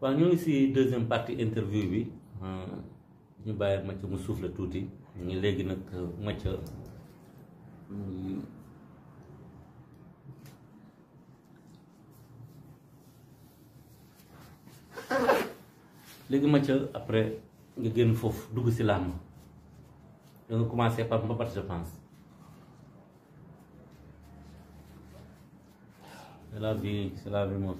waaw ñoo ngi si deuxième partie interview bi ah, ñu bàyyi Mathia mu suuf la tuuti ñu léegi nag Mathia léegi Mathia après nga génn foofu dugg si làmb da nga commencé par mbapat je pense c'est la vie c'est la vie mon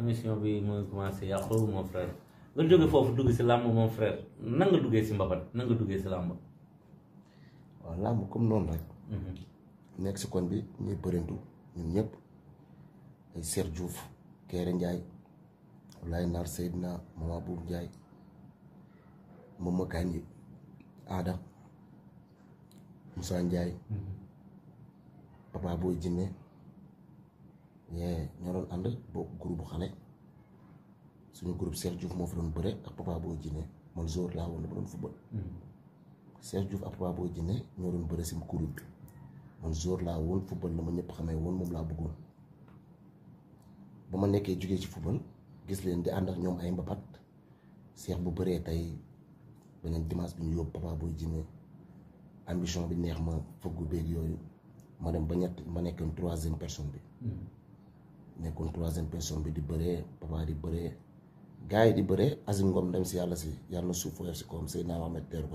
émission bi mo ngi commencé yàqu mon frère nga jóge fofu dugg ci lamb mon frère na nga duggé ci mbapat na nga duggé ci lamb wa lamb comme non rek. hmm nek ci kon bi ñuy bërindu ñun ñëpp ay Seer djouf Kéré ndjay wallahi Nar sayyidna Mama bou ndjay Mama Kanji Aada Moussa Ndiaye mhm. Papa Boy Djiné ñee ñoo doon ànd bokk bu xale suñu group Cheikh Diouf moo fa doon bëre ak Papa Boy Djiné man jour laa woon dama doon football hmm. Cheikh Diouf ak Papa Boy Djiné ñoo doon bëre si groupe bi man jour laa woon football la ma ñëpp xamee woon moom laa bëggoon ba ma nekkee jógee ci football gis leen di ànd ak ñoom ay mbapat Cheikh bu bëree tey beneen dimanche bi ñu yóbbu Papa Boy Djiné ambition bi neex ma fëggu beeg yooyu ma dem ba ñett ma nekkoon troisième personne bi hmm. nekkoon troisième personne bi di bëree papa di bëree gars yi di bëree Aziz Ngom dem si yàlla si yàlla na suuf woyof si koom Seydina Mohamed teeru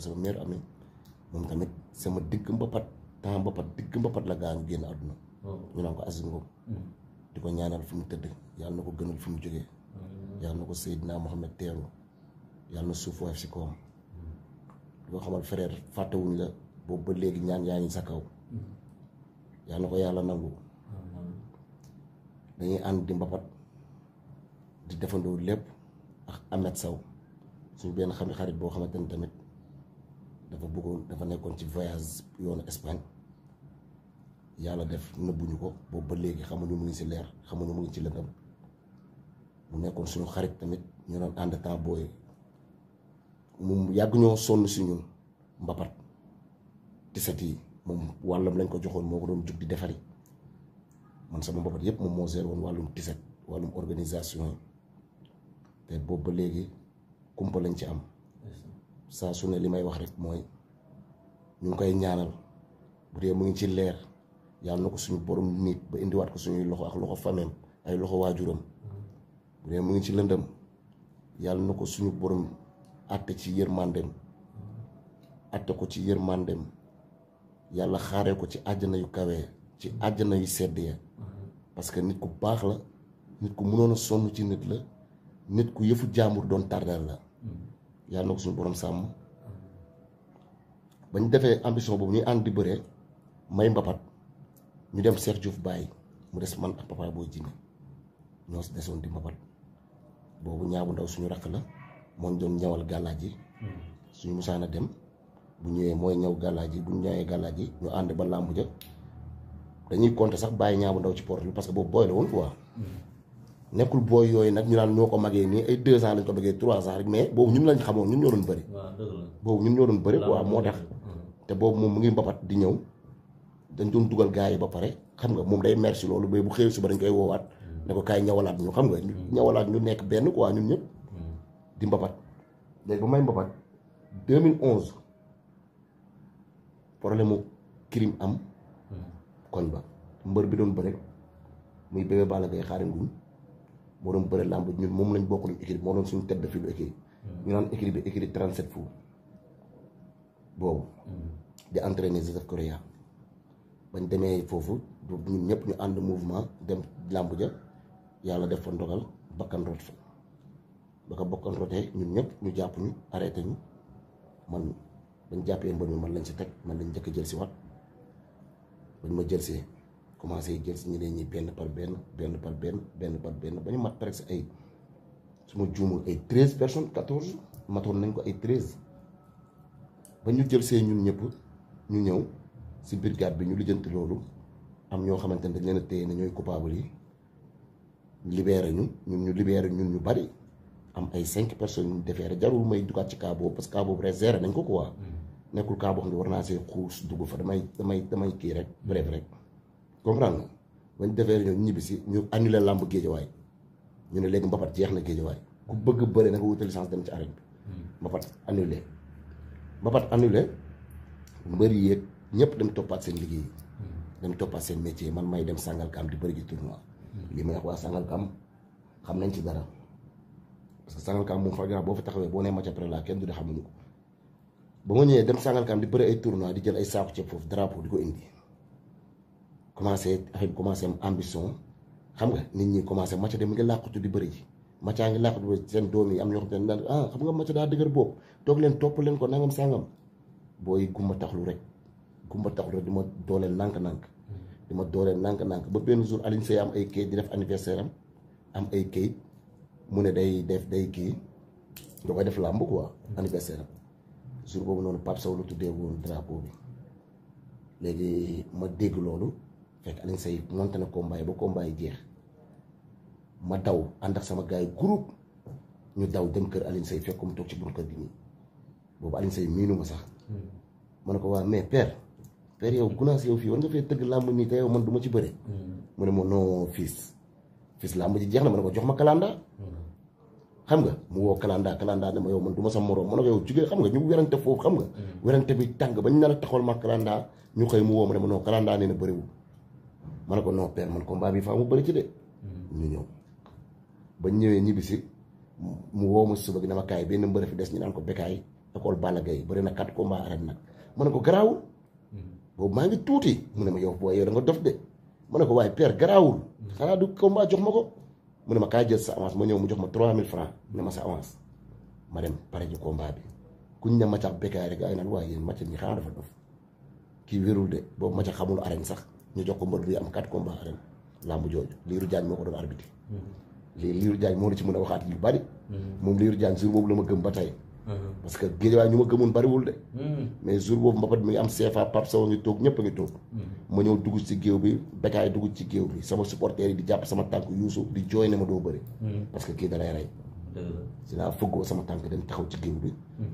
moom tamit sama digg mbapat temps mbapat digg mbapat la gaañu génn àdduna. Oh. ñu naan ko Aziz hmm. di ko ñaanal fi mu tëdd yàlla na ko gënal fi mu jógee. Hmm. yàlla na ko Seydina Mohamed teeru yàlla na suuf woyof si koom. di ko xamal frère fàttewuñ la boobu ba léegi ñaan yaa ngi sa kaw. Hmm. yàlla na ko yàlla nangu. dañuy ànd di mbapat di defandoo lépp ak Ahmed Sow suñu benn xam xarit boo xamante ni tamit dafa bëggoon dafa nekkoon ci voyage yoonu Espagne yàlla def nëbbuñu ko boobu ba léegi xamuñu mu ngi ci leer xamuñu mu ngi ci lëndëm mu nekkoon suñu xarit tamit ñu doon ànd temps booy moom yàgg ñoo sonn si ñun mbapat tisat yi moom wàllam lañ ko joxoon moo ko doon jug di defari man sama mbapat yëpp moom moo géré woon wàllum tiset wàllum organisation te boobu ba léegi kumpa lañ ci am saa su ne li may wax rek mooy ñu ngi koy ñaanal bu dee mu ngi ci leer yàlla na ko suñu borom nit ba indiwaat ko suñuy loxo ak loxo fameem ay loxo waajuram bu dee mu ngi ci lëndam yàlla na ko suñu borom àtte ci yërmandeem àtte ko ci yërmandeem yàlla xaaree ko ci àjjana yu kawee ci àjjana yi sedd ya parce que nit ku baax la nit ku mënoon a sonn ci nit la nit ku yëfu jaambur doon tardeel la yàlla na ko suñu borom sàmm ba ñu defee ambition boobu ñuy ànd di may mbapat ñu dem Cheikh Diouf bàyyi mu des man ak papa booy jinne ñoo desoon di mbapat boobu ñaabu ndaw suñu rakk la moo ñu doon ñawal gàllaaj yi suñu musaana dem bu ñëwee mooy ñaw gàllaaj yi bu ñu ñëwee gàllaaj yi ñu ànd ba làmb ja dañuy compter sax bàyyi ñaabu ndaw ci porte bi parce que boobu booy la woon quoi nekkul booy yooyu nag ñu naan ñoo ko magee nii ay deux ans lañ ko magee trois ans rek mais boobu ñun lañ xamoon ñun ñoo doon bëri boobu ñun ñoo doon bëri quoi moo tax te boobu moom mu ngi mbapat di ñëw dañ doon dugal gars yi ba pare xam nga moom day merci loolu ba bu xëy suba dañ koy woowaat ne ko kaay ñawalaat ñu xam nga ñawalaat hmm. ñu nekk benn ko quoi ñun ñëpp hmm. di mbapat léegi ba may mbapat 2011 problème mu crime am koñ ba mbër bi doon bëre muy bébé Balla Gaye xaarim guñ moo doon bëre làmb ñun moom lañ bokku nañ écrit moo doon suñu tedd fi lu écrit ñu naan écrit bi écrit 37 fu boobu mm-hmm. di entraîner Joseph Correa bañ demee foofu ñun ñëpp ñu ànd mouvement dem làmb ja yàlla def fa ndogal bakkan root fa ba ko bakkan rootee ñun ñëpp ñu jàpp ñu arrêté ñu man bañ jàppee mbër mi man lañ si teg man lañ jëkk jël si waat bañ ma jël si commencé jël ñi ñeneen ñi benn par benn benn par benn benn par benn bañu ñu mat presque ay suma ma ay 13 personnes 14 maton nañ ko ay 13 bañu ñu jël see ñun ñëpp ñu ñëw ci brigade bi ñu lijeenti lolu am ño xamantene dañ leena téy téye ñoy coupable yi libéré ñu ñun ñu libéré ñun ñu bari am ay eh, 5 personnes ñu defeere jarul may dugat ci cas boobu parce que cas boobu rek géré nañ ko quoi nekul cas boo xam ne war naa see xuus dugg fa damay damay damay ki rek bref rek comprendre nga bañ defee ñoom ñibbi si ñu annulé làmb géejawaay ñu ne légui mbapat jeex na way ku bëgg bëré bëre na nga wuta licence dem ci arène bi hmm. mbapat annuler mbapat annuler mbër yi yéeg ñëpp dem topat seen liggéey hmm. dem topat seen métier man may dem kam di bëri ci tournoi hmm. li may wax sangal kam xam nañ ci dara parce que Sangalkam moom far gara boo fa taxawé bo né match après la kenn du xamuñu ko ba ma ñëwee dem Sangalkam di bëri ay tournoi di jël ay saaku ceeb foofu drapeau di ko indi commencé affaire bi commencé am ambition xam nga nit ñi commencé Mathia de mu ngi làqutu di bëri ji Mathia ngi làqutu di seen doom yi am ñoo xam ne ah xam nga Mathia daa dëgër boobu toog leen topp leen ko nangam sangam booy gumba taxlu rek gumba taxlu rek di ma dooleel nànk-nànk di ma dooleel nànk-nànk ba benn jour Alioune Seye am ay kayit di def anniversaire am am ay kayit mu ne day def day kii da koy def làmb quoi anniversaire am jour boobu noonu Pape Sow la tuddee woon drapeau bi léegi ma dégg loolu fekk Alioune Seye monté na combat yi ba combat yi jeex ma daw ànd ak sama gaay yi groupe ñu daw dem kër Alioune Seye mu toog ci bunt kër gi nii boobu Alioune miinu ma sax. ma ne ko waa mais père père yow gunaas yow fii war nga fee tëgg làmb nii te yow man duma ci bëre. Hmm. mu ne ma non fils fils làmb ji jeex na ma ne ko jox ma kalanda. xam nga mu woo kalanda kalanda ne ma yow man du ma sa morom ma ne ko yow jigéen xam nga ñu werante foofu xam nga mm. werante bi tàng bañ nar a taxawal ma kalanda ñu xëy mu woo ma ne ma non kalanda nee na bëriwul ma ne ko non père man combat bi mm. ñu ñëw bañ ñëwee ñibbisi mu woo ma suba gi dama kaay benn mbër fi des ñu naan ko Bécaye école Balla Gaye bëri na quatre combat arène nag ma ne ko garaawul mm. boobu maa ngi tuuti mu ne ma yow booy yow da nga dof de ma ne ko waaye père garaawul xanaa du combat jox ma ko mu ne ma kaay jël sa avance ma ñëw mu jox ma 3000 francs ne ma sa avance ma dem pare ñu combat bi kuñ ne Mathiax Bécaye rek ay naan waaye yéen Mathiax ñi xanaa dafa dof kii wérul de boobu Mathiax xamul arène sax ñu jox ko mbër bi am 4 combat arène làmb jooju Liiru Jaañ moo ko doon arbitre léegi Liiru Jaañ moo la ci mën a waxaat yu bari mm-hmm. moom Liiru Jaañ jour boobu la ma gëm ba tay Mm-hmm. parce que géejawaay ñu ma gëmoon bariwul de. Mm-hmm. mais jour boobu mbapat mi ngi am CFA Pape Sow ngi toog ñëpp a ngi toog. Mm-hmm. ma ñëw dugg ci géew bi Bécaye dugg ci géew bi sama supporter yi di jàpp sama tànk Youssou di jooy ne ma doo bëri. parce que kii da lay rey. si laa fëggoo sama tànk dem taxaw ci géew bi.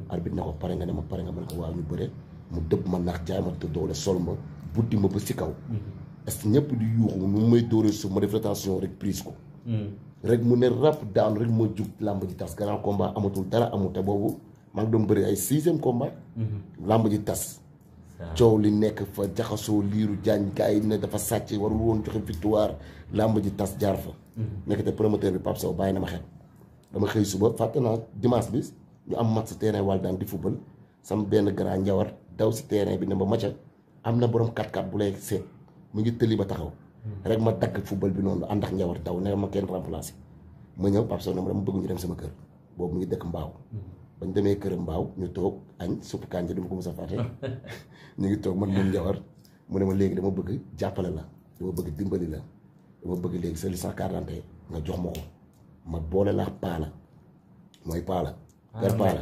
arbitre na ko pare nga ne ma pare nga mën ko waaw ñu bëre mu dëpp ma nax jaay ma tëdd doole sol ma buddi ma ba si kaw. est ce ñëpp di yuuxu nu may dóoree suuf ma def rek prise ko. rek mu ne rap down rek mo juk lamb ji tass grand combat amatul dara amul te boobu maa ngi doon bëri ay sixième combat. Mhm. lamb ji tass ciow li nek fa jaxaso liru jagn gay ne dafa sàcc warul won joxe victoire lamb ji tass jar fa. Mhm. nek te promoteur bi pap saw bayina ma xet dama xey suba fatana dimanche bis ñu am match terrain wàll daan di football sam ben grand njawar daw ci terrain bi ne ba match amna borom 4-4 bu lay set mu ngi tëli ba taxaw. Hmm. rek ma takk football bi noonu ànd ak njawar daw ne ma kenn remplacer ma ñew pap Sow dama bëgg ñu dem sama kër bobu mu ngi dëkk mbaaw hmm. bañ démé kër mbaaw ñu toog añ supp kanja dama ko mësa faté ñu ngi tok man moom ñawar mu ne ma légui dama bëgg pala la dama bëgg dimbali la dama bëgg légui sa licence nga jox mako ma bolé la pala mooy pala per paala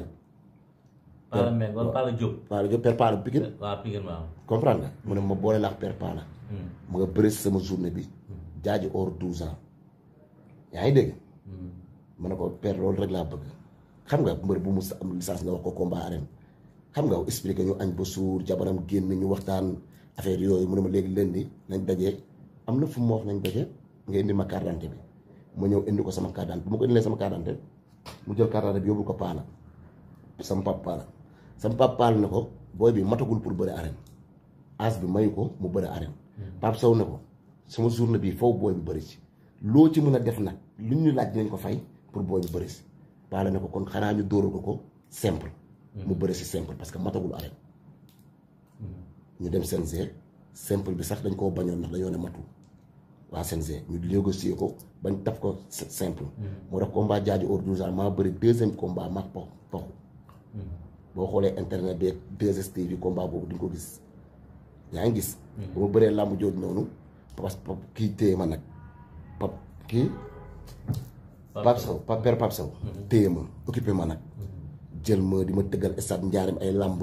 ah, pala mais pala paala pala ah, paala per paala pala waaw pala waaw comprendre mu ne ma boole la per mu nga bëri sama journée bi jaaji or douze ans yaa ngi dégg ma ne ko per loolu rek laa bëgg xam nga mbër bu mu am licence nga wax ko combat arène xam nga expliqué ñu añ ba suur jabaram génn ñu waxtaan affaire yooyu mu ne ma léegi leen di nañ dajee am na fu mu wax nañ dajee nga indi ma carte bi ma ñëw indi ko sama carte d'identité bu sama carte mu jël carte d'identité bi yóbbu ko paala sama pap paala sama pap paala ne ko booy bi matagul pour bëri arène as bi mayu ko mu bëri arène Mm. Pape Sow na ko sama journée bii faw booy bu bëri si loo ci mën a def nag lu ñu laaj dinañ ko fay pour booy bu bëri si Palla ne ko kon xanaa ñu dóoral ko ko simple. Mm. mu bëri si simple parce que matagul arrêt. Mm. ñu dem CNG simple bi sax dañ koo bañoon ndax dañoo ne matul waa CNG ñu négocier ko bañ taf ko simple. moo tax combat jaaju hors douze ans maa bëri deuxième combat mag pox poxu. boo xoolee internet bi 2STV combat boobu di nga ko gis yaa ngi gis. Mm-hmm. bu ma bëree làmb jooju noonu parce que kii téye ma nag pap kii pap saw pap père pap saw mm-hmm. téye ma occupé ma nag mm-hmm. jël ma di ma tëggal stade njaarim ay làmb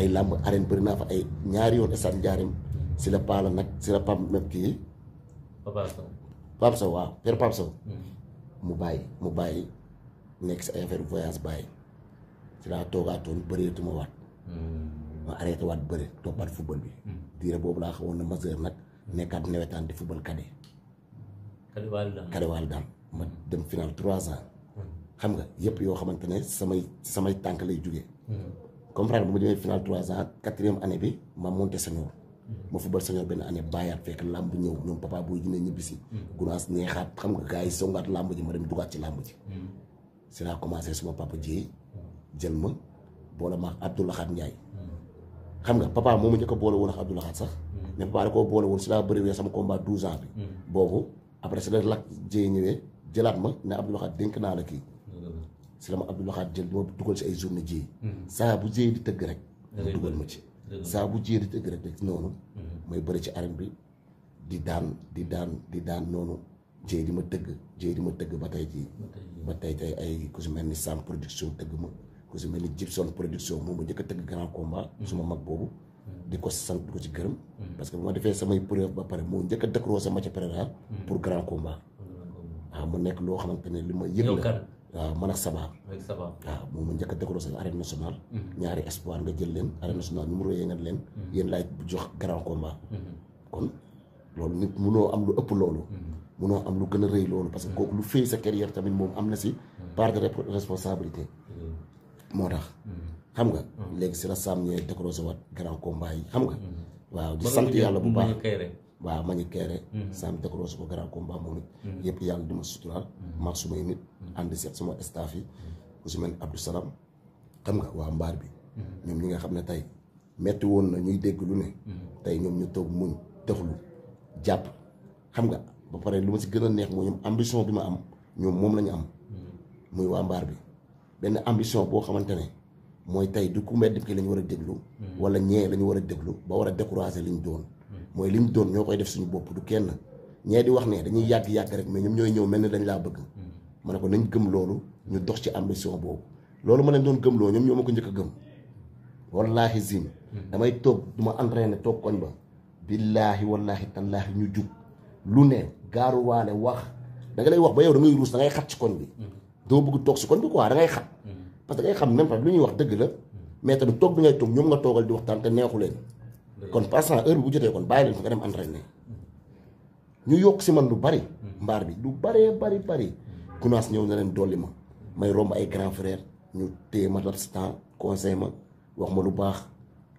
ay làmb arène bëri naa fa ay ñaari yoon stade njaarim si la paala nag si la pap nag kii pap saw waaw père saw mu bàyyi mu bàyyi nekk si ay affaire voyage bàyyi si laa toogaatoon bëreetuma waat ma arrêté waat bëri toppaat football bi. Hmm. diire boobu laa xawoon na majeur nag. nekkaat nawetaan di football kade. kade waal daal ma dem final trois ans. Hmm. xam nga yëpp yoo xamante ne samay samay tànk lay jugee. Hmm. comprendre bu ma demee final trois ans quatrième année bi ma monté senior. ma football senior benn année bàyyaat fekk làmb ñëw ñoom papa booy ji ñibbisi. gunaas neexaat xam nga gars yi songaat làmb ji ma dem dugaat ci làmb ji. si laa commencé suma papa Dieye jël ma boole ma ak laxaat Ndiaye. xam nga papa momu ñëk boole woon ak Abdou Lahad sax né hmm. papa da boole woon si laa bëri wé sama combat 12 ans bi hmm. bobu après c'est la lak jee ñëwee jëlaat ma né Abdou Lahad denk na la ki si la ma Abdou Lahad jël duma duggal ci ay journée jé hmm. sa bu jé di tëgg rek duggal ma ci sa bu jé di tëgg rek rek nonu mooy bëri ci arène bi di daan di daan di daan nonu jé di ma tëgg jé di ma tëgg ba tey jii ba tey tey ay ku ci melni sam production tëgg ma ku ci melni ni Gibson production moom ma njëkk a grand combat. Mm. suma mag bobu mm. diko sant diko ci gërem mm. parce que bu ma defee samay preuve ba paré mo njëkk a décroché ma ci préra. pour grand combat. ah mu nekk lo xamantene lima li ma yëg la kan? waaw man ak Sabaa. ak Sabaa waaw moom ma njëkk a arène nationale. ñaari espoir nga jël leen arène nationale numéro yé nga leen. yeen lay jox grand combat. kon lolu nit munoo am lu ëpp loolu. munoo am lu gëna reuy lolu parce que kooku lu fée sa carrière tamit mom amna ci part de responsabilité. moo tax. xam nga. léegi si la Sam ñooy décroché waat grand combat yi xam waaw di sant yàlla bu baax waaw ma ngi keere Sam décroché ko grand combat moom yëpp yàlla di ma suturaal. maa sumay nit. ànd seet sama staff yi. ku si mel xam nga waa mbaar bi. ñoom ñi nga xam ne tey metti woon na ñuy dégg lu ne. tey ñoom ñu toog muñ taxlu jàpp xam nga ba pare lu ma si gën a neex moo mooy ñoom ambition bi ma am ñoom moom la ñu am. muy waa mbaar bi. benn ambition boo xamante ne mooy tey du ku medd ki la ñu war a déglu. Hmm. wala ñee la ñu war a déglu ba war a décourager li ñu doon. Hmm. mooy li ñu doon ñoo koy def suñu bopp du kenn ñee di wax ne dañuy yàgg yàgg rek mais ñoom ñooy ñëw mel ni dañ laa bëgg. Hmm. ma ne ko nañ gëm loolu ñu dox ci ambition boobu loolu ma leen doon gëm loolu ñoom ñoo ma ko njëkk a gëm. wallaahi zim. damay toog du ma entraîné toog koñ ba. billaahi wallaahi tallaahi ñu jug lu ne gaaruwaale wax da nga lay wax ba yow da ngay ruus da ngay xat ci koñ bi. doo bëgg toog si kon bi quoi da ngay xam. Mm. parce que da ngay xam même pas lu ñuy wax dëgg la mais tamit toog bi ngay toog ñoom nga toogal di waxtaan te neexu leen. kon passant heure bu jotee kon bàyyi leen ko nga dem entraîné ñu yokk si man lu bari. Mm. mbaar bi lu baree bari bari. Mm. gunaas ñëw na leen dolli ma may romb ay grand frère ñu téye ma dara si conseil ma wax ma lu baax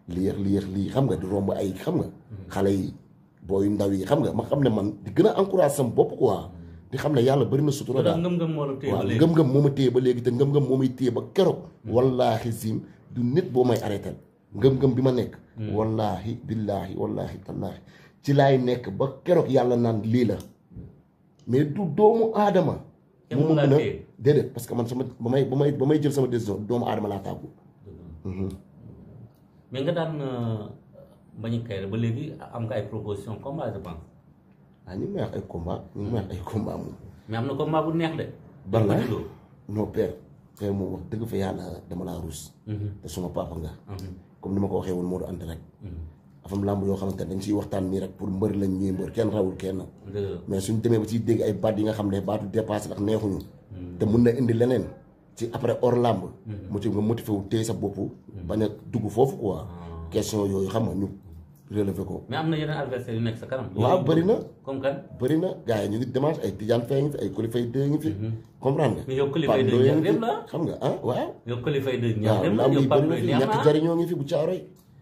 lii yëg lii yëg lii xam nga di romb ay xam nga. xale yi booy ndaw yi xam nga ma xam ne man di gën a encouragé sama bopp quoi. di xamne yalla bari na sutura da ngam ngam mo la téye ba ngam ngëm-ngëm ba léegi te ngam ngam Wallah teye ba kero hmm. wallahi zim du nit bo may arrêté ngam ngam bima nek wallahi hmm. billahi wallahi wallaahi ci lay nek ba kero yalla nan li la mais du doomu aadama mu mën a dede parce que man sama bamay bamay bamay jël sama décision doomu adama la tagu mais nga dan bañ kay ba léegi am nga ay proposition combat je pense ah ñu ngi may wax ay combat ñu ngi may ay combat moom. mais am na combat bu neex de. ban la non père. tey moom wax dëgg fa yàlla dama laa ruus. Mhm. te suma papa nga. Mhm. comme ni ma ko waxee woon moo du ant rek. Mhm. afam làmb yoo xamante ne dañ siy waxtaan nii rek pour mbër lañ ñuy mbër kenn rawul kenn. mais suñ demee ba siy dégg ay baat yi nga xam ne baatu dépassé ndax neexuñu. te mun na indi leneen. ci après hors làmb. mu ci nga motivé wu téye sa bopp. bañ a dugg foofu quoi. Ah. question yooyu xam nga ñu relevé ko. mais am na yeneen adversaires yu sa kanam. waaw bëri na comme kan. bëri na gars yi ñu ngi démarche ay Tidiane Faye fi ay Koulibaly Faye ngi fi. Mhm. comprendre nga. yow Koulibaly Faye ngi fi xam nga ah waaw. yow Koulibaly Faye ñaar dem la yow Pape Ndoye ñaar jariñoo ngi fi bu caaroy.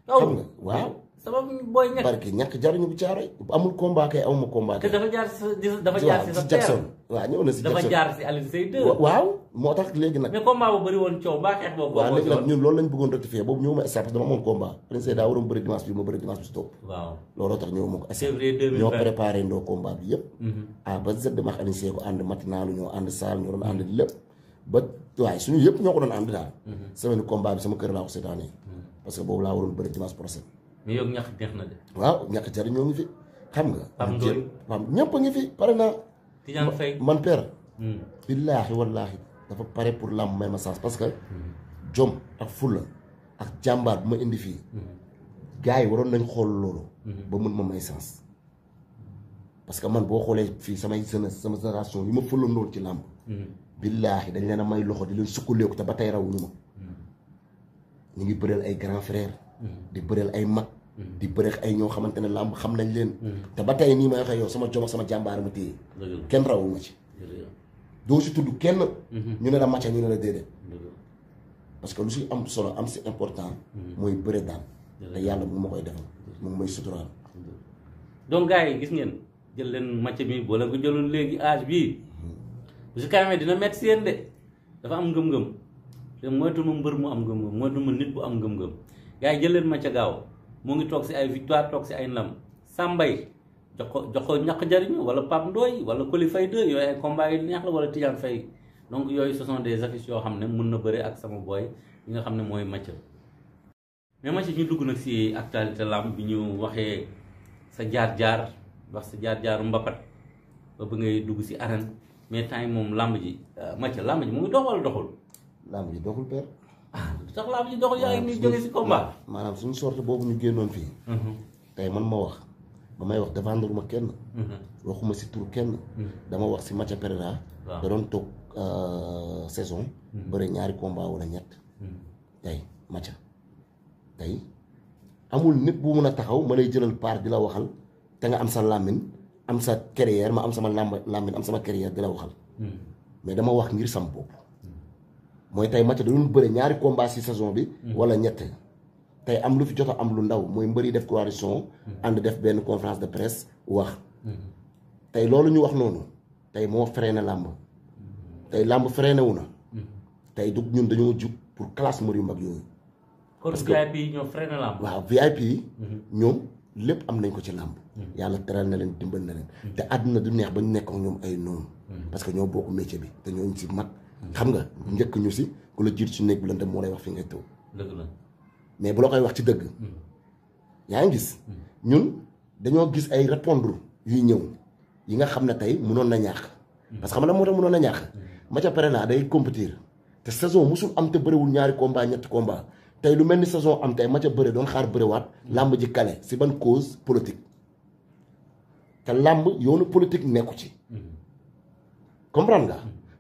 Oh. xam nga waaw. sama booy ñàkk parce que ñàkk jaruñu bu caaray amul combat kay amuma combat kay. te dafa jaar si dafa jaar si sa Jackson waaw ñëw na si Jackson dafa jaar si Alioune Seye 2. waaw moo tax léegi nag. mais combat bu bëri woon coow mbaa xeex boobu. waaw léegi nag ñun loolu lañ bëggoon rectifier boobu ñëwuma stade parce que dama amoon combat. Alioune Seye daa waroon bëri dimanche bi ma bëri dimanche bi si topp. waaw looloo tax ñëwuma ko. février 2020 ñoo préparé ndoo combat bi yëpp. ah ba Z max Alioune Seye ko ànd matinalu ñoo ànd saal ñoo doon ànd lépp ba waaye suñu yëpp ñoo ko doon ànd daal. Mhm. semaine combat bi sama kër laa ko seetaanee mhm. parce que boobu laa waroon bëri dimanche prochain mais yow ñàkk neex na de. waaw ñàkk jariñ ñoo ngi fi xam nga. PAM doy PAM ñëpp a ngi fi pare naa. Tidiane Faye man père. Hmm. billaahi wallaahi dafa pare pour làmb may sens parce que. jom ak fulla ak jambar, bu ma indi fii. Hmm. gars yi waroon nañ xool loolu. Hmm. ba mun ma may sens. parce que man boo xoolee fii samay jeunesse sama génération yi ma fëlandoon ci làmb. billaahi dañ leen a may loxo di leen sukkandeku te ba tey rawuñu ma. ñu ngi bëreel ay grand frère Mm-hmm. di bëreel ay mag. Mm-hmm. di bëreel ay ñoo xamante ne làmb xam nañ leen. Mm-hmm. te ba tey nii ma waxee yow sama jom sama jàmbaar ma téye. kenn rawu ma ci. doo si tudd kenn. ñu ne la màcca ñu ne la déedéet. parce que lu si am solo am si important. mooy bëre daan. te yàlla mu ma koy defal mu ngi may suturaal. donc gars yi gis ngeen jël leen match bi boo leen ko léegi âge bii bu si kaamee dina métti seen de dafa am ngëm-ngëm te moytu ma mbër mu am ngëm-ngëm nit bu am ngëm-ngëm. gars yi jël leen ma ca gaaw mu ngi toog si ay victoire toog si ay ndam Sambay jox ko jox ko ñàkk jariñu wala Pape Ndoye wala Coly Faye 2 yooyu ay combat neex la wala Tidiane Faye donc yooyu ce sont des affiches yoo xam ne mun na bëre ak sama booy bi nga xam ne mooy Mathieu. mais Mathieu ñu dugg nag si actualité lamb bi ñu waxee sa jaar-jaar wax sa jaar-jaaru mbapat ba ba ngay dugg si arène mais temps yi moom lamb ji euh, Mathieu lamb ji mu ngi dox wala doxul. lamb ji doxul père. soxlaam maanaam suñu sorte boobu ñu génnoon fii. Mhm. tey man ma wax ba may wax défendre ma kenn. Mhm. waxuma si tur kenn. Mhm. dama wax si Mathia Pereira. da doon toog euh, saison. bari ñaari combat wala ñett. tey Mathia tey amul nit bu mun a taxaw ma lay jëlal part di la waxal te nga am sa làmmiñ am sa carrière ma am sama làmmiñ am sama carrière di la waxal. mais dama wax ngir sam bopp. mooy tey Mathieu da mu bëre ñaari combat si saison bi. wala ñett tey am lu fi jot am lu ndaw mooy mbëri def coalition. ànd def benn conférence de presse wax. tey loolu ñu wax noonu tey moo freiné làmb tey làmb freiné wu na. tey du ñun dañoo jug pour classe mbër yu mag yooyu. parce que kon VIP yi ñoo freiné làmb. waaw VIP mhm. ñoom lépp am nañ ko ci làmb. Mhm. yàlla teral na leen dimbal na leen. Mhm. te àdduna du neex ba ñu nekk ñoom ay noonu. parce que ñoo bokk métier bi te ñooñu ci mag. xam nga njëkk ñu si ku la jiit ci néeg bu lëndëm moo lay wax fi ngay tëw dëgg la mais bu la koy wax ci dëgg hmm. yaa ngi gis hmm. ñun dañoo gis ay répondre yuy ñëw yi nga xam ne tey mënoon na ñaax hmm. parce que xam na moo tax mënoon na ñaax ma ca pare naa day compétir te saison musul am te bëriwul ñaari combat ñetti combat tey lu mel ni saison am tey ma ca bëri doon xaar waat làmb ji kale si ban cause politique te làmb yoonu politique nekku ci comprendre nga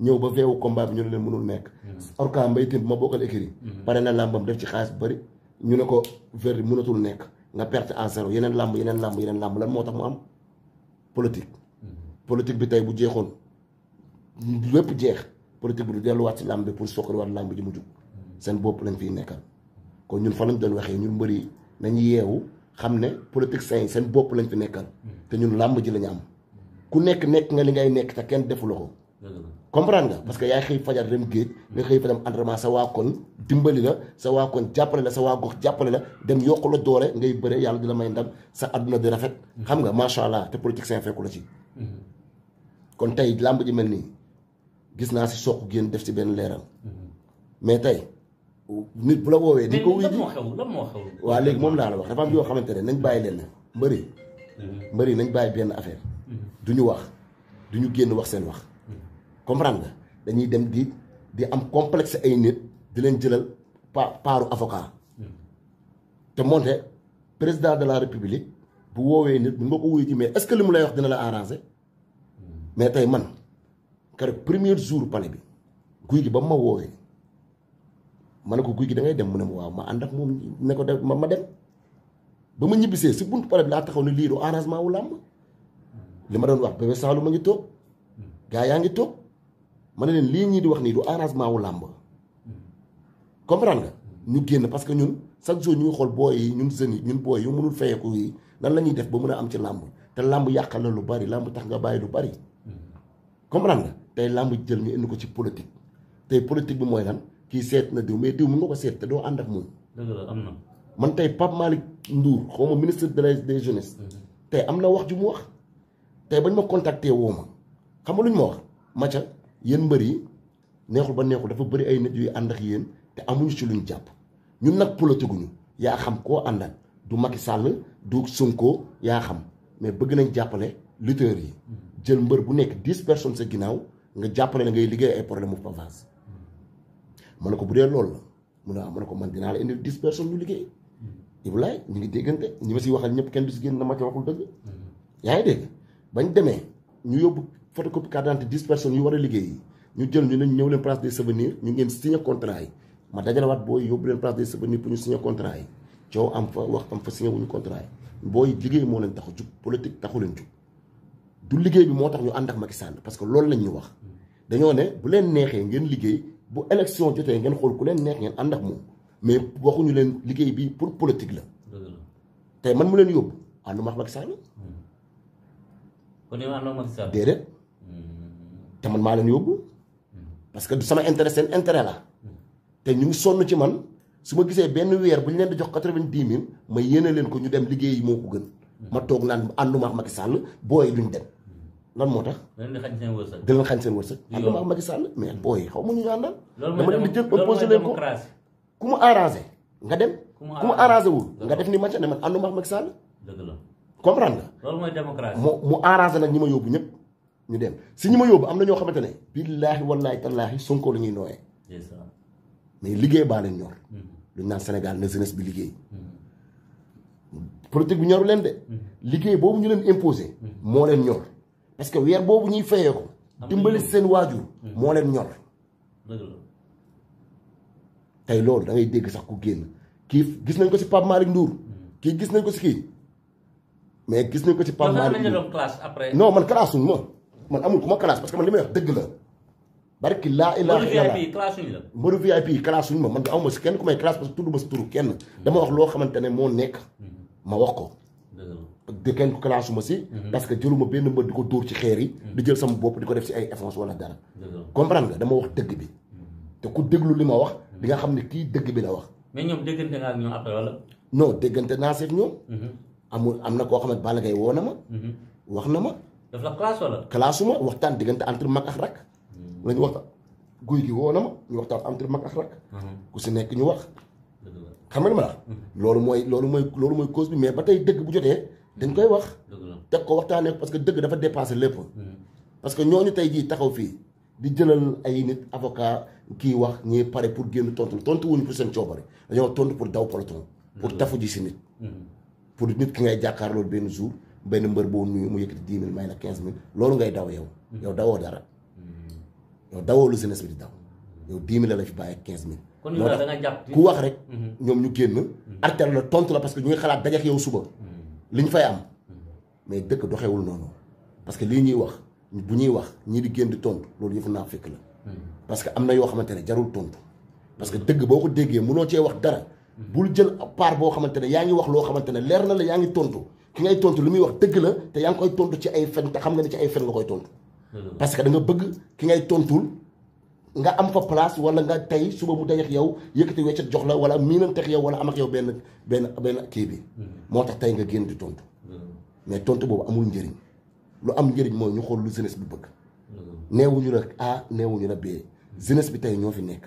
ñëw ba feewu combat bi ñu ne leen mënul nekk. Mm-hmm. Orka Mbaye Tine ma bokkal écurie. Mm-hmm. pare na làmbam def ci xaalis bu bëri ñu ne ko verdi mënatul nekk nga perte à yeneen làmb yeneen làmb yeneen làmb lan moo tax mu am politique. Mm-hmm. politique bi tey bu jeexoon lépp jeex politique bu du delluwaat si làmb bi pour sokkaliwaat làmb ji mu jug seen bopp lañ fiy nekkal kon ñun fa lañ doon waxee ñun mbëri yi nañu yeewu xam ne politiciens yi seen bopp lañ fi nekkal te ñun làmb ji lañu am ku nekk nekk nga li ngay nekk te kenn defuloo ko. comprendre nga parce que yaay xëy fajar dem géej nga xëy fa dem entraînement sa waa koñ dimbali la sa waa koñ jàppale la sa jàppale la dem yokku la doole ngay bëre yàlla di la may ndam sa àdduna di rafet xam nga macha allah te politicien fekku la ci mm-hmm. kon tey làmb ji mel nii gis naa si soq génn def si benn leeral mm-hmm. mais tey nit bu la woowee ni ko wuy ji waa léegi moom laa la wax dafa am yoo xamante ne nañ bàyyi leen mbëri mm-hmm. mbëri nañ bàyyi benn affaire du ñu wax du ñu génn wax seen wax comprendre nga dañuy dem di di am complexe ay nit di len jëlal pa avocat te monté président de la république bu wowe nit bu ngako ko ci mais est-ce que limu lay wax dina la arranger mais tay man car premier jour palais bi guuy gi ba ma wowe man ko guy gi da ngay dem mu ne ma waaw ma ànd ak moom ne ko def ma dem ba ma ñibbisee si buntu palais bi la taxaw ni li do arrangement wu lamb lima ma doon wax bébé Saalum ma ngi tok gaay ya ngi tok mané len li ñi di wax ni du arrangement wu lamb comprendre nga ñu génn parce que ñun chaque jour ñu xol boy yi ñun jeune yi ñun boy yu mënul ko yi lan lañuy def ba mëna am ci lamb té lamb yàqal la lu bari lamb tax nga bàyyi lu bari comprendre nga tey lamb jël nga indi ko ci politique tey politique bi moy lan ki sét na diw mais diw mu nga ko seet te doo ak moom man tay pap malik Ndour ministre de la des jeunesse tay amna wax ju mu wax tay bañ ma contacter woo xam nga luñ ma wax yéen mbër yi neexul ba neexul dafa bëri ay nit yuy ànd ak yéen te amuñu ci luñ jàpp ñun nag politiguñu yaa xam koo àndal du Macky Sall du Sonko yaa xam mais bëgg nañ jàppale lutteurs yi jël mbër bu nekk dix personnes sa ginnaaw nga jàppale la ngay liggéey ay problème mu pavage ne ko bu dee loolu la mun ne ah ma ne ko man dinaa la indil dix personnes ñu liggéey Ibrahima ñu ngi déggante ñi ma si waxal ñëpp kenn du si génn na ma ci waxul dëgg yaa ngi dégg bañ demee ñu yóbbu photocopie carte d'identité dix personnes yu war a liggéey ñu jël ñu ne ñëw leen place des souvenirs ñu ngeen signé contrat yi ma dajalawaat booy yóbbu leen place des souvenirs pour ñu signé contrat yi coow am fa wax am fa signé wuñu contrat yi booy liggéey moo leen tax jug politique taxu leen jug du liggéey bi moo tax ñu ànd ak Macky Sall parce que loolu lañ ñu wax dañoo ne bu leen neexee ngeen liggéey bu élection jotee ngeen xool ku leen neex ngeen ànd ak moom mais waxuñu leen liggéey bi pour politique la. tey man mu leen yóbbu ànduma ak Macky Sall. kon yow àndoo Macky Sall te man maa leen yóbbu parce que sama intérêt seen intérêt la te ñu ngi sonn ci man su ma gisee benn weer bu ñu leen di jox quatre-vingt-dix mille ma yéene leen ko ñu dem liggéey yi moo ko gën ma toog naan ànduma ma Macky sàll booy ñu dem lan moo tax. da leen di xañ seen wërsëg. leen xañ seen wërsëg. ànduma ak Macky Sall mais booy xaw ma ñu ñu àndal. dama leen di jël proposé leen ko ku mu arrangé nga dem. ku mu arrangé wul nga def ni man ne man ànduma ak Macky Sall. dëgg la comprendre nga. loolu mooy démocratie. mu mu arrangé nag ñi ma yóbbu ñëpp ñu dem si ñu ma yóbbu am na ñoo xamante ne billaahi wallaahi tallaahi Sonko la ñuy nooyee. mais liggéey baa leen ñor. Mm-hmm. luñ naan Sénégal na jeunesse bi liggéey. Mm-hmm. politique bi ñoru leen de. Mm-hmm. liggéey boobu ñu leen imposé. moo leen ñor parce que weer boobu ñuy fayee ko. dimbali seen waajur. moo leen ñor. tey loolu dangay dégg sax ku génn kii gis nañ ko si Pape Malick Ndour. kii gis nañ ko si kii. mais gis nañ ko si Pape Malick Ndour non man classe ma. man amul ku ma classe parce que man li may wax dëgg la. barki laa ilaaha illallaah mbëru VIP yi classe suñu ma man amuma si kenn ku may classe parce que tudd ma si turu kenn. dama wax loo xamante ne moo nekk. Mhm. ma wax ko. de kenn ku ma si. Mhm. parce que jëluma benn mbër di ko dóor ci xeer yi. Mhm. di jël sama bopp di ko def si ay efforts wala dara. comprendre nga dama wax dëgg bi. te ku déglu li ma wax. di nga xam ne kii dëgg bi la wax. mais ñoom déggante naa ak ñoom après wala. non naa seeg amul am na koo xamante Balla Gaye woo na ma. wax na ma. daf la classe wala. classe ma waxtaan diggante entre mag ak rak. Hmm. lañu waxtaan guy gi woo ma ñu waxtaan entre mak ak rak. Hmm. ku si nekk ñu wax. xam nga ma la hmm. loolu mooy cause bi mais ba deg dëgg bu jotee dañ koy wax. teg ko waxtaanee parce que dëgg dafa dépassé lépp. parce que ñooñu tey jii taxaw fii di jëlal ay nit avocat kii wax ñuy pare pour génn tontu tontu wuñu pour seen coobare dañoo tontu pour daw peloton. pour tafu ji si nit. pour nit ki ngay jàkkaarloo ben jour. benn mbër boo nuyu mu yëkkati dix mille may la quinze mille loolu ngay daw yow. Mm-hmm. yow dawoo dara. Mm-hmm. yow dawoo lu jeunesse bi di daw. yow dix mille la fi bàyyi quinze mille. kon yow jàpp ku wax rek. Mm-hmm. ñoom ñu génn. artel la tontu la parce que ñu xalaat dajeek yow suba. li ñu fay am. mais dëkk doxewul noonu. parce que lii ñuy wax bu ñuy wax ñii di génn di tontu loolu yëfu naa fekk la. parce que am na yoo xamante ne jarul tontu. parce que dëgg boo ko déggee munoo cee wax dara. bul jël part boo xamante ne yaa ngi wax loo xamante ne leer na la yaa ngi tontu. ki ngay tontu lu muy wax dëgg la te yaa ngi koy tontu ci ay fen te xam nga ne ci ay fen la koy tontu. parce que da nga bëgg ki ngay tontul nga am fa place wala nga tey suba mu dajeek yow yëkkati weccet jox la wala miinanteeg yow wala am ak yow benn benn benn kii bi. moo tax tey nga génn di tontu. mais tontu boobu amul njëriñ lu am njëriñ mooy ñu xool lu jeunesse bi bëgg. neewuñu la A neewuñu la B jeunesse bi tey ñoo fi nekk.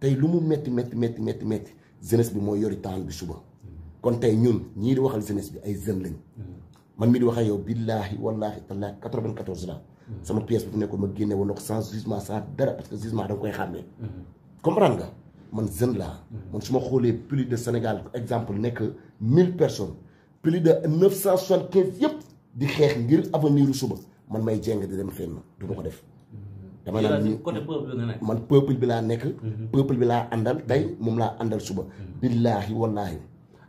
tey lu mu metti metti metti metti metti jeunesse bi mooy yori temps bi suba. kon tey ñun ñii di waxal jeunesse bi ay jeunes lañ man mii di wax ak yow billaahi wallaahi tallaahi quatre-vingt-quatorze la mm-hmm. sama pièce bu fi nekkoon ma génne woon ko sans jugement sans dara parce que jugement da mm-hmm. nga man jeune mm-hmm. su ma xoolee plus de Sénégal exemple nekk mille personnes plus de neuf cent soixante quinze yëpp di xeex ngir avenir suba man may jeng di dem fenn du ma ko def dama naan man peuple bi laa nekk peuple bi laa àndal tey moom laa àndal suba billaahi wallaahi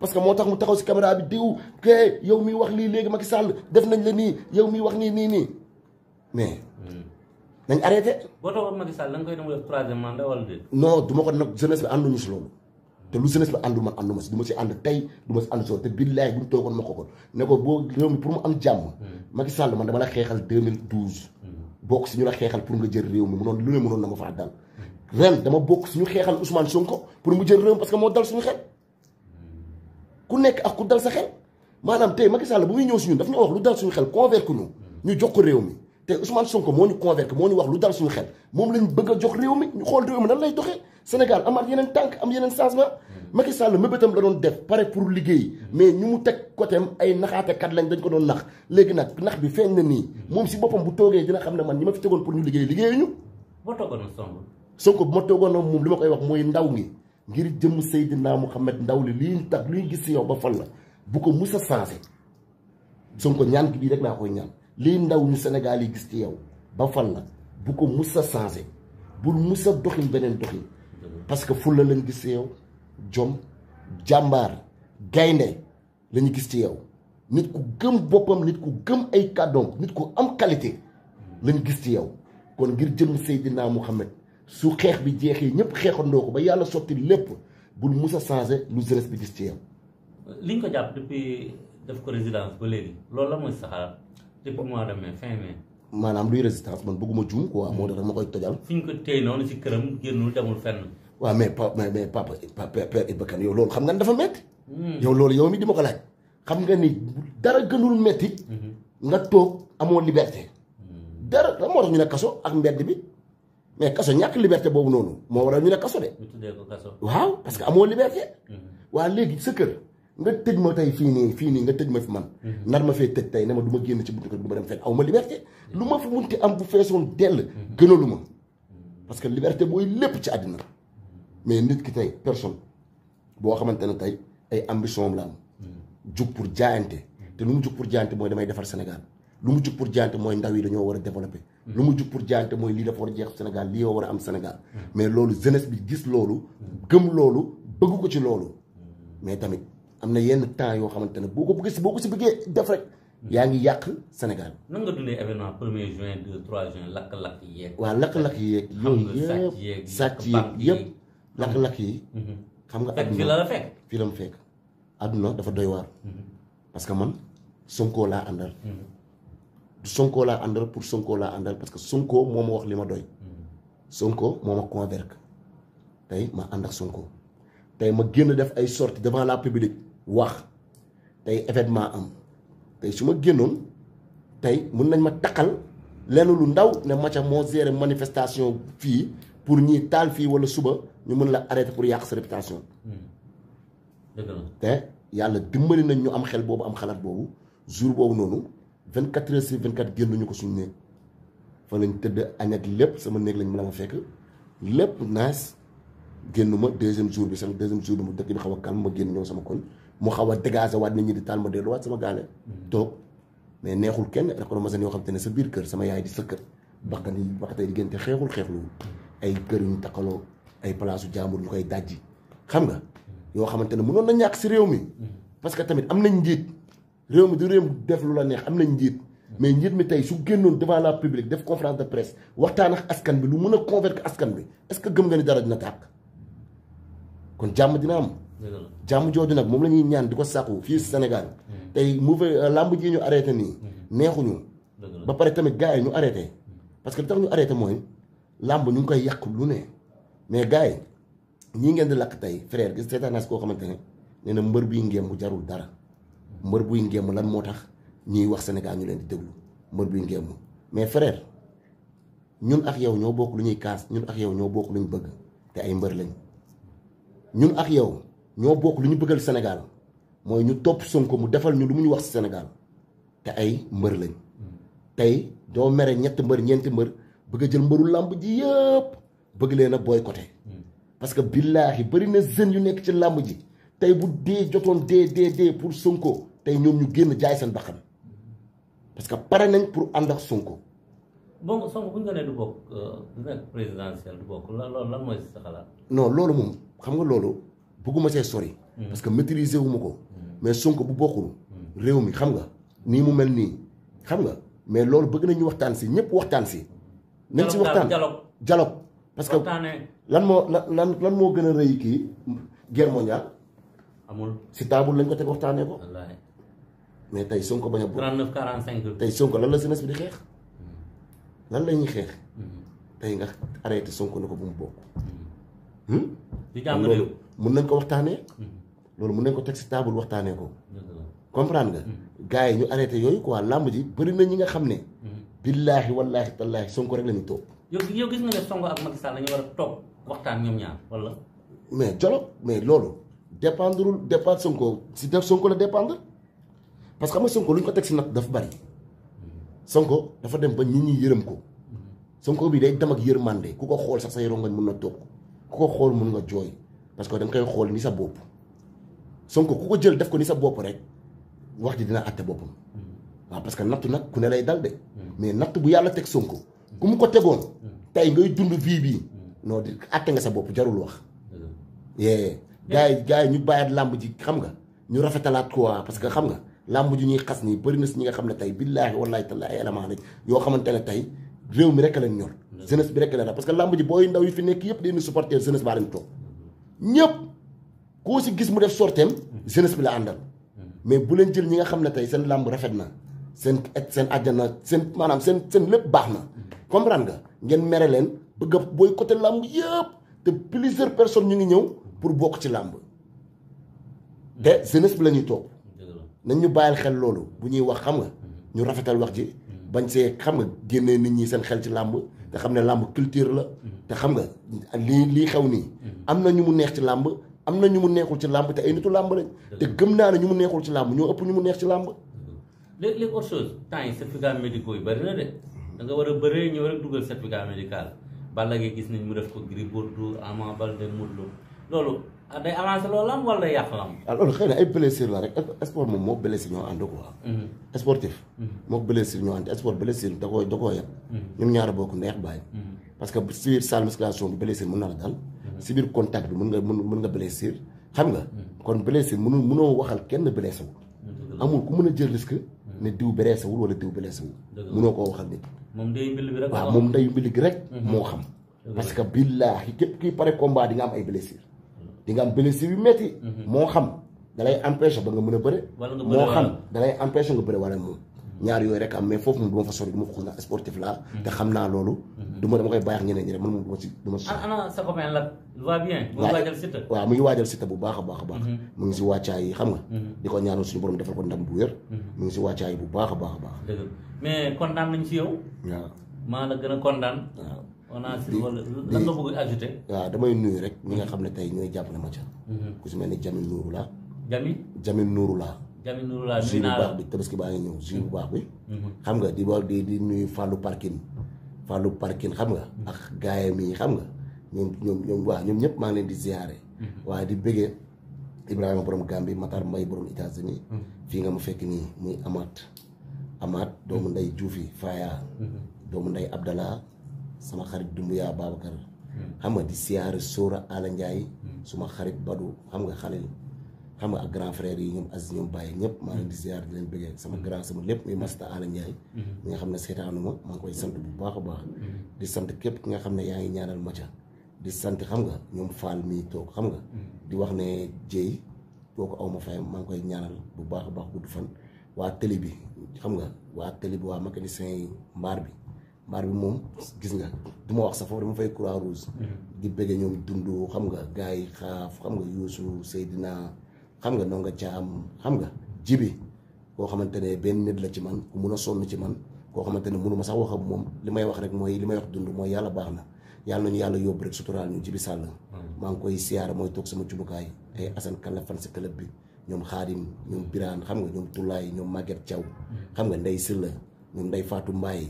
parce que moo tax mu taxaw si caméra bi diw kay yow miy wax lii léegi Macky Sall def nañ la nii yow mii wax nii nii nii mais. nañ arrêté. boo taxawoon Macky Sall da nga koy dem def troisième mandat wala déet. non du ma ko nag jeunesse bi ànduñu si loolu. te lu jeunesse bi àndul man àndu ma si du si ànd tey du ma si ànd soo te billaay bu toogoon ma ko kon ne ko boo réew mi pour mu am jàmm. Hmm. Macky Sall man dama la xeexal 2012. Hmm. bokk si ñu la xeexal pour nga jël réew mi munoon lu ne munoon na ma faa dal. ren dama bokk suñu xeexal Ousmane Sonko ku nekk ak ku dal sa xel maanaam tey Macky Sall bu muy ñëw si ñun daf ñu wax lu dal suñu xel convaincre ñu ñu jox ko réew mi tey Ousmane Sonko moo ñu convaincre moo ñu wax lu dal suñu xel moom lañ bëgg a jox réew mi ñu lay doxee Sénégal amaat yeneen tànk am yeneen changement Macky Sall mébétam la doon def pare pour liggéey mais ñu mu teg côté am ay naxaatekat lañ dañ ko doon nax léegi nag nax bi feeñ na nii moom si boppam bu toogee dina xam ne man ñi ma fi tegoon pour ñu liggéey liggéeyuñu. boo toogoon Sonko. Sonko bu ma toogoon moom li ma koy wax mooy ndaw ngi ngir jëm Seydina Mouhamed ndaw li lii ñu tax lu gis si yow ba fan la bu ko mus a changé Sonko ñaan gi bii rek laa koy ñaan lii ndaw ñu Sénégal yi gis ci yow ba fan la bu ko mus a changé bul mus doxin beneen doxin parce que fulla lañ gis ci yow jom jàmbaar gaynde la gis ci yow nit ku gëm boppam nit ku gëm ay kàddoom nit ku am qualité lañ gis ci yow kon ngir jëm Seydina Mouhamed su xeex bi jeexee ñëpp xeexandoo ko ba yàlla sotti lépp bul mus a changé lu jeunesse bi gis ci yow. li ñu ko jàpp depuis def ko résidence ba léegi loolu la mooy saxaar depuis mois de mai fin mai. maanaam luy résistance man bëgguma juum quoi moo tax dama koy tojal. fi ñu ko téye noonu si këram génnul demul fenn. waaw mais pa mais papa père Iba Kane yow loolu xam nga dafa métti. Hmm. yow loolu yow mi di ma ko laaj. xam nga ni dara gënul métti. Hmm. nga toog amoo liberté. Hmm. dara moo tax ñu ne kaso ak mbedd bi. mais kasso ñak liberté bobu nonu mo waral ñu ne kasso dé waaw parce que amo liberté. wa légui sa kër nga tëj ma tay fi ni fi ni nga tëj ma fi man. nar ma fay tëj tay ne duma génn ci buntu kër du dem fenn awma liberté. luma ma fi munti am bu fesson del gënaluma parce que liberté boy lepp ci aduna mais nit ki tay personne bo xamantene tay ay ambition la am. jug pour jaayante. té lu mu jug pour jaayante moy damay défar Sénégal lu mu jug pour jaayante moy ndaw yi dañoo wara développer. lu mu jug pour jaante mooy lii dafa war a jeex Sénégal lii yoo war a am Sénégal mais loolu jeunesse bi gis loolu gëm loolu bëgg ko ci loolu mais tamit am na yenn temps yoo xamante ne boo ko bëggee si boo ko si bëggee def rek yaa ngi yàq Sénégal. nan nga dundee événement premier lakk-lakk yi lakk-lakk yeeg. yooyu yëpp sàcc yeeg yëpp lakk-lakk yi. Mhm. xam nga adduna fekk fii la la fekk. fii dafa doy waar. Mhm. parce que man Sonko laa àndal. Mhm. du laa àndal pour Sonko laa àndal parce que sunkoo moo ma wax li ma doy Sonko moo ma convaincre tey ma ànd ak Sonko tey ma génn def ay sorties devant la public wax tey événement am tey su ma génnoon tey mën nañ ma takkal lenn lu ndaw ne Mathia moo géré manifestation fii pour ñiy taal fii walla suba ñu mën la arrêter pour yàq sa réputation. Hmm. te yàlla dimbali nañ ñu am xel boobu am xalaat boobu jour boobu noonu. 24 heures sur 24 génnuñu ko suñu néeg fa lañ tëdd añ ak lépp sama néeg lañ mën a ma fekk lépp naas génn ma deuxième jour bi sama deuxième jour bi mu dëkk bi xaw a calme ma génn ñëw sama kon mu xaw a dégagé waat nit ñi di taal ma delluwaat sama gaale toog mais neexul kenn électroménager yoo xam te ne sa biir kër sama yaay di sa kër bakkan yi waxatee diggante xeexul xeexluwul ay kër yu ñu takkaloo ay palaasu jaambur ñu koy dajji xam nga yoo xamante ne mënoon na ñàkk si réew mi mm. parce que tamit am nañ njiit réew mi du réew mi def lu la neex am nañ njiit mais njiit mi tey su génnoon devant la publique def conférence de presse waxtaan ak askan bi lu mën a convaincre askan bi est-ce que gëm nga ni dara dina tàkk kon jàmm dina am. jàmm jooju nag moom la ñuy ñaan di ko sàkku fii Sénégal. Mm-hmm. tey mu euh, mauvais làmb ji ñu arrêté nii. Mm-hmm. neexuñu. ba pare tamit gars yi ñu arrêté. parce que li tax ñu arrêté mooy làmb ñu ngi koy yàq lu ne mais gars yi ñii ngeen di lakk tey frère gis seetaanaas koo xamante ne na mbër bii ngeen bu jarul dara. mbër buy ngémm lan moo tax ñuy wax Sénégal ñu leen di déglu mbër buy ngémm mais frère ñun ak yow ñoo bokk lu ñuy kaas ñun ak yow ñoo bokk lu ñu bëgg te ay mbër lañ ñun ak yow ñoo bokk lu ñu bëggal Sénégal mooy ñu topp Sonko mu defal ñu lu mu ñu wax si Sénégal te ay mbër lañ tey doo mere ñett mbër ñeenti mbër bëgg a jël mbëru làmb ji yëpp bëgg leen booy boycotté parce que billaahi bëri na jeunes yu nekk ci làmb ji tey bu dee jotoon dee dee dee pour Sonko tay ñom ñu génn jaay seen baxam parce que paré nañ pour ànd ak Sonko. bon Sonko bu ñu ko nee du bokk du euh, nekk présidentiel du bok lan lan mooy sa xala non loolu moom xam nga loolu bëgguma see sori. Hmm. parce que maîtriser wu hmm. mais Sonko bu bokul hmm. réew mi xam nga ni mu mel ni xam nga mais loolu bëgg nañu waxtaan si ñëpp waxtaan si. nañ ci waxtaan dialogue parce que lan mo lan lan moo gën a rëy guerre mondiale amul ci table lañ ko teg waxtaanee ko. wallahi mais tey Sonko bañ a. 39 45. tey Sonko lan la jeunesse bi di xeex hmm. lan la ñuy xeex hmm. tey nga arrêté Sonko ne ko bu mu bokk. Hmm. di jàng loolu mun nañ ko waxtaanee. loolu mun nañ ko teg si table waxtaanee ko. comprendre nga. gars yi ñu arrêté yooyu quoi làmb ji bëri na ñi nga xam ne. billaahi wallaahi tallaahi Sonko rek la ñu toog. yow yow gis nga ne Sonko ak Macky Sall war a toog waxtaan ñoom ñaar wala. mais jolo mais loolu dépendrul dépendre Sonko si def Sonko la dépendre. parce que Sonko luñ ko tek ci natt dafa bari Sonko dafa dem ba nit ñi yërëm ko Sonko bi day dem ak yërmande kuko xol sax sa yaram nga mun na toog ku ko nga joy parce que dañ koy xol ni sa bop Sonko kuko jël def ko ni sa bop rek wax di dina atté bopum mm. wa parce que natt nak ku ne lay dal de mm. mais natt bu yalla tek Sonko kum ko tégon mm. tay ngay dund vie bi no di nga sa bop jarul wax yee gars yi ñu bayat lamb ji xam nga ñu rafetalat quoi parce que xam nga làmb ji ñuy xas nii bëri na si ñi nga xam ne tey billaahi wallaahi talla ay élément lañ yoo xamante ne tey réew mi rek a leen ñor jeunesse bi rek leen parce que làmb ji booy ndaw yi fi nekk yëpp dañuy supporter jeunesse baa leen toog ñëpp koo si gis mu def sorteem jeunesse bi la àndal mais bu leen jël ñi nga xam ne tey seen làmb rafet na seen seen àjjana seen maanaam seen seen lépp baax na comprendre nga ngeen mere leen bëgg a boycotter làmb yëpp te plusieurs personnes ñu ngi ñëw pour bokk ci làmb te jeunesse bi la ñuy toog nañ ñu bàyyil xel loolu bu ñuy wax xam nga ñu rafetal wax ji bañ see xam nga génnee nit ñi seen xel ci làmb te xam ne làmb culture la te xam nga lii lii xew nii am na ñu mu neex ci làmb am na ñu mu neexul ci làmb te ay nitu làmb lañ te gëm naa ne ñu mu neexul ci làmb ñoo ëpp ñu mu neex ci làmb léegi léegi autre chose temps yi certificat médicaux yi bari na de da nga war a bëree ñëw rek dugal certificat médical Balla Gaye gis ñu mu def ko Gris Bordeaux Ama Baldé Modou Lo loolu Ah, day avancé loolam wala day yàq ah, ay blessure la rek sport moom moo blessure ñoo ànd quoi mhm. sportif mhm. moo blessure ñoo ànd sport blessure da koo da koo yàq ñoom mhm. ñaar bokk neex bàyyi parce que si biir salle musculation bi blessure mën na la dal si biir contact bi mën mën nga blessure xam kenn blessé wu ku mën a jël risque ne diw blessé wul wala ndeyu mbil gi rek moo xam parce que billaahi képp kii pare combat di nga am ay blessure di am blessure yu métti. Mhm. moo xam da lay empêcher ba nga mën a bëre. moo xam da lay empêcher nga bëre wala moom. am ma fa sori du ma fa xoolee sportif mhm. naa loolu. Mhm. du ma dama koy bàyyi ak ñeneen ñi sa copain la va bien. mu ngi waajal Siteu bu baax a baax a baax. mu ngi si wàccaay yi xam nga. di ko ñaanal suñu borom defal ko ndam bu wér. mu ngi si wàccaay bu baax a baax a baax. dëgg mais kontaan nañ ci yow. waaw maa la gën a waaw on a damay nuyu rek mi nga xam ne tey ñooy jàppale ma ca. Mhm. ku si mel ni Jamil Nuuru laa. Jamil Jamil Nuuru laa. Jamil la bu baax bi tabaski baa ngi ñëw jus bu baax bi. Mhm. xam nga di ba di nuyu Fallou Parkin Fallou Parkin xam nga. Mhm. ak gaayam yi xam nga ñoom ñoom ñoom waaw ñoom ñëpp maa ngi leen di ziare. waaye di bëggee Ibrahima borom Gambie Matar mbay borom États-Unis fii nga ma fekk nii muy Amath Amath doomu nday Diouf yi Faya. doomu nday Abdallah. sama xarit dund yaa Babacar xam nga di siyaare Sora Ala Ndiaye suma xarit Badou xam nga xale xam nga ak grand frère yi ñoom as ñoom bàyyi ñëpp maa leen di siyaare di leen bëggee sama mm-hmm. grand sama lépp muy Masta Ala Ndiaye mm-hmm. mi nga xam ne seetaanu ma maa ngi koy sant bu baax baax mm-hmm. di sant képp ki nga xam ne yaa ngi ñaanal Mathia di sant xam nga ñoom Fall mii toog xam nga di wax ne Dieye kooku aw ma fayam maa ngi koy ñaanal bu baax a baax gudd fan waa télé bi xam nga waa télé waa mécanicien yi mbaar bi maar bi moom gis nga du ma wax sax foofu dama fay croix rouge. Mm-hmm. di bëgg ñoom dund xam nga gars yi xaaf xam nga Youssou Seydina xam nga noon Ndonga Thiam xam nga jibi koo xamante ne benn nit la ci man ku mun a sonn ci man koo xamante ne mënu ma sax wax moom li may wax rek mooy li may wax dund mooy yàlla baax na yàlla ñu yàlla yóbbu rek suturaal ñu jibi sàll. Mm-hmm. maa ngi koy siyaara mooy toog sama cumukaay ay Assane Kalla fan si club bi ñoom Xaadim ñoom Birane xam nga ñoom ñoom Maguette Thiaw mm-hmm. xam nga Ndeye Sylla ñoom Ndeye Fatou Mbaye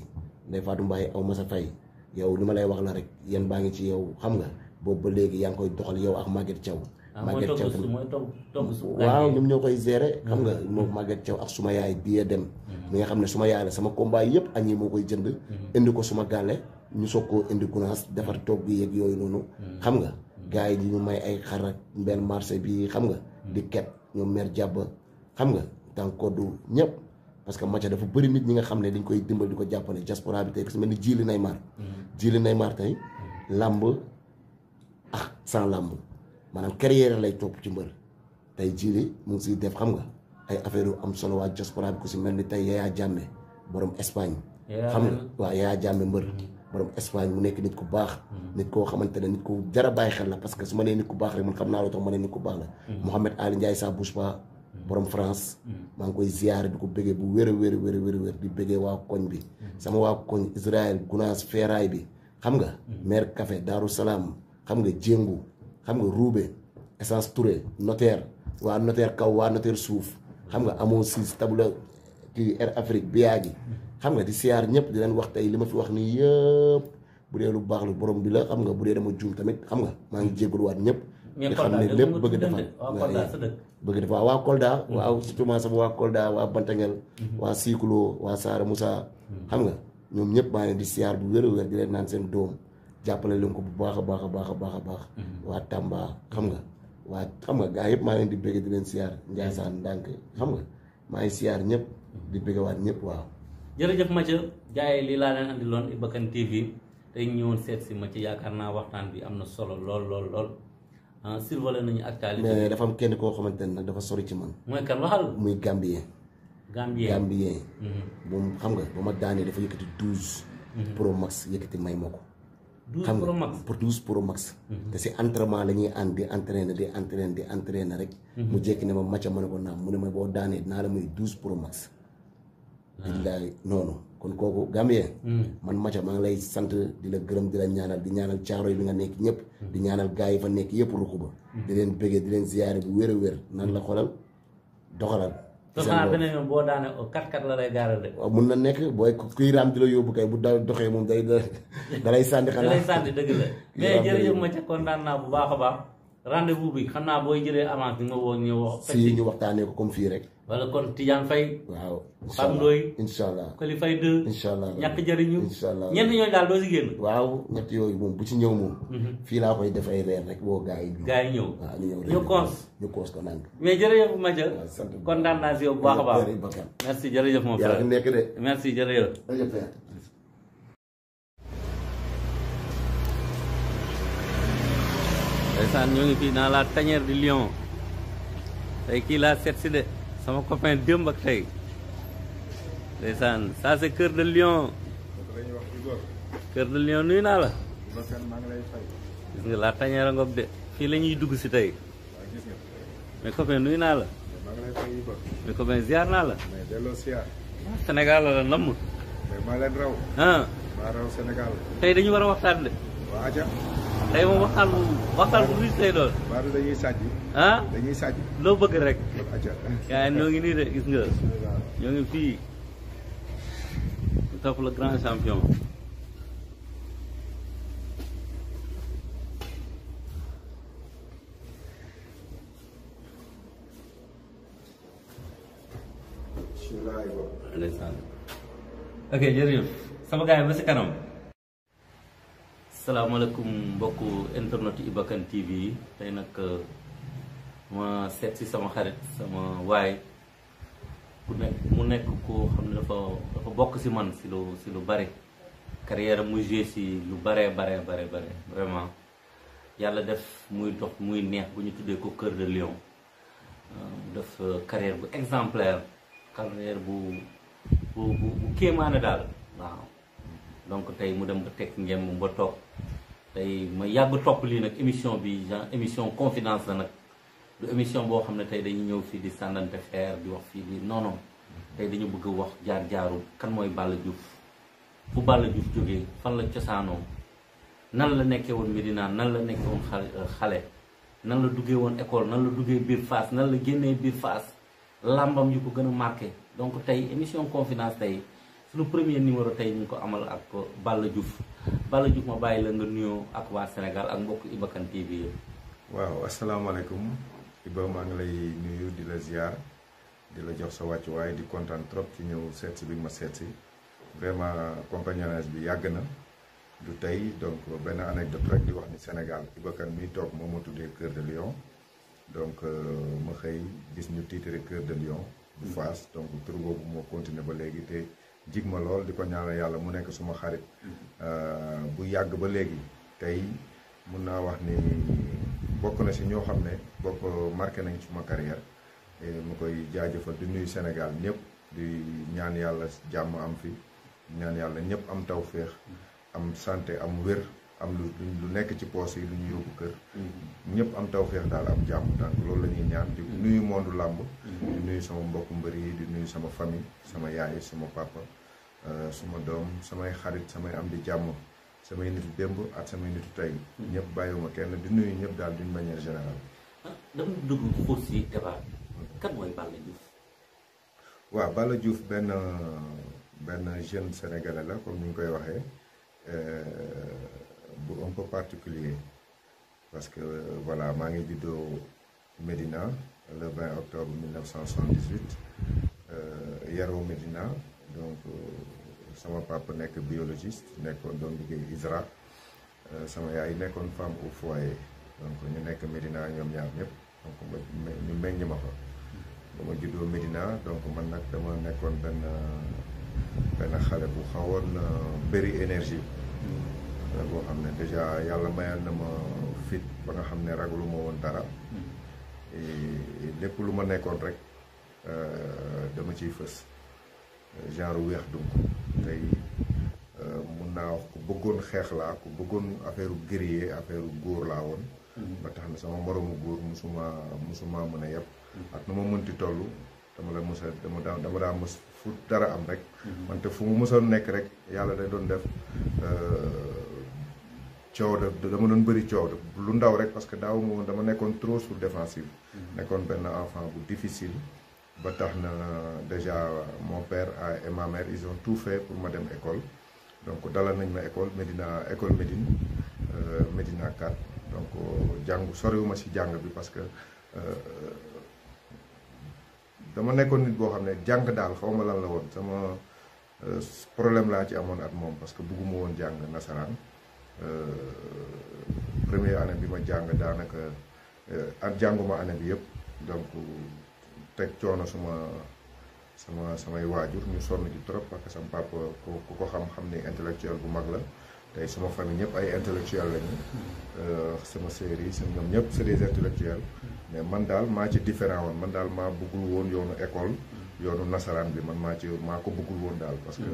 Ndeye Fatou Mbaye aw masa sa fay yow li ma lay wax la rek yan baa ngi ci yow xam nga boobu ba léegi yaa ngi koy doxal yow ak Maguette Thiaw. Ah, Maguette Thiaw waaw ñoom ñoo koy gérer. xam nga mm-hmm. moom Maguette Thiaw ak suma yaay biye dem. Mm-hmm. mi nga xam ne suma yaay la sama combat yëpp añi moo koy jënd. Mm-hmm. indi ko suma gàlle ñu soog koo indi gunaas defar toog yeeg yooyu noonu. xam nga gars yi di ñu may ay xarak mbel marché bii xam nga. di ket ñoom mer jàbb xam nga tànkodu ñëpp. parce que Mathia dafa bëri nit ñi nga xam ne dañ koy dimbal di ko jàppale diaspora bi tey ku si mel ni Djily Neymar. Djily mm-hmm. Neymar tey làmb ak ah sans làmb maanaam carrière lay topp ci mbër tey Djily mu ngi siy def xam nga ay affaire yu am solo waa diaspora bi ku si mel ni tey Yaya Jammeh borom Espagne. xam nga waaw Yaya Jammeh mbër. Mm-hmm. borom Espagne mu nekk nit ku baax. Mm-hmm. nit koo xamante ne nit ku jar a bàyyi xel la parce que su ma nee nit ku baax rek man xam naa loo tax ma borom France. maa ngi koy ziyaare di ko bëggee bu wér a wér wér wér wér di bëggee waa koñ bi. sama waa koñ Israël Gunaas Feeraay bi xam nga. maire kafe Daaru Salaam xam nga Jéngu xam nga Roubé essence Touré notaire waa notaire kaw waa notaire suuf xam nga amoo siis tabula kii Air Afrique biyaa ji xam nga di siyaar ñëpp di leen wax tey li ma fi wax nii yëpp bu dee lu baax lu borom bi la xam nga bu dee dama juum tamit xam nga maa ngi jégaluwaat ñëpp. mais xam ne lépp bëgg defal bëgg defal waa Kolda mm-hmm. waaw surtout maa sama waa Kolda waa Bantangel mm-hmm. waa Siklo waa Saara Moussa mm-hmm. xam nga ñoom ñëpp maa leen di siyaar bu wér a wér di leen naan seen doom jàppale leen ko bu baax a baax a baax a baax a baax waa Tamba xam nga waa xam nga gaa yëpp maa leen di bëgg di leen siyaar Ndiassane ndànk xam nga maa ngi siyaar ñëpp di bëggewaat ñëpp waaw jërëjëf ma gars yi lii laa leen andiloon Iba Kane TV tey ñëwoon seet si Mathia yaakaar naa waxtaan bi am na solo lool lool lool ah survolé nañu ak taalibe mais dafa am kenn koo xamante ne nag dafa sori ci man. mooy kan waxal muy Gambien. Gambien Gambien. Mhm. moom xam nga ba ma daanee dafa yëkkati douze. Mhm. pro max yëkkati may ma ko. douze pro max xam nga douze pro max. Mhm. te si entraînement la ñuy ànd di entraîner di entraîner di entraîner rek. mu jékki ne ma macha ma ne ko naam mu ne ma boo daanee dinaa la muy douze pro max. billaay noonu kon kooku Gambien. Hmm. man Macha maa ngi lay sant di la gërëm di la ñaanal di ñaanal caaro yi bi nga nekk ñëpp. di hmm. ñaanal gars yi fa nekk yépp ruku hmm. di leen bëggee di leen ziyaare bu wér a wér naan la xoolal doxalal. seen boo daane oh, kat kat la lay gaaral de. waaw mun na nekk booy kuy raam di la yóbbu kay bu da doxee moom day da lay sànni xanaa. da lay sànni dëgg la mais jërëjëf ma ca kontaan naa bu baax a baax. rendez-vous bi xam naa booy jëlee avance bi nga woo ko comme rek. wala kon Tidiane Faye. waaw incha allah Pape Ndoye. incha allah Koli Faye daal doo si génn. waaw ñett yooyu moom bu ci ñëw moom. Mhm. fii laa koy def reer rek woo gars yi. ñëw ñu koos ñu koos ko naan. mais jërëjëf Madia. waaw sant a baax. nekk de. merci jërëjëf. jërëjëf. ndeysaan ñoo ngi fii lion tey kii laa seet si de sama copain démb ak tey ndeysaan ça c'est Cœur de Lion Cœur de Lion nuyu naa la gis nga laa tañeera ngob de fii la ñuy dugg si tey mais copain nuyu naa la mais copain ziar naa la ah, Sénégal la la ah. tey dañu war a waxtaan de tey moom waxtaan bu waxtaan bu riis lay doon. waaw dañuy ah dañuy sàjji. loo bëgg rek. gaa yi ngi nii de gis nga ñoo ngi fii topp le grand champion. sama gars yi ba salaamaaleykum mbokk internet Iba Kane TV yi tey nag eh, ma seet si sama xarit sama waay ku nekk mu nekk koo xam ne dafa dafa bokk si man si lu si lu bare carrière muy joué lu bare bare bari bari vraiment yàlla def muy dox muy neex bu ñu tuddee ko Cœur de Lion euh, def euh, carrière bu exemplaire carrière bu bu bu kéemaane daal waaw donc tey mu dem ba tekk ngeen moom ba toog tey ma yàgg topp lii nag émission bi genre émission confidence la nag du émission boo xam ne tey dañu ñëw fii di sànnante xeer di wax fii di non non tey dañu bëgg a wax jaar-jaaru kan mooy Balla Diouf fu Balla Diouf jógee fan la cosaanoo nan la nekkee woon Medina nan la nekkee woon euh, xale nan la duggee woon école nan la duggee biir Fass nan la génnee biir Fass làmbam yu ko gën a marqué donc tey émission confidence tey sunu premier numéro tay ñu ko amal ak Balla Diouf Balla Diouf ma bayil la nga nuyo ak wa Sénégal ak mbokk Iba TV Wow, assalamualaikum. alaykum Iba ma ngi lay nuyu di la ziar di la jox sa way di kontaan trop ci ñew seet si bi ma seet si vraiment compagnonnage bi yag na du tay donc ben anecdote rek di wax ni Sénégal Iba mi tok toog moom moo Cœur de Lion donc euh, ma xey gis ñu titre Cœur de Lion. bu Fass donc mo continuer ba légui jig ma lool di ko ñaanal yàlla mu nekk suma xarit euh, bu yàgg ba léegi tey mun naa wax ni bokk na si ñoo xam ne bokk marqué nañ suma carrière mu koy jaajëfal di nuyu Sénégal ñëpp di ñaan yàlla jàmm am fi ñaan yàlla ñëpp am tawféex am santé am wér am lu lu nekk ci poos yi lu ñu yóbbu kër mm-hmm. ñëpp am tawféex daal am jàmm donc loolu la ñuy ñaan di nuyu mondu làmb mm-hmm. di nuyu sama mbokk mbër yi di nuy sama famille sama yaay sama papa Euh, suma doom samay xarit samay am di jàmm samay nitu démb ak samay nitu tey ñëpp bàyyiwuma kenn di nuyu ñëpp daal d'une manière générale ah, dama dugg xuus si débat kan mooy Balla Diouf waaw Balla Diouf benn benn jeune sénégalais la comme ni ñu koy waxee euh, bu un peu particulier parce que euh, voilà maa ngi juddoo Médina le 20 octobre 1978 yaroo Médina donc sama papa nekk biologiste nekkoon doon liggéey ISRA euh, sama yaay nekkoon femme au foyer donc ñu nekk Médina ñoom ñaar ñëpp donc ñu meññ ma fa. ba ma juddoo Médina donc man nag dama nekkoon benn benn xale bu xawoon euh, bari énergie. xale euh, boo xam ne déjà yàlla mayal na ma fit ba nga xam ne ragalu ma woon dara. lépp lu ma nekkoon rek dama ciy fës. genre weex donc ngay euh, mun naa wax ku bëggoon xeex laa ku bëggoon affaire guerrier affaire góor laa woon. Mhm. ba tax na sama moroomu góor musuma musuma mën a yeb. Mhm. ak nu ma mënti toll dama la mos dama daa dama daa mos fu dara am rek. Mhm. wante fu mu mosoon nekk rek yàlla day doon def. Euh, coow daf dama doon bëri coow daf lu ndaw rek parce que daaw ma woon dama nekkoon trop sur défensive. nekkoon benn enfant bu difficile. déjà mon père et ma mère, ils ont tout fait pour ma dem école. Donc, dans la école, Medina, école Medine, euh, Medina 4. Donc, Django, sorry, je suis Django parce que euh, dama nekkoon nit boo xam ne jàng daal xaw ma lan la woon sama euh, problème laa ci amoon at moom parce que bugguma woon jàng nasaraan euh, première année bi ma jàng daanaka at jànguma année bi yëpp donc teg coono sama sama samay waajur ñu sonn ci trop parce que sama papa ku ko xam-xam ne intellectuel bu mag la tey sama famille ñëpp ay intellectuel lañu euh, sama sœurs yi sama ñoom ñëpp c'est des intellectuels mais man daal maa ci différent woon man daal maa bëggul woon yoonu école yoonu nasaraan bi man maa ci maa ko bëggul woon daal parce que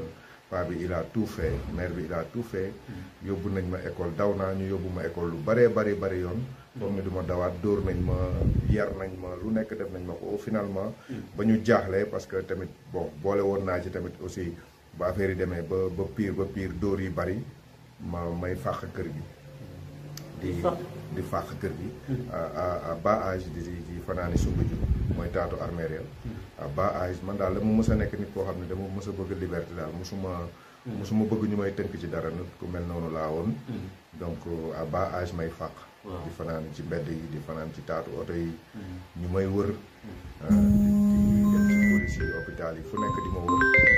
paa bi il a tout fait maire bi il a tout fait mm. yóbbu nañ ma école daw naa ñu yóbbu ma école lu baree bari bari yoon doom ne duma ma dawaat dóor nañ ma yar nañ ma lu nekk def nañ ma ko finalement hmm. ba ñu jaaxle parce que tamit bon boole woon naa ci tamit aussi ba affaire yi demee ba ba pire ba pire dóor yi bari ma may fàq kër gi di di fàq kër gi hmm. à bas âge di di fanaani sumba ju mooy taatu armériel ya. hmm. à bas âge man daal dama mës a nekk nit koo xam ne dama mës a bëgg liberté daal mosuma mosuma bëgg ñu may tënk ci dara nit ku mel noonu laa woon donc à bas âge may di fanaan ci mbedd yi di fanaan ci taatu oto yi hmm. ñu may wër hmm. ah, di ci police yi fu nekk di ma wër ah,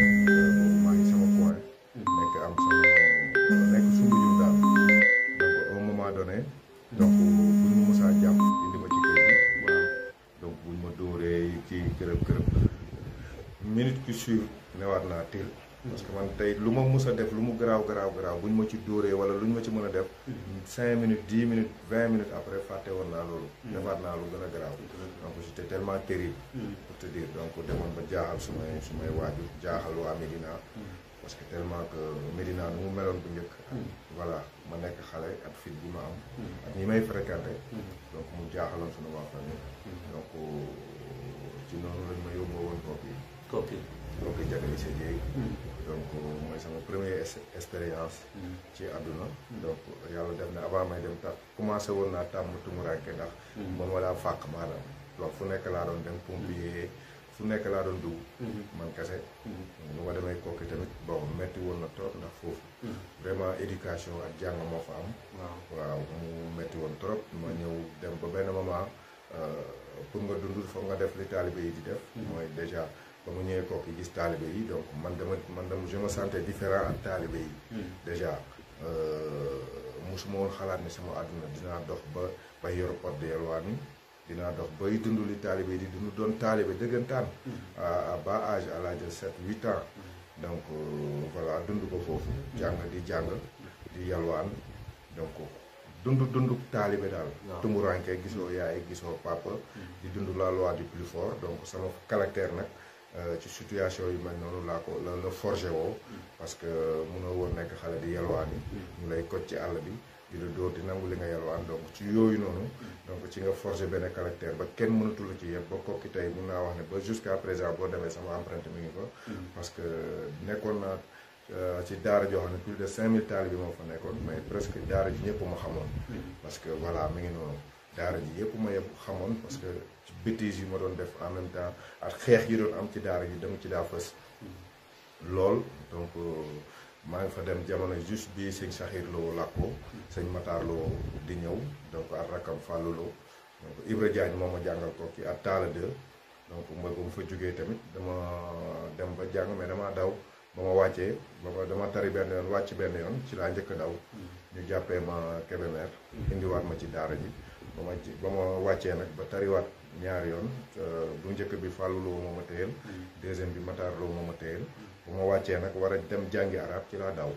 boobu maa ngi sama point hmm. nekk am ma mosaa jàpp indi ma ci kër bi donc kërëb kërëb minute qui suivre newaat naa teel parce que man tey lu ma mus a def lu mu garaaw garaaw bu ñu ma ci dóoree wala luñ ma ci mën a def. cinq minutes dix minutes vingt minutes après fàtte woon naa loolu. Hmm. defaat naa lu gën a garaaw. donc j'étais tellement terrible. Hmm. pour te dire donc demoon ba jaaxal sumay sumay waajur jaaxal waa Medina. Hmm. parce que tellement que Medina nu mu meloon bu njëkk. voilà ma nekk xale ak fit bi ma am. ak ñi may fréquenté. donc mu jaaxaloon sunu waa famille. donc euh, ci noonu lañ ma yóbboo woon kooku yi. boo ko jagle sa jéeg donc mooy sama première expérience ci àdduna donc yàlla def na avant may dem ta commencé woon naa tàmm tumuraanke ndax man walaa fàq maanaam donc fu nekk laa doon dem pompier fu nekk laa doon dugg man kese bu ma demee kooki tamit bon metti woon na trop ndax foofu vraiment éducation ak jàng moo fa am waaw mu metti woon trop ma ñëw dem ba benn moment pour nga dund foog nga def li taalibe yi di def mooy déjà ba mu ko kooku gis talibé yi donc man dama man dama je me sentais différent à talibé yi. Hmm. déjà euh, musu mo xalaat né sama aduna dina dox ba ba yor pot de yalwaan dina dox ba yi li talibé yi di dund doon talibé deugantan hmm. à ba âge à l'âge de 7 8 ans. Hmm. donc euh, voilà dundu ko fofu jang di jang di yalwaan donc. dundu dund taalibe daal tumuranke gisoo yaay gisoo papa di dundu la loi du plus fort donc sama caractère nak Euh, ci situation yu mel noonu laa ko la la forger woo parce que mënoo woon nekk xale di yalwaan yi mu lay koj ci àll bi di la dóor di nangu li nga yalwaan donc ci yooyu noonu donc ci nga forger benn caractère ba kenn mënatul la ci yëpp ba kokki tey mun naa wax ne ba jusqu'à présent boo demee sama empreinte mi ngi fa parce que nekkoon naa euh, ci daara joo xam ne plus de 5000 taalibe moo fa nekkoon mais presque daara ji ñëpp ma xamoon mm. parce que voilà mi ngi noonu daara ji yëpp ma yëpp xamoon parce bêtises yu ma doon def en même temps ak xeex yi doon am ci daara ji dama ci daa fës lool donc maa ngi fa dem jamono juste bi sëñ Saxiir Lo làkkoo sëñ Matar Lo di ñëw donc ak rakam Fallou Lo donc Ibra Diagne moo ma jàngal ko ci ak taala 2 donc mbër bu ma fa jógee tamit dama dem ba jàng mais dama daw ba ma wàccee ba ma dama tari benn yoon wàcc benn yoon ci laa njëkk daw ñu jàppee ma kebe Kébémer mm. indiwaat ma ci daara ji ba ma ba ma wàccee nag ba tariwaat ñaar yoon euh, bu njëkk bi Fallou Lo moo ma téyel mm. deuxième bi Matar Lo moo ma téyel bu ma wàccee nag war a dem jàngi arab ci laa daw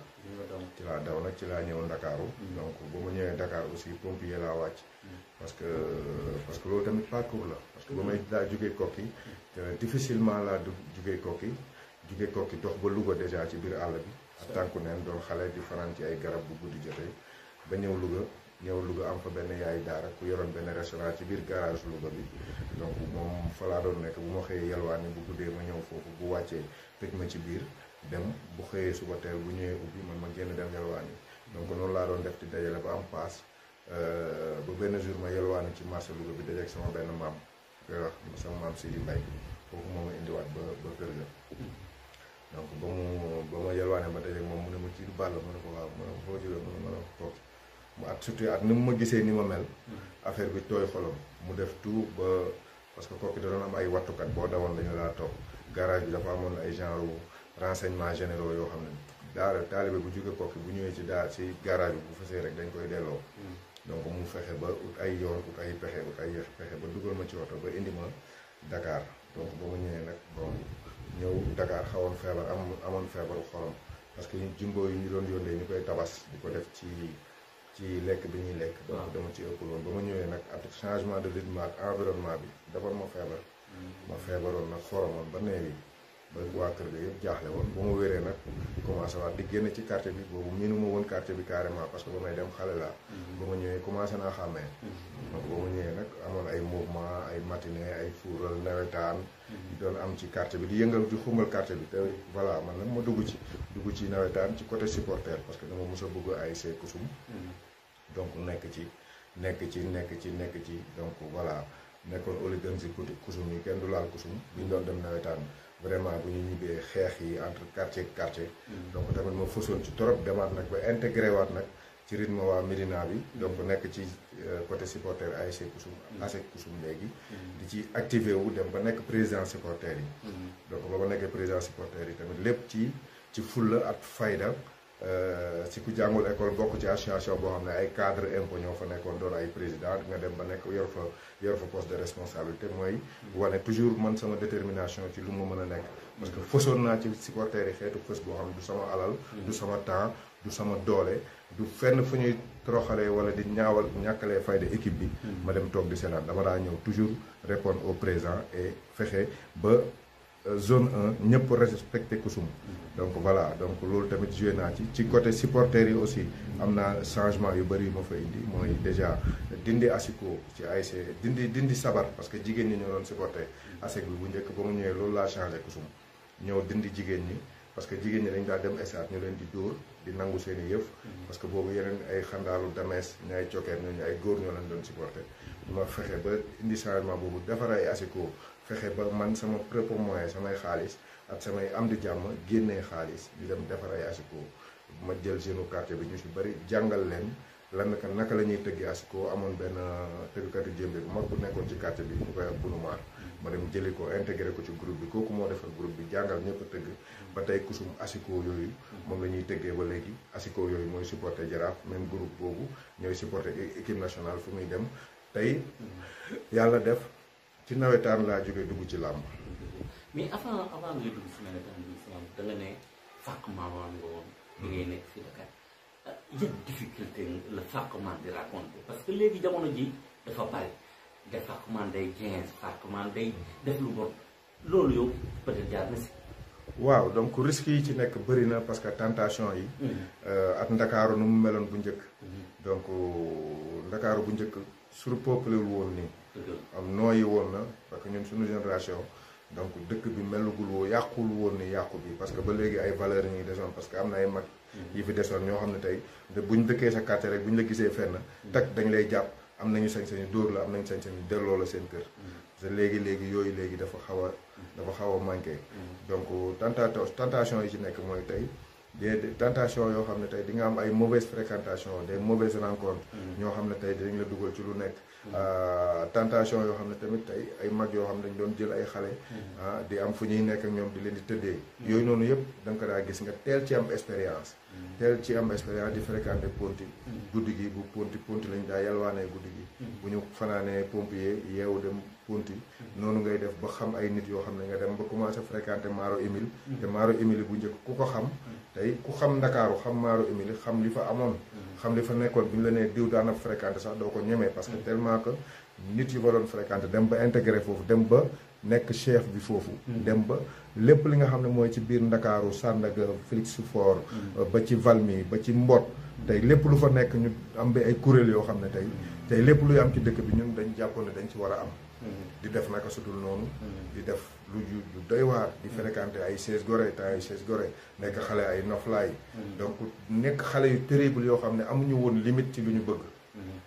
ci laa daw nag ci laa ñëw ndakaaru mm. donc bu ma ñëwee Dakar aussi pompier laa wàcc mm. parce que parce que loolu tamit parcours la parce que ba may laa jugee kokki euh, difficilement laa du jugee kokki jugee kokki dox ba Louga déjà ci biir àll bi ak tànku neen doon xale di fanaan ci ay garab bu guddi jotee ba ñëw Louga lu Louga am fa ben yaay daara ku yoron ben restaurant ci bir garage lu bi donc mom fa la doon nek bu ma xey yalwaani bu gude ma ñew fofu bu wacce tëj ma ci bir dem bu xëyee suba tay bu ñewé ubi man ma genn dem yalwaani donc non la doon def ci dajale ba am pass euh bu ben jour ma yalwaani ci marché Louga bi dajeeg sama ben mam koy wax sama mam Sidi Mbaye fofu moo ma indi wat ba ba keur ga donc ba mu ba ma yalwaane ma dajeeg mom mu ne ma ci du bàll ma ne ko wa mu ne ko jëlé mu ne ma ne ko ak surtout at ni mu ma gisee ni ma mel. affaire bi tooy xolam mu def tout ba parce que kooku da doon am ay wattukat boo dawoon dañu laa topp garage bi dafa amoon ay genre renseignements yoo xam ne daara taalibe bu jóge kooku bu ñëwee ci daal ci garage bu fasee rek dañ koy delloo. Mm. donc mu fexe ba ut ay yoon ut pexe ut ay pexe ba dugal ma ci oto ba indi ma Dakar donc ba ma ñëwee nag bon ñëw Dakar xawoon feebar am amoon feebaru xolam parce que jumbo yi ñu doon yónnee ñu koy tabas di ko def ci. ci lekk bi ñuy lekk. donc dama ci ëpp loolu ba ma ñëwee nag at changement de rythme ak environnement bi dafa ma feebar. Mm. ma feebaroon nag xoromoon ba néew ba waa kër ga yëpp jaaxle woon ba ma wéree nag commencé waat di génn ci quartier bi boobu nu ma woon quartier bi carrément parce que ba may dem xale laa. Mm. ba ma ñëwee commencé naa xàmmee. Mm. donc ba ma ñëwee nag amoon ay mouvement ay matinée ay fuural nawetaan. doon am ci quartier bi di yëngal di xumbal quartier bi te voilà man nag ma dugg ci dugg ci nawetaan ci côté supporter parce que dama mos a bëgg ASC Kusum mm-hmm. donc nekk ci nekk ci nekk ci nekk ci donc voilà si oligansi Kusum yi kenn du laal Kusum bi ñu doon dem nawetaan vraiment bu ñu ñibbee xeex yi entre quartier quartier mm-hmm. donc tamit ma fësoon ci trop demaat nag ba intégré waat nag ci rythme waa Médina bi. donc nek ci euh, côté supporter ASC Koussoum mm-hmm. ASC Koussoum léegi. di ci activé wu dem ba nek président supporter yi. Mm-hmm. donc ba ba nekkee président supporter yi tamit lepp ci ci fulla ak fayda. euh ci ku jàngul école bokk ci association bo xamné ay cadre impo ñoo fa nekkoon doon ay président nga dem ba nek yor fa yor fa poste de responsabilité mooy mm-hmm. wane toujours man sama détermination ci lu ma mën nek parce que fësoon na ci supporter yi xétu fës bo xamné du sama alal du sama temps du sama doole du fenn fu ñuy troxalee wala di ñaawal ñakalé fayda équipe bi. Hmm. ma dem tok di seetaan dama da ñëw toujours répondre au présent et fexé ba euh, zone 1 ñëpp respecté kusum. Hmm. donc voilà donc loolu tamit joué na ci ci côté supporter yi aussi. Hmm. amna changement yu bari ma fa indi moy déjà dindi asiko ci ASC dindi dindi sabar parce que jigen ñi ñoo doon supporter ASC bi bu ñëk ba mu ñëwee la changer changé kusum ñëw dindi jigen ñi parce que jigen ñi dañ da dem stade ñu leen di door di nangu seen i yëf. Mm-hmm. parce que boobu yeneen ay xandaalu damees ñaay cokkeer ñooñu ay góor ñoo leen doon supporté. ma fexe ba indi changement boobu defar ay asiko fexe ba man sama propre moyen samay xaalis ak samay am di jàmm génnee xaalis di dem defar ay asiko ma jël jeune quartier bi ñu si bëri jàngal leen lan naka naka la ñuy tëggee asiko amoon benn tëggkatu jëmbe bu mag bu nekkoon ci quartier bi ñu koy wax Bunumaar. ma dem jëli ko intégré ko ci group bi kooku moo defar groupe bi jàngal ñëpp a tëgg ba tey kusum asiko yooyu moom la ñuy tëggee ba léegi asiko yooyu mooy supporter jaraaf même groupe boobu ñooy supporter équipe nationale fu muy dem tey yàlla def ci nawetaan laa jógee dugg ci làmb mais avant avant ngay dugg ci nawetaan bi si làmb da ne fàq maawaan nga woon hmm. bi nekk fi Dakar euh, yëpp difficulté la fàq maa di raconté parce que léegi jamono ji département day quinze département day def lu bon loolu yow peut jaar na si. waaw donc risques yi ci nekk bëri na parce que tentation yi. Mm-hmm. Euh, ak ndakaaru nu mu meloon bu njëkk. Mm-hmm. donc euh, ndakaaru bu njëkk surpeuplé wul woon nii. am nooyi woon na parce que ñun suñu génération. donc dëkk bi melugul woo yàqul woon ni yàqu bi parce que ba léegi ay valeurs yi ngi desoon parce que am na ay mag. Mm-hmm. yi fi desoon ñoo xam ne tey buñ dëkkee sa quartier rek buñ la gisee fenn. tak dañ lay jàpp. am nañu sañ-sañu dóor la am nañu sañ-sañu delloo la seen kër. parce que léegi léegi yooyu léegi dafa xaw a. dafa xaw a manqué. donc tenta tentation yi ci nekk mooy tey. de tentation yoo xam ne tey di nga am ay mauvaise fréquentation des mauvaises rencontres. ñoo xam ne tey dinañ la dugal ci lu nekk. Euh, tentation yoo xam ne tamit tey ay mag yoo xam ne dañ doon jël ay xale. Ah, di am fu ñuy nekk ñoom di leen di tëddee. yooyu noonu yëpp da nga ko daa gis nga teel ci am expérience. teel ci am expérience di fréquenté ponti guddi gi bu ponti ponti lañ daa yalwaanee guddi gi bu ñu fanaanee pompier yeewu dem ponti noonu ngay def ba xam ay nit yoo xam ne nga dem ba commencé fréquenté Maro Émile te Maro Émile bu njëkk ku ko xam tey ku xam ndakaaru xam Maro Émile xam li fa amoon xam li fa nekkoon bu ñu la nee diw daana fréquenté sax doo ko ñemee parce que telement que nit yu ko doon fréquenté dem ba intégré foofu dem ba nekk chef bi foofu dem ba lépp li nga xam ne mooy ci biir Ndakaaru Sandaga Flixifort mm. ba ci Valmy ba ci Mbot tey lépp lu fa nekk ñu am bi ay kuréel yoo xam ne tey tey lépp luy am ci dëkk bi ñun dañ jàppoon ne dañ ci war a am mm-hmm. di def naka sudul noonu mm-hmm. di def lu lu doy waar di mm-hmm. fréquenté ay chaise gorée te ay chaise gorée nekk xale ay noflaay donc nekk xale yu terrible yoo xam ne amuñu woon limite ci lu ñu bëgg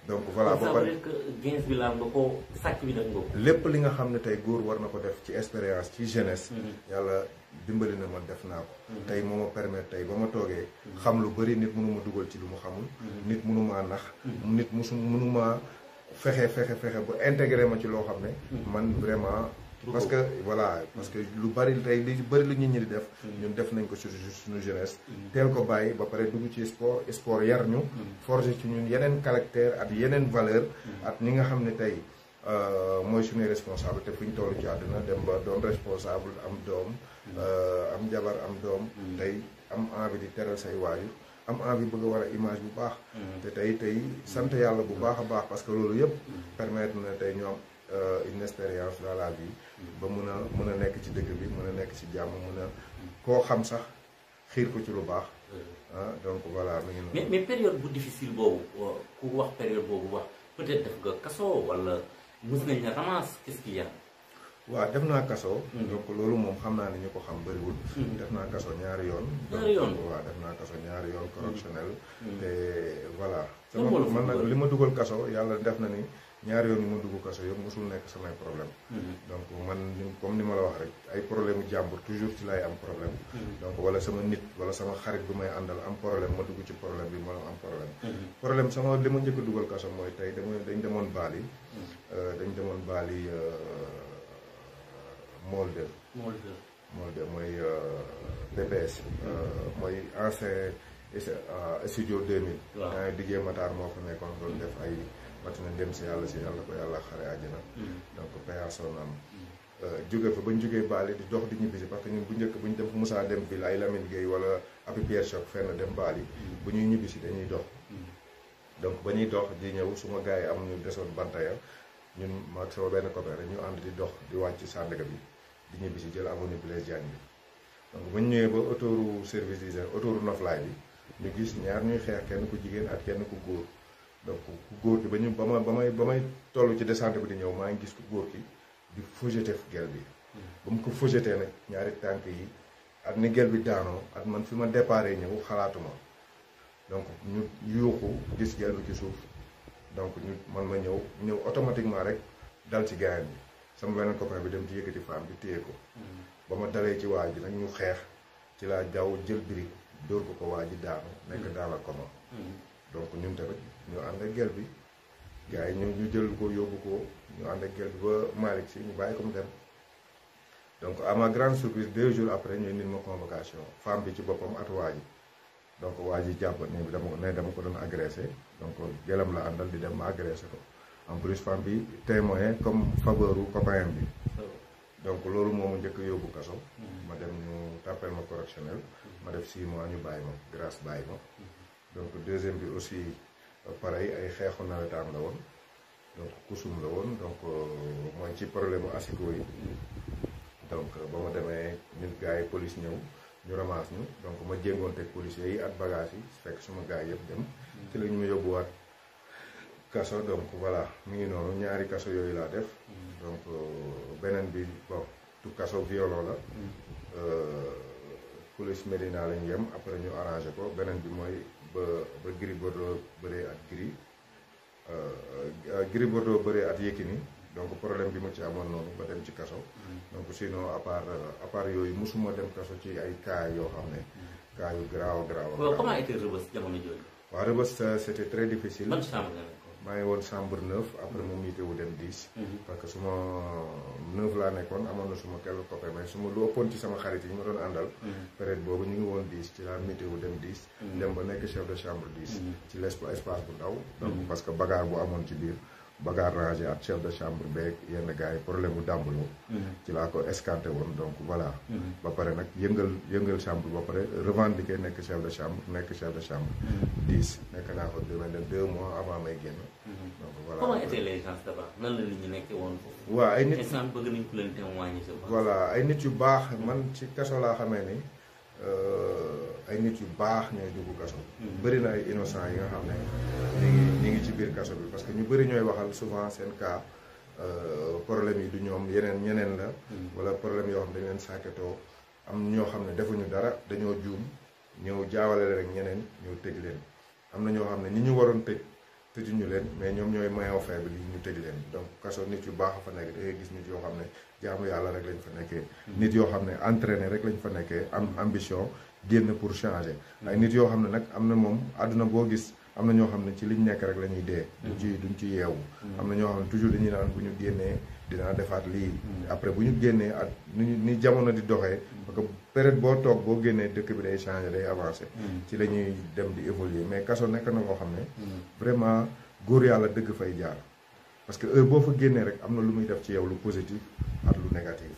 donc voilà ba pare gens ko sàcc lépp li nga xam ne tey góor war na ko def ci expérience ci jeunesse mhm. yàlla dimbali na man def naa ko mhm. tey moo ma permettre tey ba ma toogee mhm. xam lu bëri nit mënuma dugal ci lu mu xamul nit mënumaa nax nit musu mënumaa fexe fexe fexe ba intégré ma ci loo xam ne man vraiment parce que voilà parce que lu bari tey li bari lu ñu ñi di def. ñun def nañ ko sur suñu jeunesse. Mm-hmm. teel ko bàyyi ba pare dugg ci sport sport yar ñu. Mm-hmm. forger ci ñun yeneen caractère ak yeneen valeur. Mm-hmm. at ñi nga xam ne tey euh, mooy suñuy responsabilité fu ñu toll ci àdduna dem ba doon responsable am doom. Euh, am jabar am doom. tey am envie di teral say waajur. am envie bëgg a war a image bu baax. te tey tey sant yàlla bu baax a baax parce que loolu yëpp. permettre na tey ñu am euh, une expérience dans la vie. ba mun a mun a nekk ci dëgg bi mun a nekk ci jàmm mun a koo xam sax xiir ko ci lu baax. Euh. Ah, donc voilà mi ngi noonu. mais mais période bu difficile boobu euh, ku wax période boobu wax peut-être def nga kasoo wala mus nañ la ramasse qu'est-ce qu'il y a. waaw def naa kaso. Hmm. donc loolu moom xam naa ne ñu ko xam bëriwul. Hmm. def naa kaso ñaari yoon. ñaari yoon waaw def naa kaso ñaari yoon hmm. correctionnel. te voilà. sama man nag li ma dugal kaso yàlla def na ni. ñaar yoon mu dugg kaso yëpp musul nekk samay problème mhm. donc man comme ni ma la wax rek ay problème jambour toujours ci lay am problème mhm. donc wala sama nit wala sama xarit bu may andal am problème ma dugg ci problème bi ma am problème mhm. problème sama li ma ñëk duggal kasso moy tay tey dama dañ demoon Bali euh, dañ demone Bali euh, Molde Molde Molde mooy BPS euh, moy ancien studio 2000 waaw DJ Matar moko nekkon doon def ay rawatina dem si yàlla si yàlla ko yàlla xare àjjana donc payason am jóge fa bañ jógee baali di dox di ñibbisi parce que ñun bu njëkk bu ñu dem Moussa dem bi ay Lamine Gueye wala Happy Pierre Choc fenn dem baali bu ñuy ñibbisi dañuy dox donc ba ñuy dox di ñëw suma gars yi am ñu desoon bantaya ñun maag sama benn copain rek ñu ànd di dox di wàcc Sandaga bi di ñibbisi jël avenue Blaise Diagne bi donc bu ñu ba autoroute service d'hygiène autoroute noflaay bi ñu gis ñaar ñuy xeex kenn ku jigéen ak kenn ku góor donc ku góor ki ba ñu ba ma ba may ba may tollu ci descente bi di ñëw maa ngi gis ku góor ki di fojete gel bi ba mu ko fojetee nag ñaari tànk yi ak ni gel bi daanoo ak man fi ma déparé ñëw xalaatuma donc ñu yuuxu gis ci suuf donc ñu man ma ñëw ñëw automatiquement rek dal ci bi sama beneen copain bi dem ci yëkkati femme bi téye ko mm. ba ma dalee ci waa ji nag ñu xeex ci laa jaww jël birig dóor ko waa ji daanu nekk mm. daal mm. donc ñun tamit ñu and ak gel bi gaay ñu ñu jël ko yobbu ko ñu and ak gel bi ba malik ci ñu bayiko mu dem donc à ma grande surprise deux jours après ñu indil ma convocation femme bi ci bopam at waji donc waji japp ne bi dama ko ne dama ko doon agresser donc gelam la andal di dem agresser ko en plus femme bi témoin comme fabeuru copain bi donc lolu moo ma njëkk yóbbu kaso mm-hmm. ma dem ñu tapel ma correctionnel ma def six mois ñu bayima grâce bayima mm-hmm. donc deuxième bi aussi pare yi ay xeexu nawetaan la woon donc kusum la woon donc euh, mooy ci problème asiko yi donc euh, ba ma demee ñun gars yi police ñëw ñu ramasse ñu donc ma jéngoonte policiers yi at bagage yi fekk suma gars yëpp dem ci la ñu ma yóbbuwaat kaso donc voilà mu ngi noonu ñaari kaso yooyu laa def donc euh, beneen bi bon du kaso violon la mm. police Médina lañu yem après ñu arrangé ko beneen bi mooy ba ba Gris Bordeaux bëree at Gris euh, euh, Gris Bordeaux bëree at Yékini donc problème bi ma ci amoon noonu ba dem ci kaso mm. donc sinon à part euh, yooyu mosuma dem kaso ci ay cas yoo xam ne mm. cas yu graaw a waaw comment était Rebeuss jamono jooju waaw Rebeuss c'était très difficile maa ngi woon chambre neuf après moom yitewu dem dix mhm. parce que suma neuf laa nekkoon amoon na suma quelques copains mais suma lu ëppoon ci sama xarit yi ma doon àndal mhm. période boobu ñu ngi woon dix ci laa yitewu dem dix mhm. dem ba nekk chef de chambre dix ci l'espace bu ndaw donc parce que bagarre bu amoon ci biir bagaar rangé ak chef de chambre beeg yenn gars yi problème bu dàmbaloo mhm. ci laa ko escanté woon donc voilà mhm. ba pare nag yëngal yëngal chambre ba pare revendiqué nekk chef de chambre nekk chef de chambre mhm. dix nekk naa fa du mel ne deux mois avant may génn donc voilà ay nit yu baax man ci kaso laa xamee ni Euh, ay nit yu baax ñooy dugg kaso. Mm-hmm. bëri na ay innocent yi nga xam ne ñu ngi ci biir kaso bi parce que ñu bëri ñooy waxal souvent seen cas euh, problème yi du ñoom yeneen ñeneen la. Mm-hmm. wala problème yoo xam dañ leen sàkketoo am ñoo xam ne defuñu dara dañoo juum ñëw jaawale rek ñeneen ñëw tëj leen am na ñoo xam ne ñi ñu waroon tëj tëjuñu leen mais ñoom ñooy maillon faible yi ñu tëj leen donc kaso nit yu baax fa nekk da ngay gis nit yoo xam ne. jaamu yàlla rek lañ fa nekkee. nit yoo xam ne entraîné rek lañ fa nekkee am ambition génn pour changer. ay nit yoo xam ne nag am na moom àdduna boo gis am na ñoo xam ne ci liñ nekk rek la ñuy dee. Mm. duñ ci duñ ci yeewu. Mm. am na ñoo xam ne toujours dañuy naan bu ñu génnee dinaa defaat lii. Mm. après bu ñu génnee ak ni ni jamono di doxee. parce que période boo toog boo génnee dëkk bi day changer day avancer. ci la ñuy dem di évoluer mais kaso nekk na koo xam ne. vraiment góor yàlla dëgg fay jaar. parce que heure boo fa génnee rek am na lu muy def ci yow lu positif ak lu négatif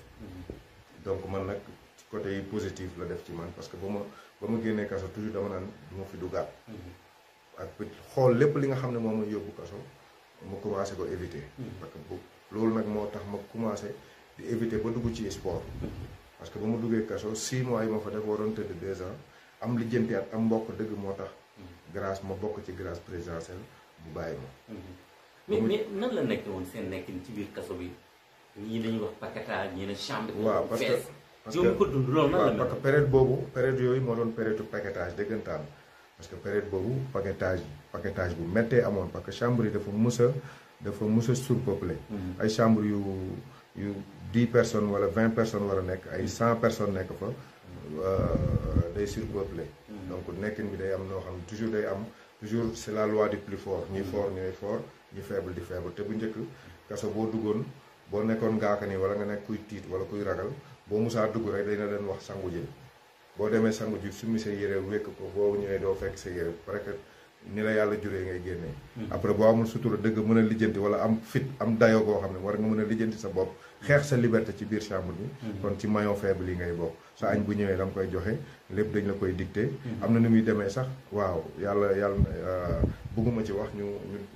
donc man nag ci côté yi positif la def ci man parce que ba ma ba ma génnee kaso toujours dama naan du ma fi duggaat mm-hmm. ak xool lépp li nga xam ne moom la yóbbu kaso ma commencé ko éviter mm-hmm. parce loolu nag moo tax ma commencé di éviter ba dugg ci sport mm-hmm. parce que ba ma duggee kaso six mois yi ma fa def waroon tëdd des am am lijjanti at am mbokk dëgg moo tax grace ma bokk ci grace présidentielle bu mais mais nan la won sen nek ni ci biir kasso bi ni dañuy wax paquetage des chambre. parce que parce que parce que période paquetage paquetage parce que chambre dafa dafa mm-hmm. ay chambre yu yu personnes wala vingt personnes wara nek ay 100 personnes nek euh, mm-hmm. donc bi day am toujours day toujours c'est la loi du plus fort ni mm-hmm. fort ni fort. ñu faible di faible te bu kasso bo boo bo nekkon nga ka ni wala nga nekk kuy tiit wala kuy ragal bo musa dugg rek dañ na leen wax sangu jël bo démé sangu jël summi sa yéré wékk ko bo ñëwee do fekk sa yéré parce que ni la yalla juré ngay génné hmm. après bo amul sutura dëgg mëna lijeenti wala am fit am dayo go xamné war nga mëna lijeenti sa bop xex sa liberté ci biir chambre bi hmm. kon ci maillon faible yi ngay bok sa añ bu ñëwé dang koy joxé lépp dañ la koy dicté hmm. amna nu sax waaw yalla yalla euh, bëgguma ci wax ñu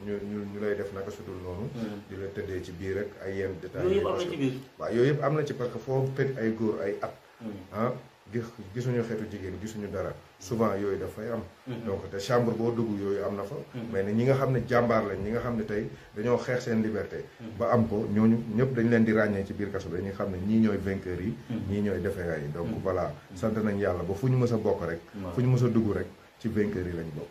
ñu ñu ñu lay def naka sudul noonu. Hmm. di la tëddee ci biir rek ay yenn détails. yooyu yëpp yooyu yëpp am na ci parce que foo pet ay góor ay at. Hmm. ah gis gisuñu xeetu jigéen gisuñu dara hmm. souvent yooyu dafay am. donc te chambre boo dugg yooyu am na fa. mais ne ñi nga xam ne jàmbaar lañ ñi nga xam ne tey dañoo xeex seen liberté. ba am ko ñooñu ñëpp dañ leen di ràññee ci biir kaso bi dañuy xam ne ñii ñooy yi. ñii ñooy defeera yi donc voilà sant nañ yàlla ba fu ñu mës a bokk rek. fu ñu mës a dugg rek ci vainqueurs yi lañ bokk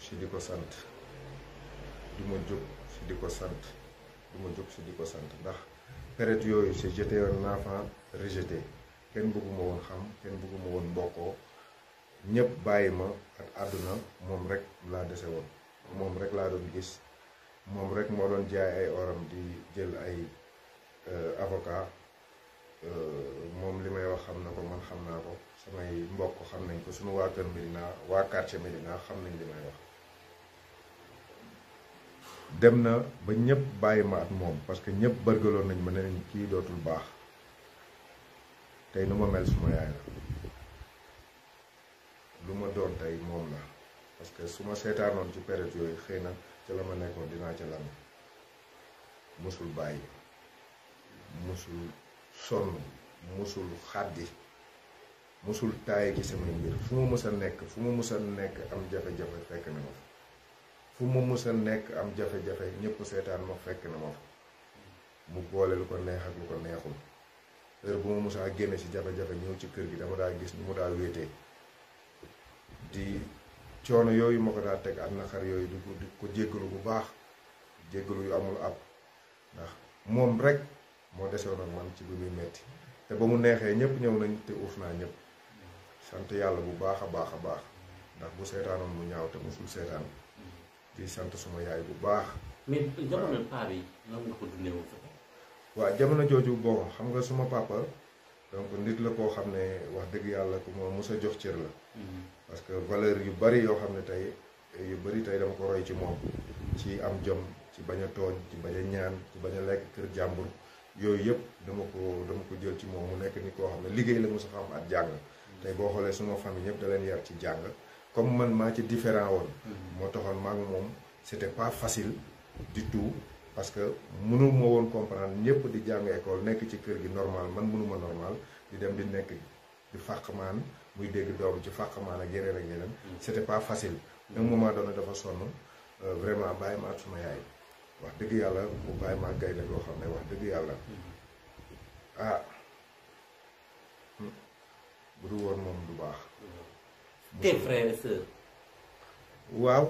si di ko sant du ma jóg si di ko sant du ma jóg si di ko sant ndax période yooyu c'est j'étais naa enfant rejeté kenn bëgguma woon xam kenn bëgguma woon mbokkoo ñëpp bàyyi ma ak àdduna moom rek laa dese woon moom rek laa gis moom rek moo doon jaay ay oram di jël ay euh, avocat euh, moom li may wax xam na ko man xam naa ko samay mbokk xam nañ ko sunu waa kër Medina waa quartier Medina xam nañ li may wax dem na ba ñëpp bàyyi ma ak moom parce que ñëpp bërgaloon nañ ma ne leen kii dootul baax tey nu ma mel suma yaay la lu ma doon tey moom la parce que su ma seetaanoon ci période yooyu xëy na ca la ma nekkoon dinaa ca lan musul bàyyi musul sonn musul xàddi musul taay ci sama mbir fu ma mës a nekk fu ma mës a nekk am jafe-jafe fekk na ma fu mu musa nek am jafe-jafe ñepp sétan ma fekk na mo mu bolé lu ko neex ak lu ko neexul heure bu mu musa génne si jafe-jafe ñew ci kër gi dama da gis mu da wété di coono yoyu mako da tek teg ak naqar yooyu di ko ko jéggalu bu baax jéggalu yu amul ab ndax mom rek mo desewoon ak man ci bu muy metti té ba mu neexee ñepp ñew nañ te uuf na ñepp sante yalla bu baaxa baaxa baax ndax bu seetaanoon mu ñaaw te musul seetaan di sant suma yaay bu baax. mais jamono waaw jamono jooju bon xam nga suma papa donc nit la koo xam ne wax dëgg yàlla ku ma mos a jox cër la. Mhm. parce que valeur yu bari yoo xam ne tey yu bari tey dama ko roy ci moom ci am jom ci bañ a tooñ ci bañ a ñaan ci bañ lekk kër jàmbur yooyu yëpp dama ko dama ko jël ci moom mu nekk ni koo xam ne liggéey la mos a xam at jàng. Mhm. tey boo xoolee suma famille ñëpp da leen yar ci jàng. comme man ma ci différent won mo hmm. taxone mak mom c'était pas facile du tout parce que mënu ma won comprendre ñepp di jàng école nek ci kër gi normal man ma normal di dem di nek di fàqmaan muy dégg doom ci fàqmaan ak yéré ak yeneen hmm. c'était pas facile hmm. un moment donné dafa sonn euh, vraiment baye ma suma yaay wax deug yalla bu baye ma gayna loo xamné wax deug yalla ah bu du woon du baax tes frères waaw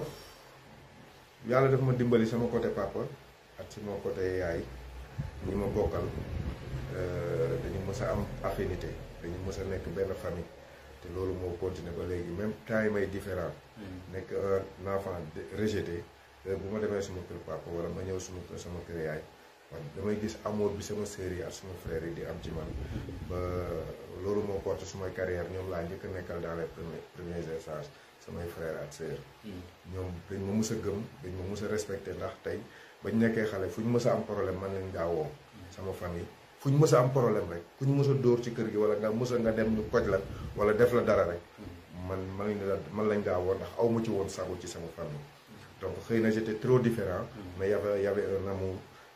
yàlla daf ma dimbali sama côté papa ak sama côté yaay ñi ma bokkal euh, dañu mës a am affinité dañu mës a nekk benn famille te loolu moo continué ba léegi même temps yi may différent hmm. nekk un enfant rejeté euh, bu ma demee suma kër papa wala ma ñëw suma sama kër yaay man damay gis amour bi sama sœur yi ak sama yi di am ci man ba loolu moo porté sumay carrière ñoom laa njëkk a nekkal dans les premiers premiers samay frère ak sœur hmm. ñoom dañ ma mës gëm dañ ma mës a respecté ndax tey bañ nekkee xale fu ñu mës a am problème man lañ daa woo sama famille fu ñu mës a am problème rek ku ñu mës a dóor ci kër gi wala nga mës nga dem ñu koj la wala def la dara rek man man man lañ daa woo ndax aw ma ci woon sago ci sama famille donc xëy na j'étais trop différent hmm. mais y avait y avait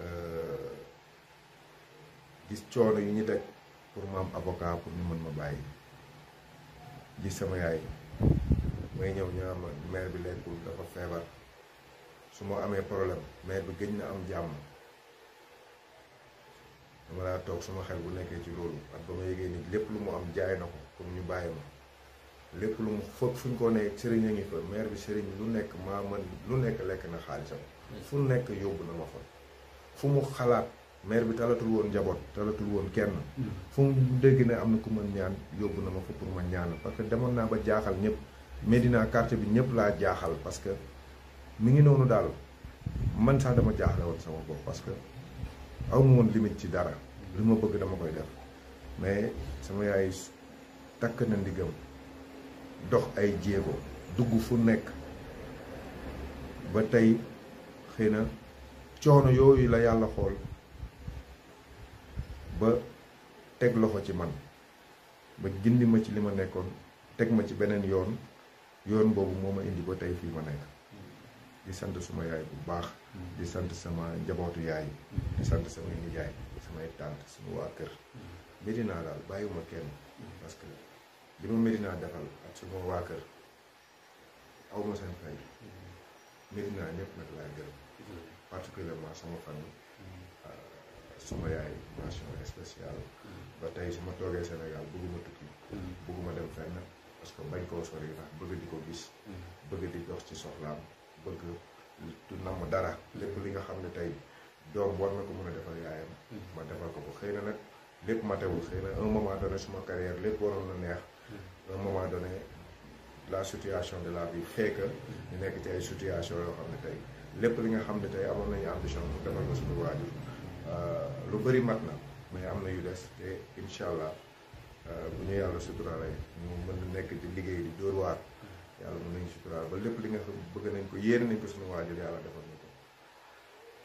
Euh, gis coono yu ñu teg pour ma am avocat pour ñu mën ma bàyyi gis sama yaay may ñëw ñu ma bi lekkul dafa feebar su ma amee problème maire bi gëj na am jàmm dama laa toog suma xel bu nekkee ci loolu ak ba ma yëgee ni lépp lu mu am jaay na ko pour ñu bàyyi ma lépp lu mu foog fu ñu ko nekk sëriñ a ngi fa maire bi sëriñ lu nekk maa man lu nekk lekk na xaalisam mm. fu nekk yóbbu na ma fa fu mu xalaat maire bi talatul woon njaboot talatul woon kenn hmm. fu mu dégg ne am na ku mën ñaan yóbbu na ma fa pour man ñaan parce que demoon naa ba jaaxal ñëpp Médina quartier bi ñëpp laa jaaxal parce que mi ngi noonu daal man sax dama jaaxle woon sama bopp parce que aw ma woon limite ci dara li ma bëgg dama koy def mais sama yaay takk na ndigam dox ay jéego dugg fu nekk ba tey xëy na coono yooyu la yàlla xool ba teg loxo ci man ba gindi ma ci li ma nekkoon teg ma ci beneen yoon yoon boobu moo ma indi ba tey fii ma nekk di sant suma yaay bu baax di sant sama njabootu yaay di sant samay nijaay samay tànt suma waa kër Médina daal bàyyiwuma kenn parce que li ma Médina defal ak suma waa kër awma seen fay Médina ñëpp nag laay gërëm particulièrement sama famille euh, suma yaay mention spéciale mm. ba tey su ma toogee Sénégal bëgguma tukki mm. bëgguma dem fenn parce que bañ koo sori ndax bëgg di ko gis mm. bëgg di dox ci soxlaam bëgg du namm dara lépp li nga xam ne tey doom war na ko mën a defal yaayam ma defal ko ko xëy na nag lépp ma tewul xëy na un moment donné suma carrière lépp waroon na neex un moment donné la situation de la vie fait ñu nekk ci ay situation yoo xam ne tey lépp li nga xam ne tey amoon nañu ambition pour defal ko suñu waajur euh, lu bari mat na mais am na yu des te incha allah euh, bu ñu yàlla suturaale ñu mën nekk di liggéey di dóor yàlla mën nañu suturaal ba lépp li nga xam bëgg nañ ko yéene nañ ko suñu waajur yàlla defal ñu ko.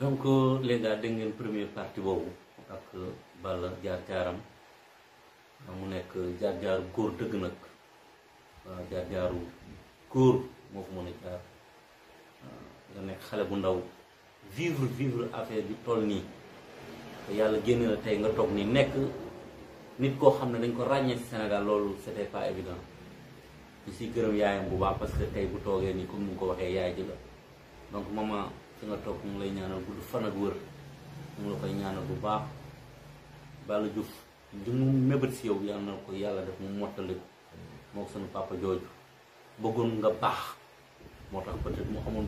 donc euh, les gars dégg ngeen première partie boobu ak Balla jaar-jaaram mu nekk jaar-jaaru góor dëgg nag waaw jaar-jaaru góor moo fa mën a jaar. nga nekk xale bu ndaw vivre vivre affaire bi toll nii te yàlla génn la tey nga toog nii nekk nit koo xam ne dañ ko ràññee ci Sénégal loolu c'était pas évident ñu siy gërëm yaayam bu baax parce que tey bu toogee nii comme ni mu ko waxee yaay ji donc maman fi nga toog mu ngi lay ñaanal gudd fan ak wër mu ngi la koy ñaanal bu baax Balla Diouf li mu mébét si yow yàlla na ko yàlla def mu mottali moo ko sunu papa jooju bëggoon nga baax moo tax peut-être mu amoon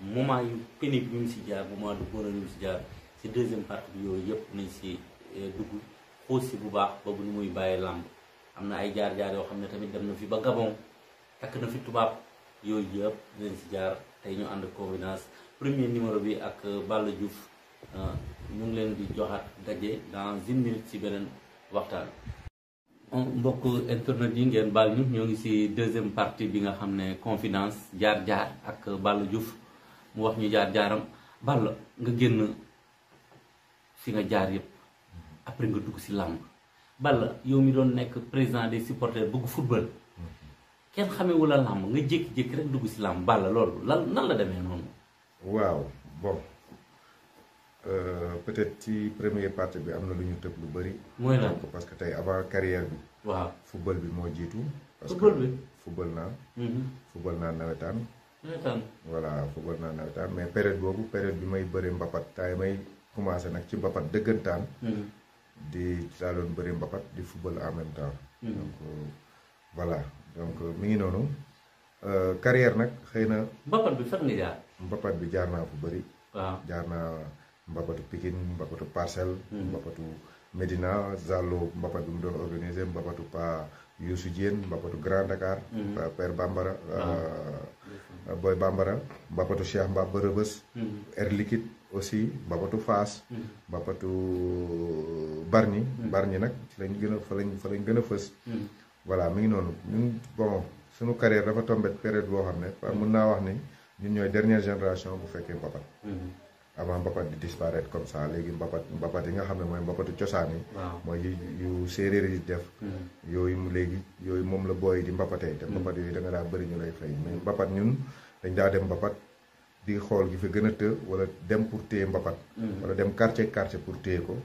moment yu pénible yu mu si jaar moment de bonheur yu mu si jaar si deuxième partie bi yooyu yëpp nañ ci eh, dugg xoos bu baax ba bu nu muy bàyyi làmb am na ay jaar-jaar yoo xam ne tamit dem na fi ba Gabon takk na fi tubaab yooyu yëpp dinañ si jaar tey ñu ànd Confiance premier numéro bi ak euh, Balla Diouf euh, ñu ngi leen di joxaat daje dans une minute si beneen waxtaan mbokk internet yi ngeen baal ñu ñoo ngi ci deuxième partie bi nga xam ne Confiance jaar-jaar ak euh, Balla Diouf mu wax ñu jaar jaaram Balla nga génn fi nga jaar yëpp après nga dugg si làmb Balla yow mi doon nekk président des supporters bëgg football kenn xamewu la làmb nga jékki-jékki rek dugg si làmb Balla loolu lan nan la demee noonu. waaw bon euh, peut-être ci premier partie bi am na lu ñu tëb lu bëri. mooy lan parce que tey avant carrière bi. waaw football bi moo jiitu. parce football que football naa. Mhm. football naa nawetaan. voilà football naa nawetaan mais période boobu période bi may bëri mbapat taay may commencé nag ci mbapat dëggantaan. di daaloon bëri mbapat di football en même temps. donc euh, voilà donc euh, mi ngi noonu euh, carrière nag xëy na. mbapat bi fan nga jaar. naa fu bëri. jaar naa mbapatu Pikine mbapatu Parcelles. Hmm. mbapatu Medina Zallo mbapat bi mu doon organisé mbapatu Pa Youssou Diène mbapatu Grand Dakar. Hmm. Père Bambara. Ah. Euh, Boy Bambara mbapatu Cheikh Mbap ba Rëbës mm-hmm. Liquide aussi mbapatu Faas mbapatu mm-hmm. euh, Bargny mm-hmm. Bargny nag ci lañ gën a fa lañ fa lañ gën a fës voilà mi ngi noonu ñun bon suñu carrière dafa tombé période boo xam ne par mun naa wax ni ñun ñooy dernière génération bu fekkee mbapat avant mbapat di disparaître comme ça léegi mbapat mbapat yi nga xam ne mooy mbapatu cosaan yi mooy yu séeréer yi def hmm. yooyu léegi yooyu moom la booy di mbapatee te hmm. mbapat yooyu da nga daa bëri ñu lay fay mais mbapat ñun dañ daa dem mbapat di xool gi fi gën a të wala dem pour téye mbapat hmm. wala dem quartier quartier pour téye ko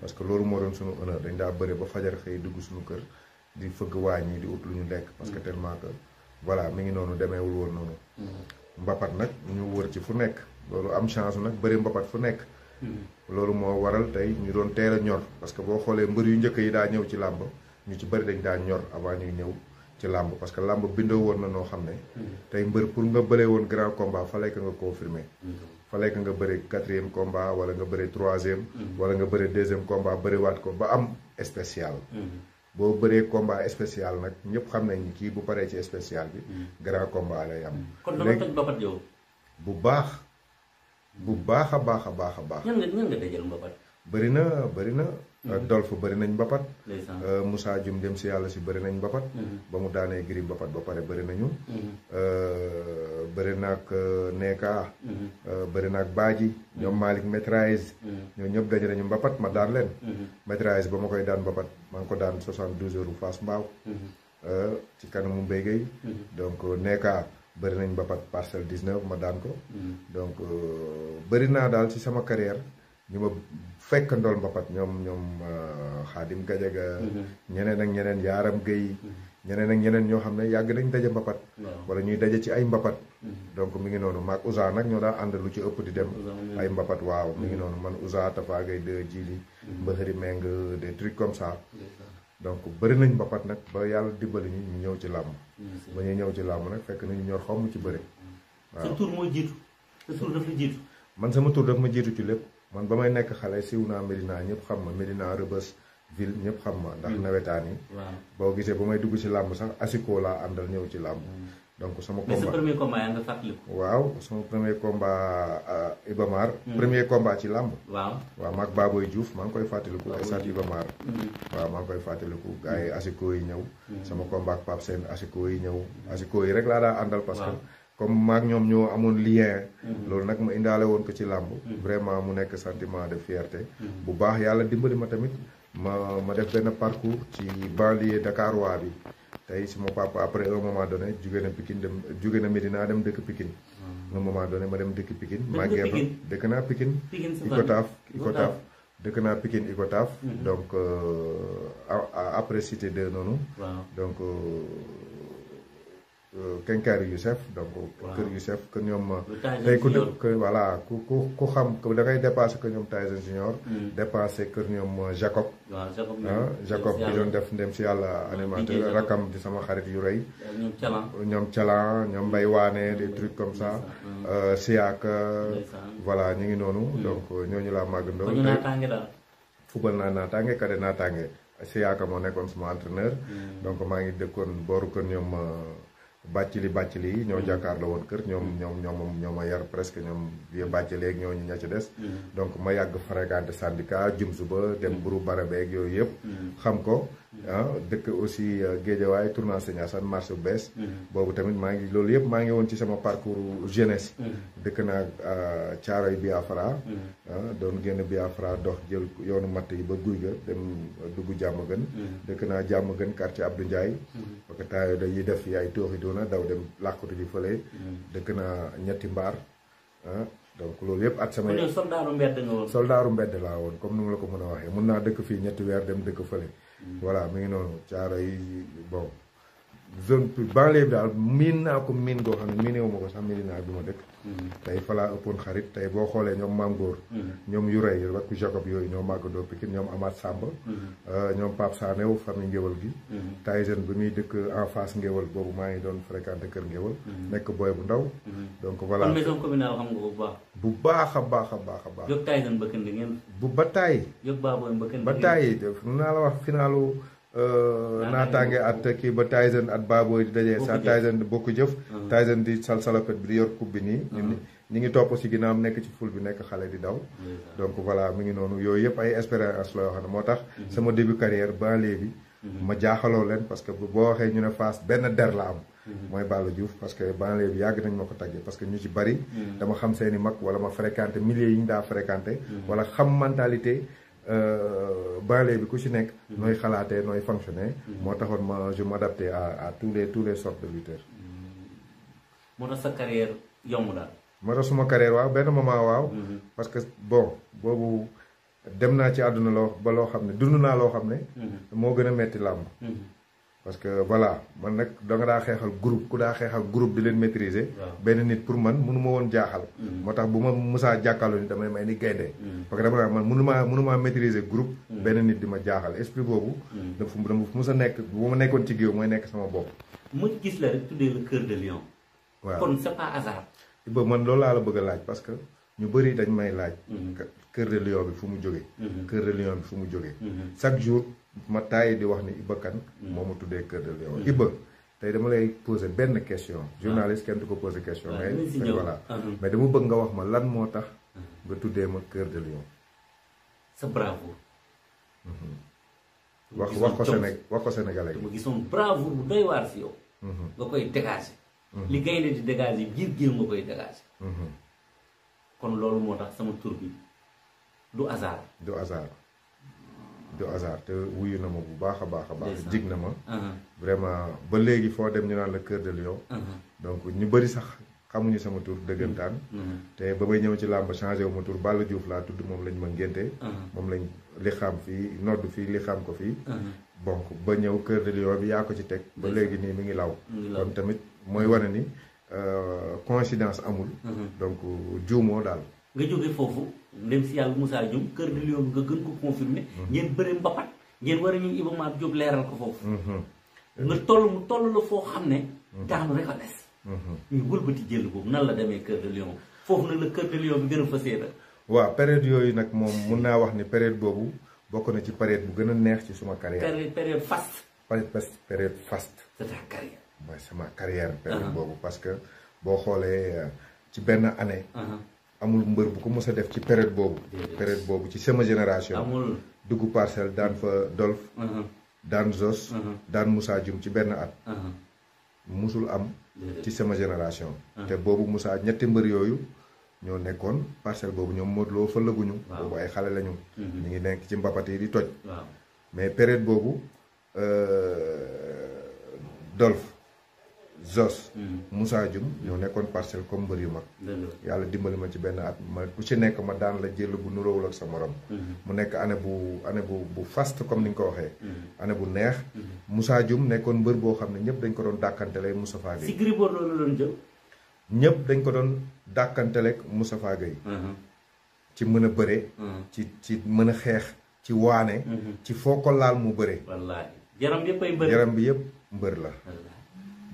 parce que loolu moo doon suñu honneur dañ daa bëri ba fajar xëy dugg suñu kër di fëgg waañ yi di ut lu ñu lekk parce que tellement que mi ngi noonu demeewul woon noonu mbapat nag ñu ci fu nekk loolu am chance nag bëri mbapat fu nekk. Hmm. loolu moo waral tey ñu doon teel a ñor parce que boo xoolee mbër yu njëkk yi daa ñëw ci làmb ñu ci bëri dañ daa ñor avant ñuy ñëw ci làmb parce que làmb bindoo woon na noo xam ne. Hmm. tey mbër pour nga bëree woon grand combat fa lay ka nga confirmé. Hmm. fa lekk nga bëree quatrième combat wala nga bëree troisième. wala nga bëree deuxième combat waat ko ba am spécial. boo bëree combat spécial nag ñëpp xam nañ kii bu paree ci spécial bi. grand combat lay am. kon bu baax. bu baax a baax a baax a baax. ñan nga bëri na bëri na. Mhm. Dolph bëri nañ mbapat. Euh, Moussa Dioum jëm si yàlla si bëri nañ mbapat. Mhm. ba mu daanee gri mbapat ba pare bëri nañu. Mhm. Euh, bëri naag euh, Neka. bëri naag Baaji. ñoom Malick Maitrise. ñoo ñëpp daje nañu mbapat ma daan leen. Maitrise ba ma koy daan mbapat maa ngi ko daan 72 heures bu Fass Mbaaw. ci kanamu mbéy donc Neka. bëri nañ ba pat parcelle 19 ma daan ko. Mm-hmm. donc euh, bëri naa daal ci sama carrière ñu ma fekk ndool mbapat ñoom ñoom xaadim euh, gajaga mm-hmm. ñeneen ak ñeneen yaaram géy mm-hmm. ñeneen ak ñeneen ñoo xam ne yàgg nañ daje mbapat wala ñuy daje ci ay mbapat donc mu ngi noonu maak ousa nag ñoo daa ànd lu ci ëpp di dem ay mbapat waaw mi ngi noonu man ousa tafaagay de jili mbëxëri meng de trucs comme ça donc bëri nañ mbapat nag ba yàlla dimbali ñu ñu ñëw ci làmb ba ñuy ñëw ci làmb nag fekk nañu ñor xaw ma ci bëri waaw man sama tur daf ma jiitu ci lépp man ba may nekk xale siiw naa Médina ñëpp xam ma Médina Rëbës ville ñëpp xam ma ndax nawetaan yi boo gisee ba may dugg ci làmb sax asiko laa àndal ñëw ci làmb donc sama combat premier combat yaa nga waaw sama premier combat euh, Ibamar. Hmm. premier combat ci làmb. waaw waaw maag Baboy Diouf maa ngi koy fàttaliku. ay sat Ibamar. Hmm. waaw maa ngi koy fàttaliku gars yi hmm. asiko yi ñëw. sama combat ak Pape Sène asiko yi ñëw. asiko yi rek laa daa àndal. parce que comme maak ñoom ñoo amoon lien. loolu nag ma indaale woon ko ci làmb. vraiment mu nekk sentiment de fierté. bu baax yàlla dimbali ma tamit ma ma def benn parcours ci banlieue Dakar waa tey suma papa après un moment donné jóge na Pikine dem jóge na Médina dem dëkk Pikine hmm. un moment donné ma dem dëkk Pikine màggee fa dëkk naa Pikine Icotaf Icotaf dëkk naa Pikine Icotaf hmm. donc euh, après cité deux noonu donc euh, Euh, kenkaari Youssef donc kër Youssef que ñoom tey euh, ku que voilà ku xam que da ngay dépassé que ñoom Tyson Junior mm. dépassé que ñoom euh, Jacob ah Jacob bi doon def ndem si yàlla animateur rakam di sama xarit yu rëy ñoom Calan ñoom Mbay Waane des trucs comme ça Siak voilà ñu ngi noonu mm. donc ñooñu laa màggandoo fubal naa naataange kade naataange Siak moo nekkoon sama entraîneur mm. donc maa ngi dëkkoon booru que ñoom bacili bacili ñoo jakar la won kër ñom ñom ñom ñoo ma yar presque ñom vie bàccili ak ñoo ñu ña dess mm-hmm. donc ma yag fréquenté syndicat jumsu ba dem mm-hmm. buru ak yoy yëpp mm-hmm. xam ko ah ya, dëkk aussi ya, tourna tournage sa marché hmm. bu bobu tamit ma ngi loolu ma ngi won e ci sama parcours jeunesse. Hmm. dëkk na Caaroy Biafra. Hmm. Ya, don génn e Biafra dox jël yoonu matt yi ba guyga dem duggu jamagan gën. dëkk jamagan jàmm gën quartier Abdou ndjay parce que taayoo dañuy def yi ay tooxi doona daw dem làkkatu di fële. dëkk na ñetti mbar donc loolu yëpp at samay soldaaru mbedd nga woon soldaaru mbedd la won comme nu ma la ko ñetti dem dëkk Voilà, mi non, noonu caara yi bon zone banlieue bi daal miin naa ko miin goo xam ne miinewu ko sax miin bi ma dëkk mhm. tey falaa ëppoon xarit tey boo xoolee ñoom maam góor mhm. ñoom yurey rakku Jacob yooyu ñoo mag màggandoo Pikine ñoom Amath Samba mhm. euh, ñoom Pape Sanew famille ngéwal gi Tyson bi muy dëkk en face ngéwal boobu maa ngi doon fréquenté kër ngéwal nekk booy bu ndaw donc voilà kon maison bu baax bu baax a baax a baax a baax yëpp Tyson bëkkandi ngeen bu ba taay yëpp baa booy bëkkandi ba taay def naa la Euh, naataange at kii ba Tyson at Baboy di dajee sa Tyson bokk jëf ah. Tyson di sal salopet bi di yor coupe nii ah. ñi ngi topp si ginnaawam nekk ci ful bi nekk xale di daw donc voilà mi ngi noonu yooyu yëpp ay expérience la yoo xam ne moo tax mhm. sama début carrière ba léegi mhm. ma jaaxaloo leen parce que boo waxee ñu ne Fass benn der la am mhm. mooy Balla Diouf parce que banlieue bi yàgg nañ ma ko taggee parce que ñu ci bari dama xam seeni mag wala ma fréquenté milliers yi ñu daa fréquenté wala xam mentalité Euh, baale bi ku ci nekk nooy xalaatee nooy fonctionner moo taxoon ma je m'adaptais à à tous les tous les sortes de lutteurs mm-hmm. moo tax sa carrière yomb daal moo tax suma carrière waaw benn moment waaw mm-hmm. parce que bon boobu dem naa ci àdduna loo ba loo xam ne dund naa loo xam ne mm-hmm. moo gën a metti làmb parce que voilà man nag da nga daa xeexal groupe ku daa xeexal groupe di leen maîtriser. benn nit pour man mënu woon jaaxal. Mm-hmm. moo tax bu ma musaa jàkkaarloo ni damay may ni gaynde. Mm-hmm. parce que dama man mënu maa mënu maa maîtriser groupe. Mm-hmm. benn nit di ma jaaxal esprit boobu. dafa dama mus a nekk bu ma nekkoon ci géew mooy nekk sama bopp. mu gis la rek tuddee le cœur de lion. waaw man loolu laa la bëgg laaj parce que ñu bëri dañ may laaj. kër de lion bi fu mu jógee. cœur de lion fu mu jógee. chaque jour. ma taay di wax ni Iba kan hmm. momu ma keur de Lion Iba tay dama lay poser ben question ah. journaliste kenn du poser question mais voilà mais dama bëgg nga wax ma lan motax tax ah. nga tuddee ma keur de Lion sa bravo mhm. wax wax ko sénég wax ko sénégalais dama gisoon bravo bu doy war fi yow nga koy dégager mhm. li gaynde di dégager giir giir nga koy dégager mhm. kon lolu motax sama tour bi du hasard du hasard du hasard te wuyu na ma bu baax a baax a baax jig na ma uh-huh. vraiment ba léegi foo dem ñu naan la kër de Lion uh-huh. donc ñu bëri sax xamuñu sama tur dëggantaan uh-huh. te ba may ñëw ci làmb changé wu ma tur Balla Diouf laa tudd moom lañ ma ngénte moom lañ li xam fii nodd fii li xam ko fii donc ba ñëw kër de Lion bi yaa ko ci teg ba léegi nii mi ngi law kon tamit mooy wane ni euh, coïncidence amul donc juumoo daal nga jóge foofu ndem si yàlla Moussa kër de Lion nga gën ko confirmer mhm. ngeen bëri mbapat ngeen war a ñu Iba Mar leeral ko foofu mhm. nga toll mu toll la foo xam ne mhm. daanu rek a des ñu wëlbati jël boobu nan la demee kër de Lion foofu nag la kër de bi gën a fas yéene waaw période yooyu nag moom mun naa wax ni période boobu bokk na ci période bu gën a neex ci suma carrière période faste période période faste c'est ta carrière mooy sama carrière uh-huh. boobu parce que boo xoolee euh, ci benn année uh-huh. amul mbër bu ko mose def ci période boobu. période boobu ci sama génération. amul dugg parcelle daan fa Dolf. Uh-huh. daan Zos. Uh-huh. daan Moussa Dioum ci benn at. Uh-huh. musul am. ci sama génération. te boobu Moussa ñetti mbër yooyu ñoo nekkoon parcelle boobu ñoom Modou Lo fëlaguñu. boobu ay xale lañu. ñu ngi nekk ci mbapat yi di toj. mais période boobu euh, Dolf. Zos. Mm-hmm. Moussa Dioum ñoo nekkoon parcelle comme mbër yu mag. yàlla dimbali ma ci benn at ma ku si nekk ma daan la jël bu nuróowul ak sa morom. Mm-hmm. mu nekk année bu année bu bu fast comme ni ñu ko waxee. Mm-hmm. année bu neex. Moussa Dioum nekkoon mbër boo xam ne ñëpp dañ ko doon dàkkantele Moustapha Gueye. si Gris la doon jëm. dañ ko doon dàkkanteleeg Moustapha ci mën a bëre. ci ci mën a xeex ci waane. ci foo ko laal mu bëre. wallaahi yaram ay bi yëpp mbër la.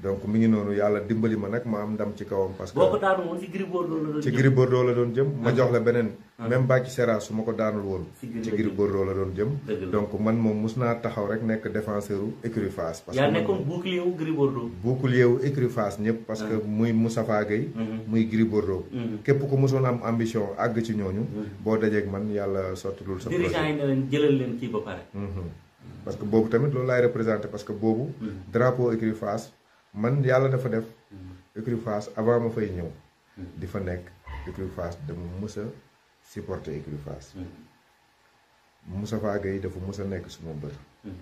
donc mi ngi noonu yàlla dimbali ma nag ma am ndam ci kawam. parce que boo ko la doon jëm ma jox la beneen. même Bathie Séras su ma ko daanul woon. ci Gris Bordeaux la doon jëm. donc man moom mus naa taxaw rek nekk défenseur u écurie Fass. parce que yaa nekkoon bouclier wu Gris ñëpp. parce que ah. muy Moustapha Gueye. Mm-hmm. muy Gris Bordeaux. Mm-hmm. képp ku mosoon am ambition àgg ci ñooñu. Mm-hmm. boo dajeeg man yàlla sottilul sa projet. boobu tamit loolu laay représenté parce boobu drapeau écurie man yalla dafa def écurie mm-hmm. Fass avant ma fay ñew mm-hmm. di fa nekk écurie Fass dama mës a supporter écurie Fass mm-hmm. Moustapha Gueye dafa mës nek suma suma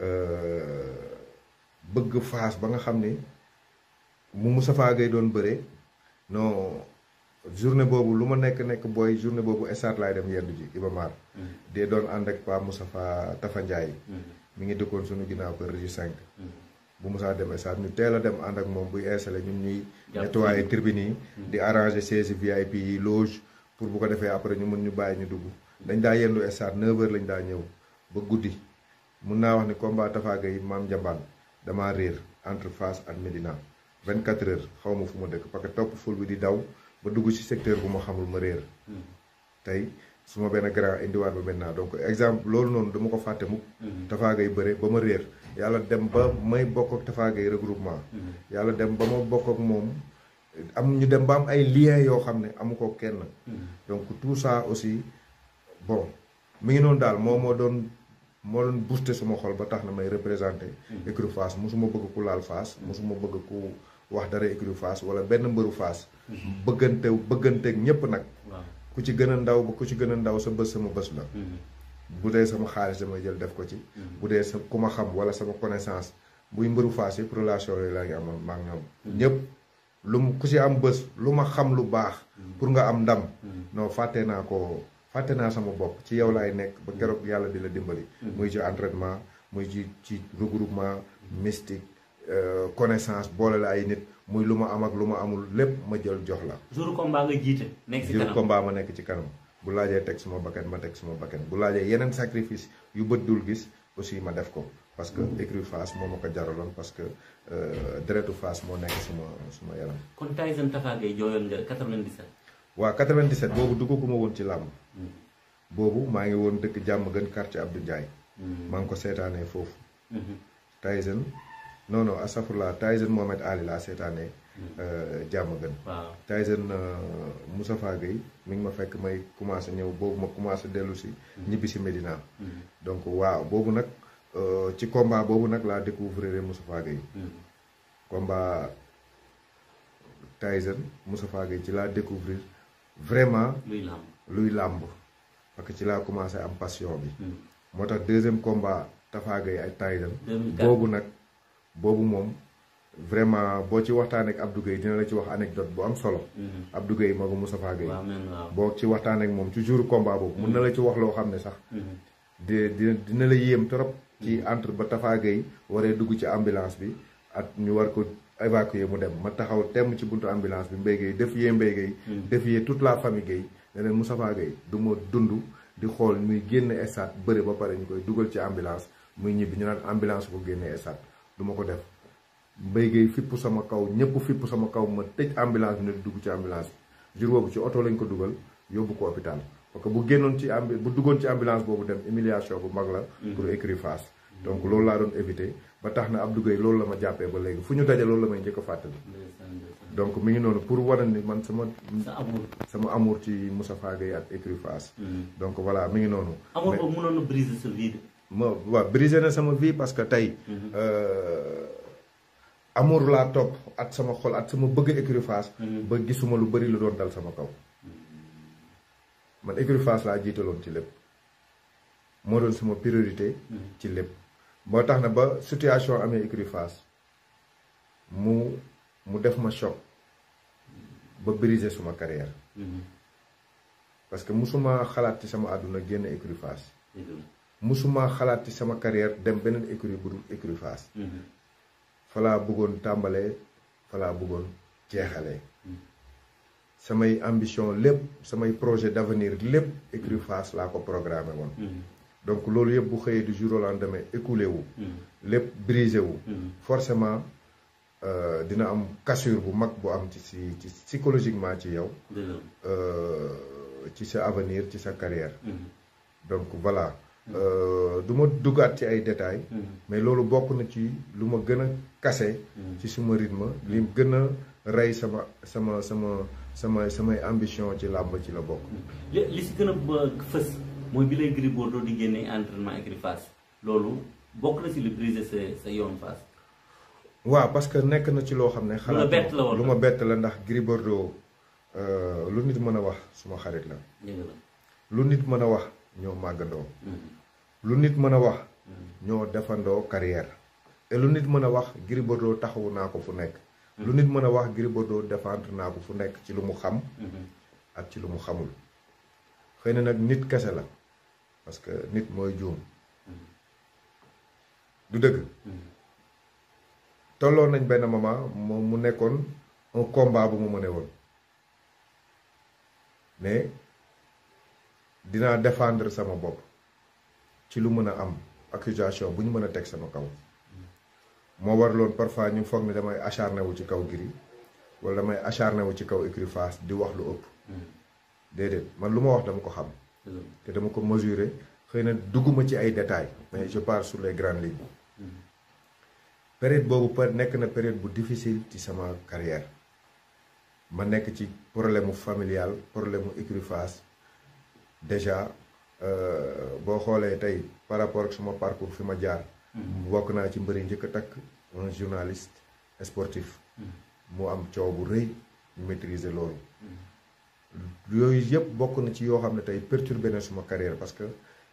euh bëgg Fass ba nga xam mu mu fa gay doon bëré non journée bobu luma nek nek boy journée bobu estat lay dem yendu ji Ibamar dee doon ànd ak Pa Moustapha Tafa Ndiaye mi ngi dëkkoon suñu ginaaw ko Régis 5 bu Moussa dem stade ñu teel a dem ànd ak moom buy installé ñun ñuy nettoyer tribune yi mm-hmm. di arranger siège VIP yi loge pour bu ko defee après ñu mën ñu bàyyi ñu dugg dañ daa yendu stade 9h lañ daa ñëw ba guddi mun naa wax ni combat Tapha Gueye maam Njambaan damaa réer entre Fass ak Médina 24 heures xaw ma fu ma dëkk parce que topp ful bi di daw ba dugg ci secteur bu ma xamul ma réer mm-hmm. tey suma ben grand wat ba benna donc exemple lolu non dama ko faté mu tafaga yi bëre bama ma yalla dem ba ah. may bokk ak tafaga yi regroupement hmm. yalla dem ba bokk ak mom am ñu dem ba am ay lien yo xamné ne amu kenn hmm. donc tout ça aussi bon mi ngi non dal momo don mo don booster sama xol ba tax na may représenter hmm. écrou face musuma bëgg ku laal face musuma bëgg ku wax dara écrou face wala benn mbeuru face bëggante bëgganteeg ñëpp nak ku ci gën a ndaw ba ku ci gën a ndaw sa bës sama bës la mm-hmm. bu dee sama xaalis damay jël def ko ci mm-hmm. bu dee sa ku ma xam wala sama connaissance buy mbëru faas yëpp relation yooyu laa ngi amoon maa ngi ñoom mm-hmm. ñëpp lu ku ci am bës lu ma xam lu baax pour nga am ndam non fàtte naa ko fàtte naa sama bopp ci yow laay nekk ba keroog yàlla di la dimbali muy ci entraînement muy ci ci regroupement mystique euh, connaissance boole la ay nit muy lu ma am ak lu ma amul lépp ma jël jox la. jour combat nga jiite. nekk ci kanam jour ma nekk ci kanam. bu laajee teg suma bakkan ma teg suma bakkan bu laajee yeneen sacrifice yu bët dul gis aussi ma def ko. parce que écrit face moo ma ko jaraloon parce que euh, deretu face moo nekk suma suma yaram. kon Tyson Tapha Gueye jooyoon nga 97. waaw 97 boobu duggaguma woon ci làmb. Mm. boobu maa ngi woon dëkk jàmm gën quartier Abdou Ndiaye. Mm. maa ngi ko seetaanee foofu. Mm-hmm. Tyson non non astafurlah Tyson Mohamed Ali laa seetaanee. Euh, jàmm gën. waaw Tyson euh, Moustapha Gueye mi ngi ma fekk may commencé ñëw boobu ma commencé dellusi si. Mm-hmm. ñibbi si Medina. Mm-hmm. donc waaw boobu nag euh, ci combat boobu nag laa découvrir Moustapha Gueye. Mm-hmm. combat Tyson Moustapha Gueye ci laa découvrir vraiment. luy làmb luy làmb parce que ci laa commencé am passion moo tax deuxième combat Tafa Gueye ak Tyson. boobu nag. bobu mom, vraiment bo ci waxtane ak Abdou gay dina la ci wax anecdote bu am solo mm-hmm. Abdou gay, magu Moustapha gay, bo ci waxtane ak mom ci jour combat bobu mën na la ci wax lo xam sax mm-hmm. di dina la yem torop ci mm-hmm. entre ba Tafa gay waré dugg ci ambulance bi ak ñu war ko évacuer mu dem ma taxaw tém ci buntu ambulance bi def yé mbey gay def yé toute la famille gay dene leen Moustapha gay, du mo dundu di xol muy génné estat bëri ba paré ñukoy duggal ci ambulance muy ñibi ñu nan ambulance ko génné estat duma ko def mbey gay fipp sama kaw ñepp fipp sama kaw ma tej ambulance ne dugg ci ambulance jour bobu ci auto lañ ko duggal yobbu ko hôpital parce que bu gennon ci ambulance bu duggon ci ambulance bobu dem humiliation bu mag la pour écrire face donc loolu la doon éviter ba taxna Abdou gay loolu la ma jappé ba légui fuñu dajé daje la may jëk fatali donc mi ngi noonu pour wone ni man sama sama amour ci Moussa fagay at écrire face mm-hmm. donc voilà mi ngi noonu amour boobu mënon briser ce vide ma brisé na sama vie parce que euh amour la top at sama xol at sama bëgg écrire face ba gisuma lu bari lu doon dal sama kaw man écrire face la jittalon ci lepp mo doon sama priorité ci lepp moo tax na ba situation amé écrire face mu mu def ma choc ba briser suma carrière parce que musuma xalat ci sama aduna génn écrire face musuma xalaat ci sama carrière dem benen écurie bu dul écurie Fass mhm. falaa bëggoon tàmbalee falaa bëggoon mhm. samay ambition lépp samay projet d'avenir lépp écurie face laa ko programmé woon mhm. donc loolu yëpp bu xëyee du jour au lendemain écoulé wu lépp brisé wu forcément euh, dina am cassure bu mag bu am ci ci psychologiquement ci yow euh, ci sa avenir ci sa carrière donc voilà Euh, du ma duggaat ci ay détails mm-hmm. mais loolu bokk na ci lu ma gën a kase mm-hmm. ci suma rythme li mm-hmm. gën a rey sama sama sama sama samay ambition ci làmb ci la bokk li si gën a fës mooy bi lay Gris Bordeaux di génne entraînement écurie Fass loolu bokk na si lu brisé sa yoon Fass waaw parce que nekk na ci loo xam ne xalaat lu ma bett la ndax Gris Bordeaux euh, lu nit mën a wax suma xarit la lu nit mën a wax ñoo màggandoo lu nit mën a wax ñoo defandoo carrière et lu nit mën a wax Gris Bordeaux taxawu naa ko fu nekk lu nit mën a wax Gris Bordeaux défendre naa ko fu nekk ci lu mu xam ak ci lu mu xamul xëy na nag nit kese la parce que nit mooy juum du dëgg tolloo nañ benn moment moom mu nekkoon un combat bu mu mëne woon mais dinaa defendre sama bopp ci lu mën a am accusation bu ñu mën a teg sama kaw moo waraloon parfois ñu foog ne damay acharné wu ci kaw Gris wala damay acharné wu ci kaw écurie di wax lu ëpp déedéet man lu ma wax dama ko xam te dama ko mesurer xëy na dugguma ci ay détails mais je pars sur les grandes lignes période boobu pa nekk na période bu difficile ci sama carrière ma nekk ci problème familial problème mu écurie Fass déjà Euh, bo xolé tay par rapport ak sama parcours fima jaar mm-hmm. mm-hmm. mm-hmm. bokk na ci mbëri njëkk tak un journaliste sportif mu am ciow bu rëy maîtriser lool yooyu yep bokk na ci yo xamne tay perturber na sama carrière parce que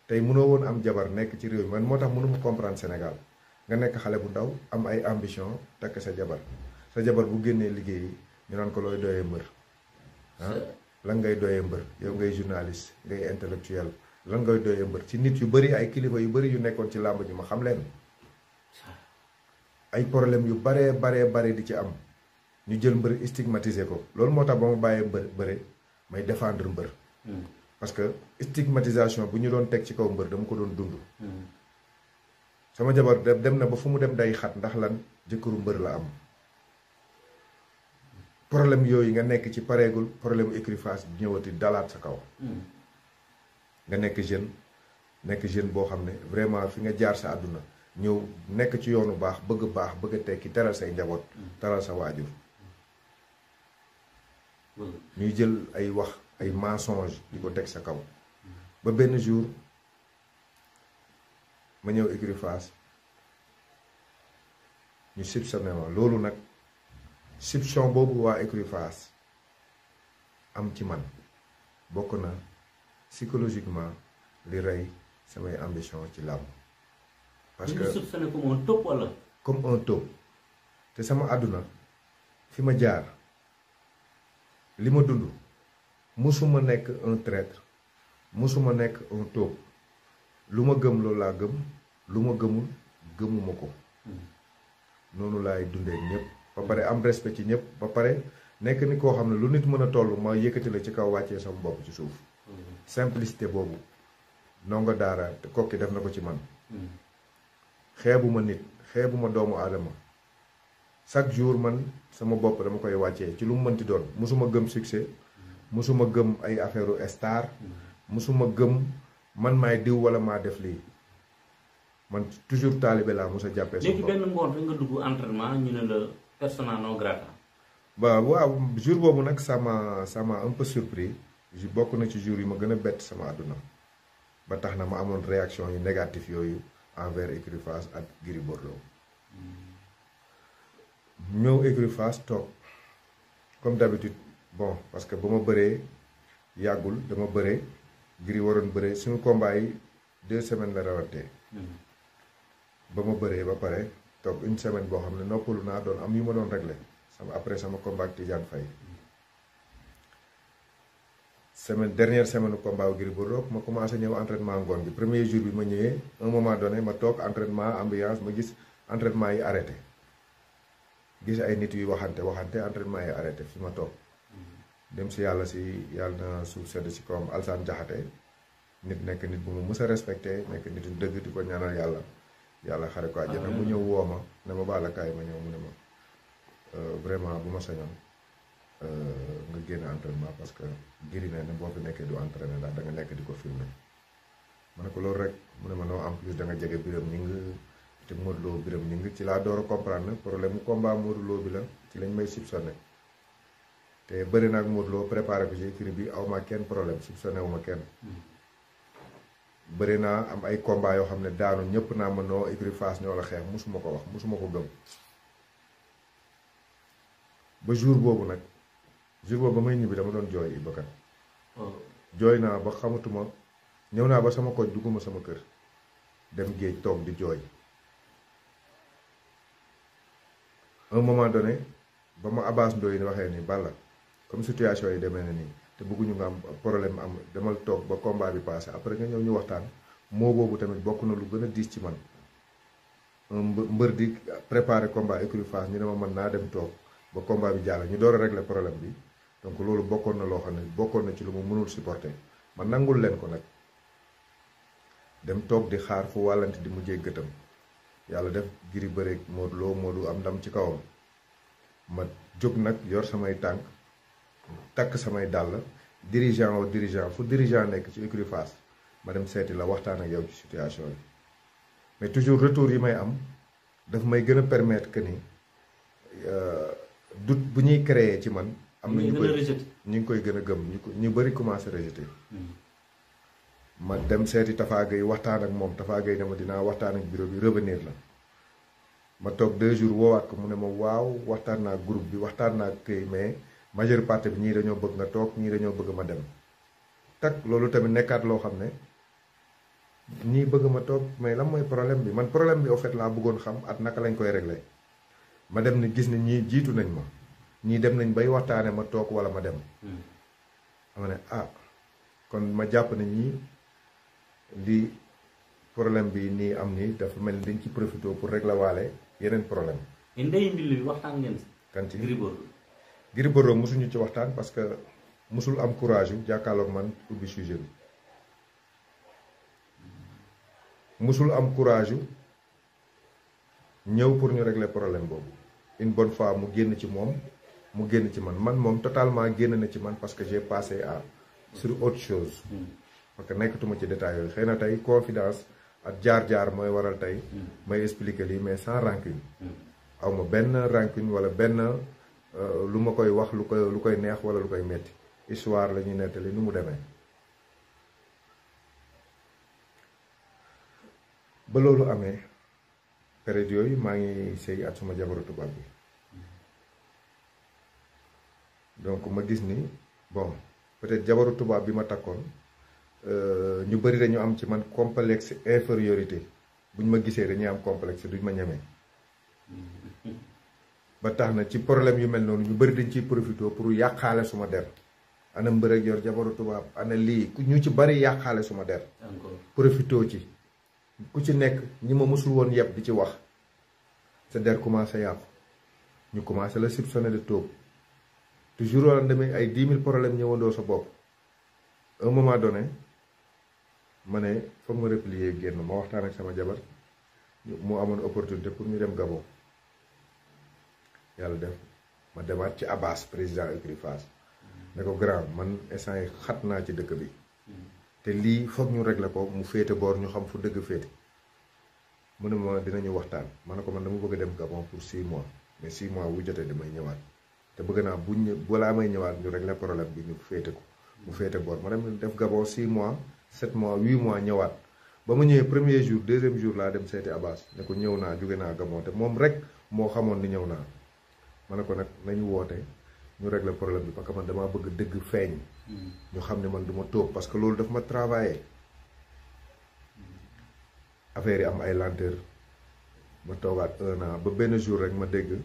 tay mëno won am jabar nek ci rew man motax mënu mënuma comprendre Sénégal nga nek xalé bu ndaw am ay ambition tak sa jabar sa jabar bu génné liggéey ñu nan ko loy doyee mbeur ah lan ngay doyee mbeur yow ngay journaliste ngay intellectuel lan ngay doye mbeur ci nit yu bari ay kilifa yu bari yu nekkon ci lamb ji ma xam len ay problème yu bare bare bare di ci am ñu jël mbeur stigmatiser ko lool motax bama baye ma bare may défendre mbeur hmm. parce que stigmatisation bu ñu doon tek ci kaw mbeur dama ko doon dund hmm. sama jabar dem na ba fu mu dem day xat ndax lan jëkuru mbeur la am problème yoy nga nekk ci pareegul problème écrifage ñëwati dalat sa kaw hmm. nga nekk jeune nekk jeune boo xam ne vraiment fi nga jaar sa àdduna ñëw nekk ci yoonu baax bëgg baax bëgg tekki teral say njaboot teral sa waajur ñuy jël ay wax ay mensonge di ko teg sa kaw ba benn jour ma ñëw écurie ñu soupçonné ma loolu nag soupçon boobu waa écurie am ci man bokk na psychologiquement li ray samay ambition ci làmb parce que comme un top wala comme un top té sama aduna fi ma jaar li ma dund musuma nek un traître musuma nek un top luma gëm lo la gëm luma gëmul gëmuma ko hmm. noonu laay dundee ñëpp ba paré am respect ci ñëpp ba paré nek ni ko xamné lu nit mëna tollu ma yëkëti la ci kaw waccé sama bop ci suuf simplicité bobu ndongo dara te kokki def nako ci man hmm. xébuma nit xébuma doomu adama chaque jour man sama bop dama koy waccé ci lu mu ti doon musuma gëm succès musuma gëm ay affaireu star hmm. musuma gëm man may diw wala ma def li man toujours talibé la musa jappé sama légui léegi benn ngoon nga dugg entraînement ñu né le persona non grata. ba wa jour bobu nak sama sama un peu surpris. ju bokk na ci jour yi ma gën a bett sama àdduna ba tax na ma amoon réaction yu négatif yooyu envers écurie Fass ak Gris Bordeaux ñëw écurie Fass toog comme d'habitude bon parce que ba ma bëree yàggul dama bëree Gris waroon bëree suñu combat yi deux semaines la rawante mm-hmm. ba ma bëree ba pare toog une semaine boo xam ne noppalu naa doon am yu ma doon réglé sama après sama combat ak Tidiane semaine dernière semaine combat wu Gris Bordeaux ma commencé ñew entraînement ngone bi premier jour bi ma ñewé un moment donné ma tok entraînement ambiance ma gis entraînement yi arrêté gis ay nit yu waxanté waxanté entraînement yi arrêté fi ma tok dem si yalla si yalla na suuf sedd si kom alsan Jaxate nit nek nit bu mu mësa respecté nek nit yu dëgg di ñaanal yalla yalla xaré ko aljana mu ñew woo ma ne ma balakaay ma ñew mu ne ma euh, vraiment bu ma nga génn entraînement parce que giri ne ne boo fi nekkee du entraîné ndax da nga nekk di ko filmé ma ne ko loolu rek mu ne ma non en plus da nga jege biram ni nga te Modou Lo biram ni nga ci laa door a comprendre problème combat Modou Lo bi la ci lañ may soupçonné te bëri nag Modou Lo préparé ko ci écrit bi aw ma kenn problème soupçonné wu ma kenn bëri naa am ay combat yoo xam ne daanu ñëpp naa ma noo écrit face ñoo la xeex musuma ko wax musuma ko gëm ba jour boobu nag jour boobu ba may ñibi dama doon jooy bakkat oh. joy na ba xamatuma ñëw na ba sama koj duguma sama kër dem geej tok di joy un moment donné bama ma abbas ndoy ni waxé ni balla comme situation yi démé na nii te bëgguñu nga am problème am demal tok ba combat bi passé après nga ñew ñu waxtaan mo bobu tamit bokku na lu gëna dis ci man mbeur di préparer combat écurie ñu dama dem tok ba combat bi jàll ñu door régler problème bi donc loolu bokkoon na loo xam ne bokkoon na ci lu mu mënul supporter ma nangul leen ko nag dem toog di xaar fu wàllante di mujjee gëtëm yàlla def giri bëreeg Modou Lo Modou am ndam ci kawam ma jóg nag yor samay tànk takk samay dàll dirigeant wa dirigeant fu dirigeant nekk ci écurie Fass ma dem seeti la waxtaan ak yow ci situation yi mais toujours retour yi may am daf may gën a permettre que ni euh, doute bu ñuy créer ci man. am na ñu koy ñu ngi koy gën a gëm ñu ñu bëri commencé rejeté hmm. ma dem seeti Tafa Gueye waxtaan ak moom Tafa Gueye ne ma dinaa waxtaan ak bureau bi revenir la ma toog deux jours woowaat ko mu ne ma waaw waxtaan naa groupe bi waxtaan naa këy mais majeure partie bi ñii dañoo bëgg nga toog ñii dañoo bëgg ma dem tak loolu tamit nekkaat loo xam ne ñii bëgg ma toog mais lan mooy problème bi man problème bi au fait laa bëggoon xam at naka lañ koy réglé ma dem ni gis ne ñii jiitu nañ ma ñii dem nañ bay waxtane ma tok wala ma dem hmm. dama ne ah kon ma japp ne ni li problème bi ni am ni dafa mel dañ ci profito pour régler walé yenen problème ndey mbil bi waxtaan ngeen kanti Gris Bordeaux musuñu ci waxtan parce que musul am courage jàkkaarloog man ubi sujet musul am courage ñew pour ñu régler problème bobu une bonne fois mu génn ci mom mu génn ci man man moom totalement génn na ci man parce que j'ai passé à sur autre chose hmm. parce que nekkatuma ci détail yooyu xëy na tey confidence ak jaar-jaar mooy waral tey hmm. may expliquer lii mais sans rancune hmm. aw ma benn rancune wala benn euh, lu ma koy wax lu koy lu koy neex wala lu koy metti histoire la ñuy nettali nu mu demee ba loolu amee période yooyu maa ngi sëy at suma jabaratu tubaab bi donc ma gis ni bon peut-être jabaru tubaab bi ma takkoon euh, ñu bëri dañu am ci man complexe infériorité buñ ma gisee dañuy am complexe duñ ma ñemee ba tax na ci problème yu mel noonu ñu bëri dañ ciy profité pour yàqaale suma der ana mbër ak yor jabaru tubaab ana lii ku ñu ci bëri yàqaale suma der profité ci ku ci nekk ñi ma mosul woon yëpp di ci wax sa der commencé yàqu ñu commencer la soupçonner de toob toujours wala demee ay dix mille problème ñëwandoo sa bopp un moment donné ma ne foog ma replier génn ma waxtaan ak sama jabar mu amoon opportunité pour ñu dem Gabon yàlla def ma demaat ci Abbas président Ecrifaas ne ko grand man instant xat naa ci dëkk bi te lii foog ñu régler ko mu féete boor ñu xam fu dëgg féete mu ne ma dinañu waxtaan ma ne ko man dama bëgg a dem Gabon pour six mois mais six mois wu jotee damay ñëwaat. te bëgg naa bu buñ balaa may ñëwaat ñu régler problème bi ñu féete ko mu féete boor ma dem def Gabon 6 mois 7 mois 8 mois ñëwaat ba ma ñëwee premier jour deuxième jour laa dem seeti Abbas ne ko ñëw naa jóge naa Gabon te moom rek moo xamoon ni ñëw naa ma ne ko nag nañu woote ñu régler problème bi parce que man damaa bëgg dëgg feeñ. Mm. ñu xam ne man du ma tóob parce que loolu daf ma travailler affaire yi am ay lenteur ma toogaat un ba benn jour rek ma dégg.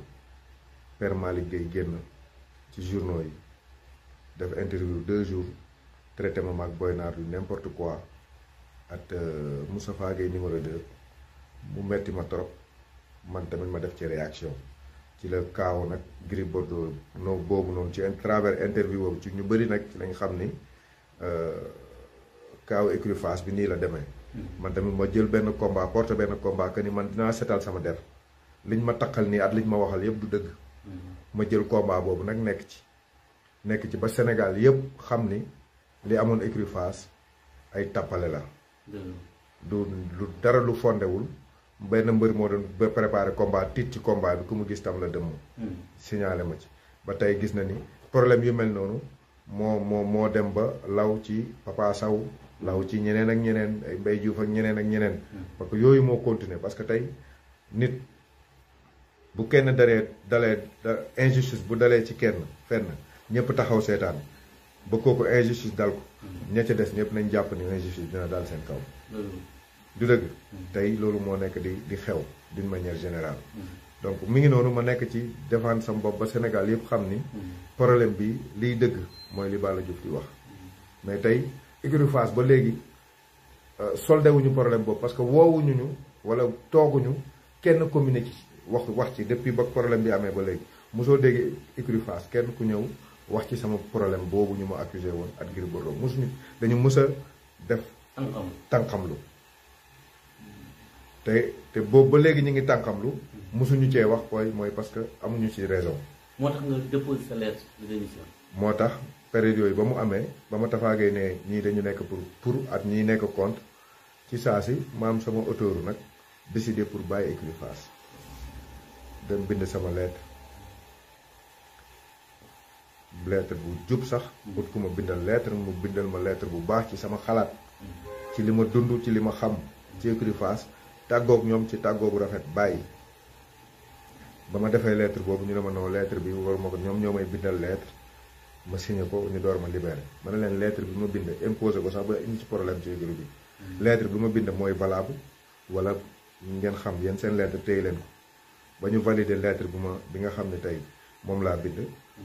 Père malik Gueye génn ci journaux yi def interview deux jours traité ma mak Boy du n'importe quoi at euh, Moustapha Gueye numéro 2 mu metti ma trop man tamit ma def ci réaction ci le kaaw nak grip Bordeaux no bobu non ci travers interview boobu ci ñu bari nak lañ xamni euh kaaw écurie Fass bi ni la démé man tamit ma jël ben combat porte ben combat que ni man dina setal sama der liñ ma takal ni at liñ ma waxal yëpp du dëgg ma jël combat boobu nag nekk ci nekk ci ba senegal yépp xam ni li amoon écurie Fass ay tappale la du lu dara lu fondewul benn mbër moo doon ba préparé combat tiit ci combat bi ku mu gis tam la dëmm hmm. signalé ma ci ba tey gis na ni problème yu mel noonu moo moo moo dem ba law ci Papa Sow law ci ñeneen ak ñeneen ay Mbaye Diouf ak ñeneen ak ñeneen hmm. parce que yooyu moo continuer parce que tey nit bu kenn daree dalee injustice bu dalee ci kenn fenn ñëpp taxaw seetaan ba kooku injustice dal ko mm-hmm. ña ca des ñëpp nañ jàpp ni injustice dina daal seen kaw mm-hmm. du dëgg mm-hmm. tey loolu moo nekk di di xew d'une manière générale donc mi ngi noonu ma nekk ci défendre sama bopp ba Sénégal yëpp xam ni problème bi liy dëgg mooy li Balla Diouf di wax mais tey écurie Fass ba léegi euh, soldé wuñu problème boobu parce que woowuñu ñu wala tooguñu kenn communiqué wax wax ci depuis ba problème bi amé ba léegi mosoo dégg écurie Fass kenn ku ñew wax ci sama problème bobu ñuma accusé won at gir Gris musu nit dañu mësa def tankam tankam lu té té bobu ba légui ñi ngi tankam lu musu ñu ci wax koy moy parce que amuñu ci raison motax nga déposer sa lettre de démission motax période yoy ba mu amé ba ma tafagé né ñi dañu nekk pour pour at ñi nekk compte ci saa si maam sama auteur nak décider pour bay écurie Fass dem bind sama lettre lettre bu jub sax bout ku ma bindal lettre mu bindal ma lettre bu baax ci sama xalat ci lima dundu ci lima xam ci écurie Fass ñom ci tàggoo bu rafet bàyyi bama ma lettre bobu ñu ne no lettre bi war mako ñom ñomay bindal lettre ma signé ko ñu door ma libéré ma ne leen lettre bi ma bindé imposé ko sax bu indi ci problème ci écurie bi mm. lettre bi ma bindé moy valable wala ngeen xam yeen sen lettre tey len ko ba ñu valider lettre bu ma bi nga xam ne tey moom laa bind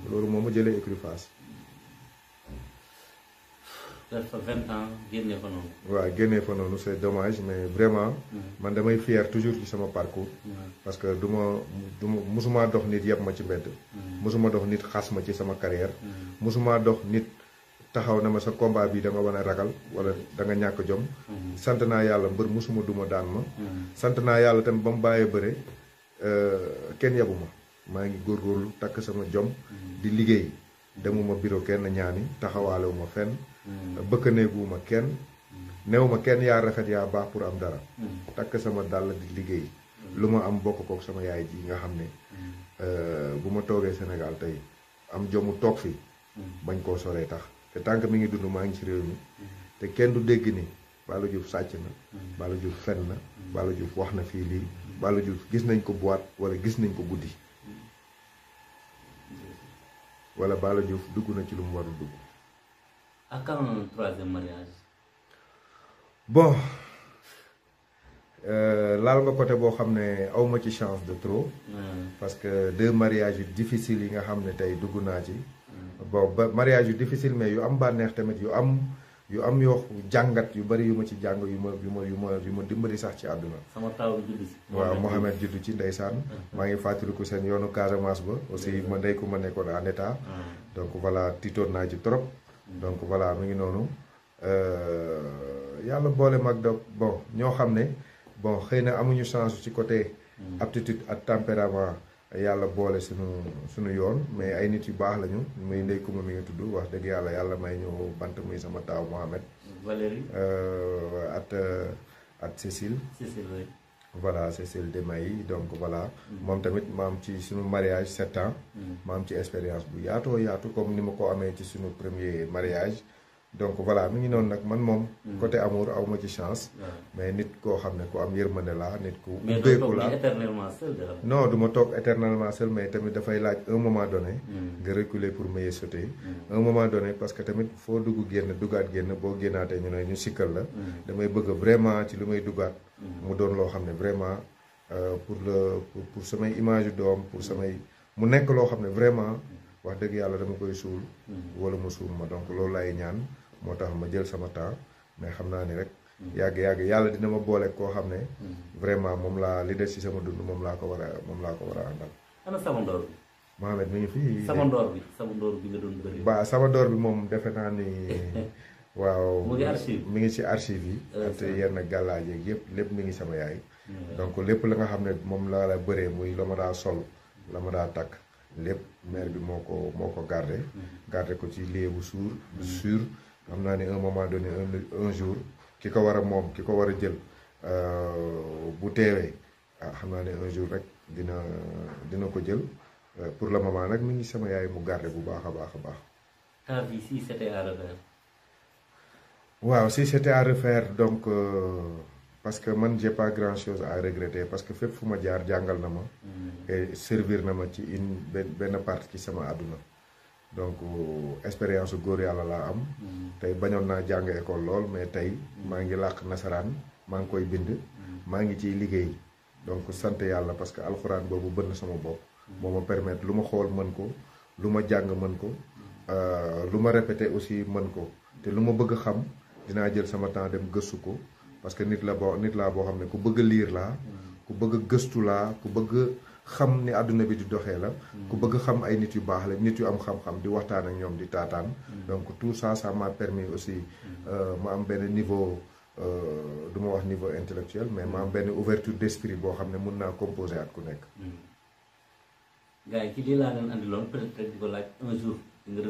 loolu moo ma jëlee écurie Fass fa vingt ans génnee fa c'est dommage mais vraiment mm-hmm. man damay fier toujours ci sama parcours mm-hmm. parce que du ma dox nit ma ci mm-hmm. dox nit ma ci sama carrière mosuma dox nit taxaw na ma sa combat bi da nga war ragal wala da nga jom sant duma daan ma sant naa yàlla Euh, kenn yabu ma maa ngi góor góorgóorlu takk sama jom di liggéey demuma bureau kenn ñaani taxawaalewuma fenn mm. bëkkaneeguwuma kenn mm. newuma kenn yaa rafet yaa baax pour am dara mm. takk sama dàll di liggéey lu ma am bokk kook sama yaay ji nga xam ne euh, bu ma toogee Sénégal tey am jomu toog fi bañ koo soree tax te tànk mi ngi dund maa ngi ci réew mi te kenn du dégg ni Balla Diouf sàcc na Balla Diouf fen na balu juf wax na fi li balu juf gis nañ ko boîte wala gis nañ ko guddi wala balu juf duggu na ci lu mu waru duggu ak quand même troisième mariage. bon euh laal nga côté bo xamné awma ci chance de trop. Hmm. parce que deux mariages difficiles yi nga xamné tay duggu na ci. Hmm. bon mariage difficile mais yu am banex tamit yu am. yu am yoo jàngat yu bari yu ma ci jàng yu ma yu yu ma yu ma dimbali sax ci àdduna sama taw bi judd ci waaw Mohamed juddu ci ndeysaan maa ngi fàttaliku seen yoonu Casamance ba aussi ma ndey ko ma nekkoon en état ah. donc voilà tiitoon naa ci trop mm. donc voilà mu ngi noonu euh, yàlla boole mag da bon ñoo xam ne bon xëy na amuñu chance ci côté mm. aptitude ak tempérament yàlla boole suñu suñu yoon mais ay nit yu baax lañu muy ndey kuma mi nga tudd wax dëgg yàlla yàlla may ñu bant muy sama taaw Mohamed. Valérie. at euh, at euh, Cécile. Cécile oui. voilà Cécile donc voilà. Mm. moom tamit maam ci suñu mariage sept ans. Mm. maam ci expérience bu yaatoo yaatu comme ni ma ko amee ci suñu premier mariage. donc voilà mi ngi non nak man mom hmm. côté amour awma ci chance. mais nit ko xamné ko am yërmande la nit ubbe ko la non duma tok éternellement seul mais tamit fay laaj un moment donné. Hmm. nga reculer pour meye sauter. Hmm. un moment donné parce que tamit fo duggu guen dugat guen bo guenate ñu ñu sikkel la. damay bëgg vraiment ci lumay dugat mu doon lo xamné vraiment euh, pour le pour samay image d'om pour sama mu nek lo xamné vraiment wax deug yalla dama koy sul wala musul, suul ma donc loolu lay ñaan. moo tax ma jël sama temps mais xam naa ni rek. yàgg yàgg yàlla dina ma boole koo xam ne. vraiment moom laa li des ci sama dund moom laa ko war a moom laa ko war a àndal. ana sabandoor mi ngi fi. sabandoor bi sabandoor bi nga doon bëri. bi moom defe naa ni. waaw mu ngi archive mi ngi ci archive yi. Euh, ak yenn gàllaaj yeeg yëpp lépp mi ngi sama yaay. donc lépp la nga xam ne moom laa la bëree muy la ma daa sol. la ma daa takk. lépp mère bi moo ko moo ko gardé. Mm-hmm. gardé ko ci lieu bu suur. Mm-hmm. suur. xam naa ni un moment donné un un jour ki ko war a moom ki ko war a jël euh, bu teewee ah, xam naa ne un jour rek dina dina ko jël euh, pour le moment nag mi ngi sama yaay mu garder bu baax a baax a baax. ah bi si c'était waaw si c'était à refaire donc euh, parce que man j'ai pas grand chose à regretter parce que fépp fu ma jaar jàngal na ma. Mm. et servir na ma ci une benn benn partie ci sama àdduna. donc euh, expérience góor yàlla laa am. Mm-hmm. tey bañoon naa jàng école lool mais tey maa ngi làq nasaraan maa ngi koy bind. Mm-hmm. maa ngi ciy liggéey donc sant yàlla parce que alxuraan boobu bënn sama bopp. Mm-hmm. moo ma permettre lu ma xool mën ko lu ma jàng mën ko euh, lu ma répété aussi mën ko te lu ma bëgg xam dinaa jël sama temps dem gëstu ko parce que nit la boo nit laa boo xam ne ku bëgg liir laa. ku bëgg gëstu laa ku bëgg. xam ni àdduna bi di doxee la. Mm. ku bëgg xam ay nit yu baax la nit yu am xam-xam di waxtaan ak ñoom di taataan. Mm. donc tout ça ça m'a permis aussi ma mm. euh, am benn niveau euh, du ma wax niveau intellectuel mais ma am benn ouverture d'esprit boo xam ne mun naa composer ak ku nekk. gars yi ci lii laa doon andiloon peut-être di ko laaj un jour di nga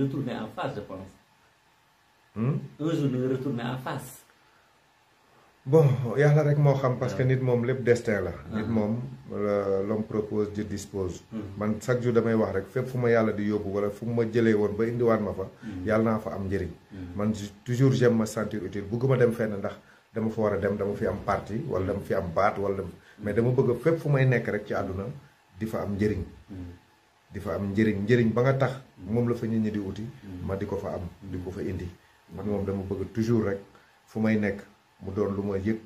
retourner en face je pense. Hmm? un jour di nga retourner en face. bon la rek mo xam parce que nit mom lepp destin la. Uh-huh. nit mom euh, l'homme propose je dispose. Hmm. man chaque jour damay wax rek fépp fuma Yalla di yóbbu wala fuma ma won ba ba wat ma fa. Hmm. Yalla na fa am njëriñ. Hmm. man toujours j'aime me sentir utile bëgguma dem fenn ndax dama fa wara dem dama fi am parti wala dama fi am baat wala dama. mais dama bëgg fépp fu may nekk rek ci aduna di fa am njëriñ. di fa am jering njëriñ ba nga tax mom la fa nit ñi di uti. ma di ko fa am di ko fa indi. man mom dama bëgg toujours rek fumay may mu doon lu ma yëg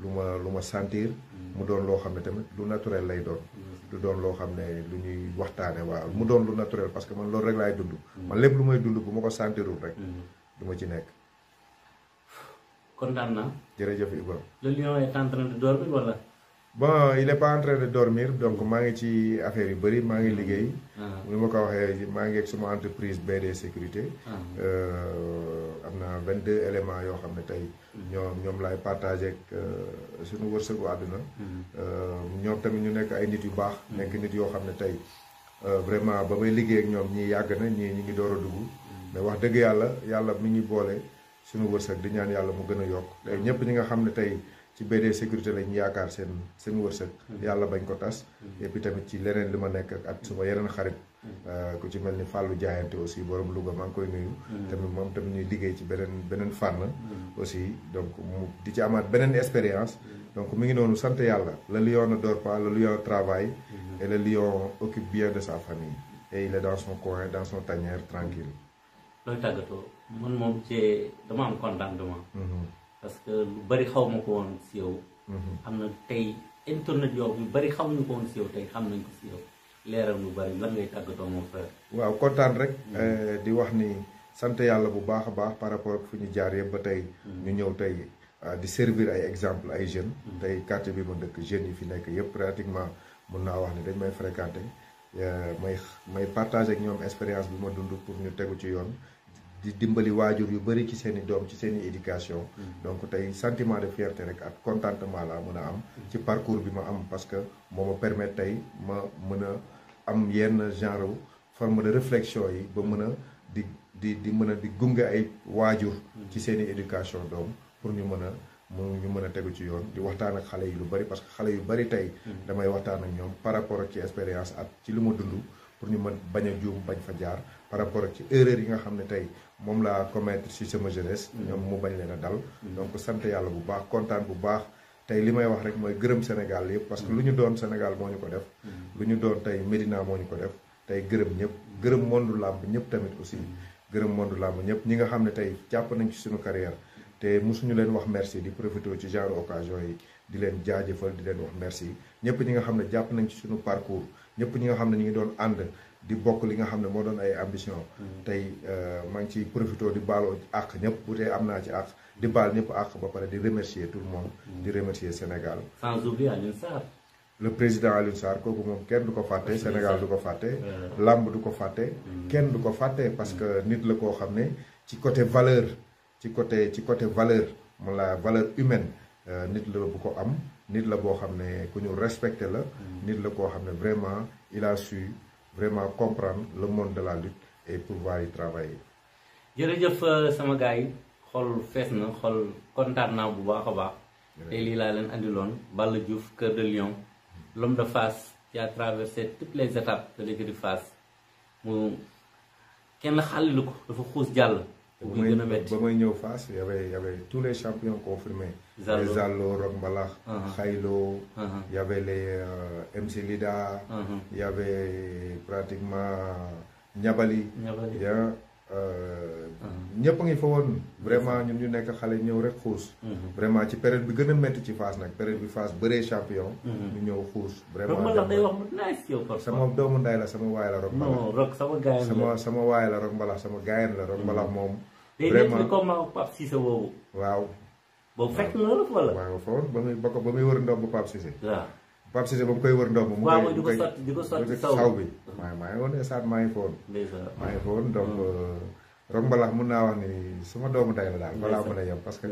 lu ma lu ma sentir. mu doon loo xam ne tamit lu naturel lay doon. du doon loo xam ne lu ñuy waxtaane waaw mu doon lu naturel parce que man loolu rek laay dund. man lépp lu may dund bu ma ko sentirul rek. du ma ci nekk. kon naa. jërëjëf Ibrahima. le lion est en train de dormir wala. donc maa ngi ci affaire yu bëri maa ngi liggéey. Ah. ni ma ko waxee maa ngi ak suma entreprise BD sécurité. Ah. Euh, am na 22 éléments yoo xam ne tey. nyom nyom lay partagé ak suñu wërsëgu àdduna ñoom tamit ñu nekk ay nit yu baax nekk nit yoo xam ne tey vraiment ba may liggéey ak ñoom ñii yàgg na ñii ñu ngi door a dugg mais hmm. wax dëgg yàlla yàlla mi ñu boole suñu wërsëg di ñaan mu ñi nga ci BD sécurité lañ yaakaar seen seen wërsëg. Mm-hmm. yàlla bañ ko tas. yëpp mm-hmm. puis tamit ci leneen li ma nekk ak suma yeneen xarit. Mm-hmm. Euh, ku ci mel ni Fallou jaayante aussi borom Louga maa ngi koy nuyu. tamit moom tamit ñuy liggéey ci beneen beneen fànn. aussi donc mu di ci amaat beneen expérience. donc mi ngi noonu sant yàlla. la lion ne dort la le lion travaille. et le lion occupe bien de sa famille. et il est dans son coin dans son tanière tranquille looy tàggatoo man moom ci dama am contentement. parce que lu bari xaw ma ko woon si yow. Mhm. am na tey internet yow yu bari xamuñu ko woon si yow tey xam nañ ko si yow leeral lu bari lan ngay tàggatoo moom frère. waaw kontaan rek. Mhm. Eh, di wax ni sant yàlla bu baax a baax par rapport fu ñu jaar yëpp ba tey. Mhm. ñu ñëw tey ah, di servir ay exemple ay jeunes. tey quartier bi ma dëkk jeunes yi fi nekk yëpp pratiquement mun naa wax ni dañ may fréquenter eh, may may partage ak ñoom expérience bi ma dund pour ñu tegu ci yoon. di dimbali waajur yu bëri ci seen i doom ci seen i éducation. donc tey sentiment de fierté rek ak contentement laa mën a am. ci parcours bi ma am parce que moo ma permettre tey ma mën a am yenn genre forme de réflexion yi ba mën a di di di mën a di gunge ay waajur. ci seen i éducation doom pour ñu mën a mu ñu mën a tegu ci yoon di waxtaan ak xale yi lu bëri parce que xale yu bëri tey. Mm-hmm. damay waxtaan ak ñoom par rapport ak ci expérience at ci li ma dund. pour ñu mën bañ a juum bañ fa jaar par rapport ak ci erreur yi nga xam ne tey moom laa commettre ci sama jeunesse. Mm. ñoom mu bañ leen a dal. Mm. donc sant yàlla bu baax kontaan bu baax. tey li may wax rek mooy gërëm Sénégal yëpp parce que mm. lu ñu doon Sénégal moo ñu ko def lu ñu doon tey Médina moo ñu ko def tey gërëm ñëpp gërëm monde làmb ñëpp tamit aussi gërëm monde làmb ñëpp ñi nga xam ne tey jàpp nañ ci suñu carrière te suñu leen wax merci di profité ci genre occasion yi jaajëfal di leen wax merci ñëpp ñi nga xam ne jàpp nañ ci suñu parcours ñëpp ñi nga xam ne ñu ngi doon ànd di bokk li nga xam ne moo doon ay ambition mm-hmm. tey euh, maa ngi ciy profité di baaloo àq ñëpp bu tey am naa ci àq di baal ñëpp àq ba pare di remercier tout le monde mm-hmm. di remercier Sénégal sans oublier Alioune Sarr le président Alioune Sarr kooku moom kenn du ko fàtte Sénégal du ko fàtte euh. làmb du ko fàtte mm-hmm. kenn du ko fàtte parce que nit la koo xam ne ci côté valeur ci côté ci côté valeur moom la valeur humaine euh, nit la bu ko am nit la boo xam ku ñu la. Mm. nit la vraiment il a su vraiment comprendre le monde de la lutte et pouvoir y travailler. jërëjëf euh, sama gars xol fees xol kontaan bu baax a baax. lii laa leen andiloon Cœur de Lyon, mm. l'homme de face qui a traversé toutes les étapes de l'équipe de face mu kenn xàllilu ko dafa xuus jàll. a face y avait y avait tous les champions confirmés. les Allo, Rombala, uh-huh. Khailo, il uh-huh. y avait les euh, MC uh-huh. pratiquement Nyabali. Nyabali. Euh, ñëpp ngi fa woon vraiment ñun ñu nekk xale ñëw rek xuus. vraiment ci période bi gën a métti ci Fass nag période bi Fass bëree champion. ñu ñëw xuus vraiment. day wax mu nice yow. sama doomu nday la sama waay la Rock Mbalax. sama gaayan la sama sama waay la Rock Mbalax moom. waaw. boobu fekk na la fa la. waaw foofu ba muy ba ko ba wër ndomb Pape Cissé. waaw ba mu koy wër ndomb. mu koy mu koy di ko sotti saw bi. waaw maa ngi woon esaat maa ngi foon. maa ngi foon donc. Mm. Euh, rock mun naa wax ni ma doomu day la daal. balaa yem parce que.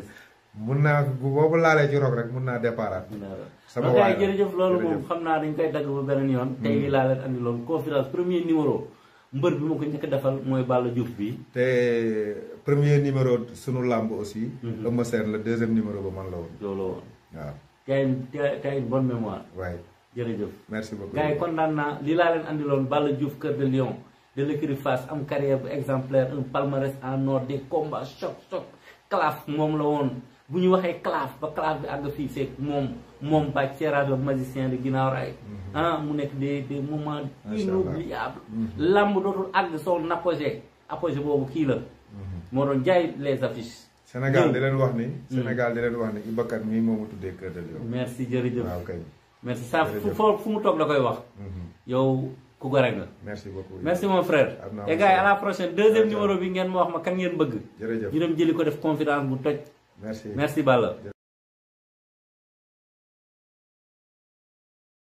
mun naa boobu laalee ci rock rek mun naa départ. sama waay jërëjëf loolu moom xam naa dañ koy dagg ba beneen yoon. Mm. tey jii laa leen andi loolu conférence premier numéro mbër bi ma ko njëkk defal mooy Balla Diouf bi te premier numéro sunu làmb aussi. Mhm. Eumeu la deuxième numéro ba man la woon. loolu la woon waaw. tu as une bonne mémoire. waay jërëjëf. merci beaucoup gars yi kontaan naa li laa leen andiloon Balla Diouf Cœur de Lion de l'écurie Fass am carrière bu exemplaire un en or des combats choc choc claf moom la woon bu ñu waxee claf ba claf bi àgg fii c'est moom moom Bac Seeraat la magicien de ginnaaw raay mhm. ah, mu nekk des des moments inoubliables mhm. lamb dootul àgg son apogée apogée boobu kii la moo doon jaay les affiches. Mm. Sénégal di leen wax ni. Sénégal di leen wax ni Iba Kane mii moo ma tuddee Kër de Lion. merci jërëjëf a kay. merci saa fu mu toog la koy wax. Mm-hmm. yow ku gore na merci beaucoup merci mon frère. et yi à la prochaine deuxième numéro bi ngeen ma wax ma kan ngeen bëgg. jërëjëf ñu dem jëli ko def confidence bu toj. merci merci Balla.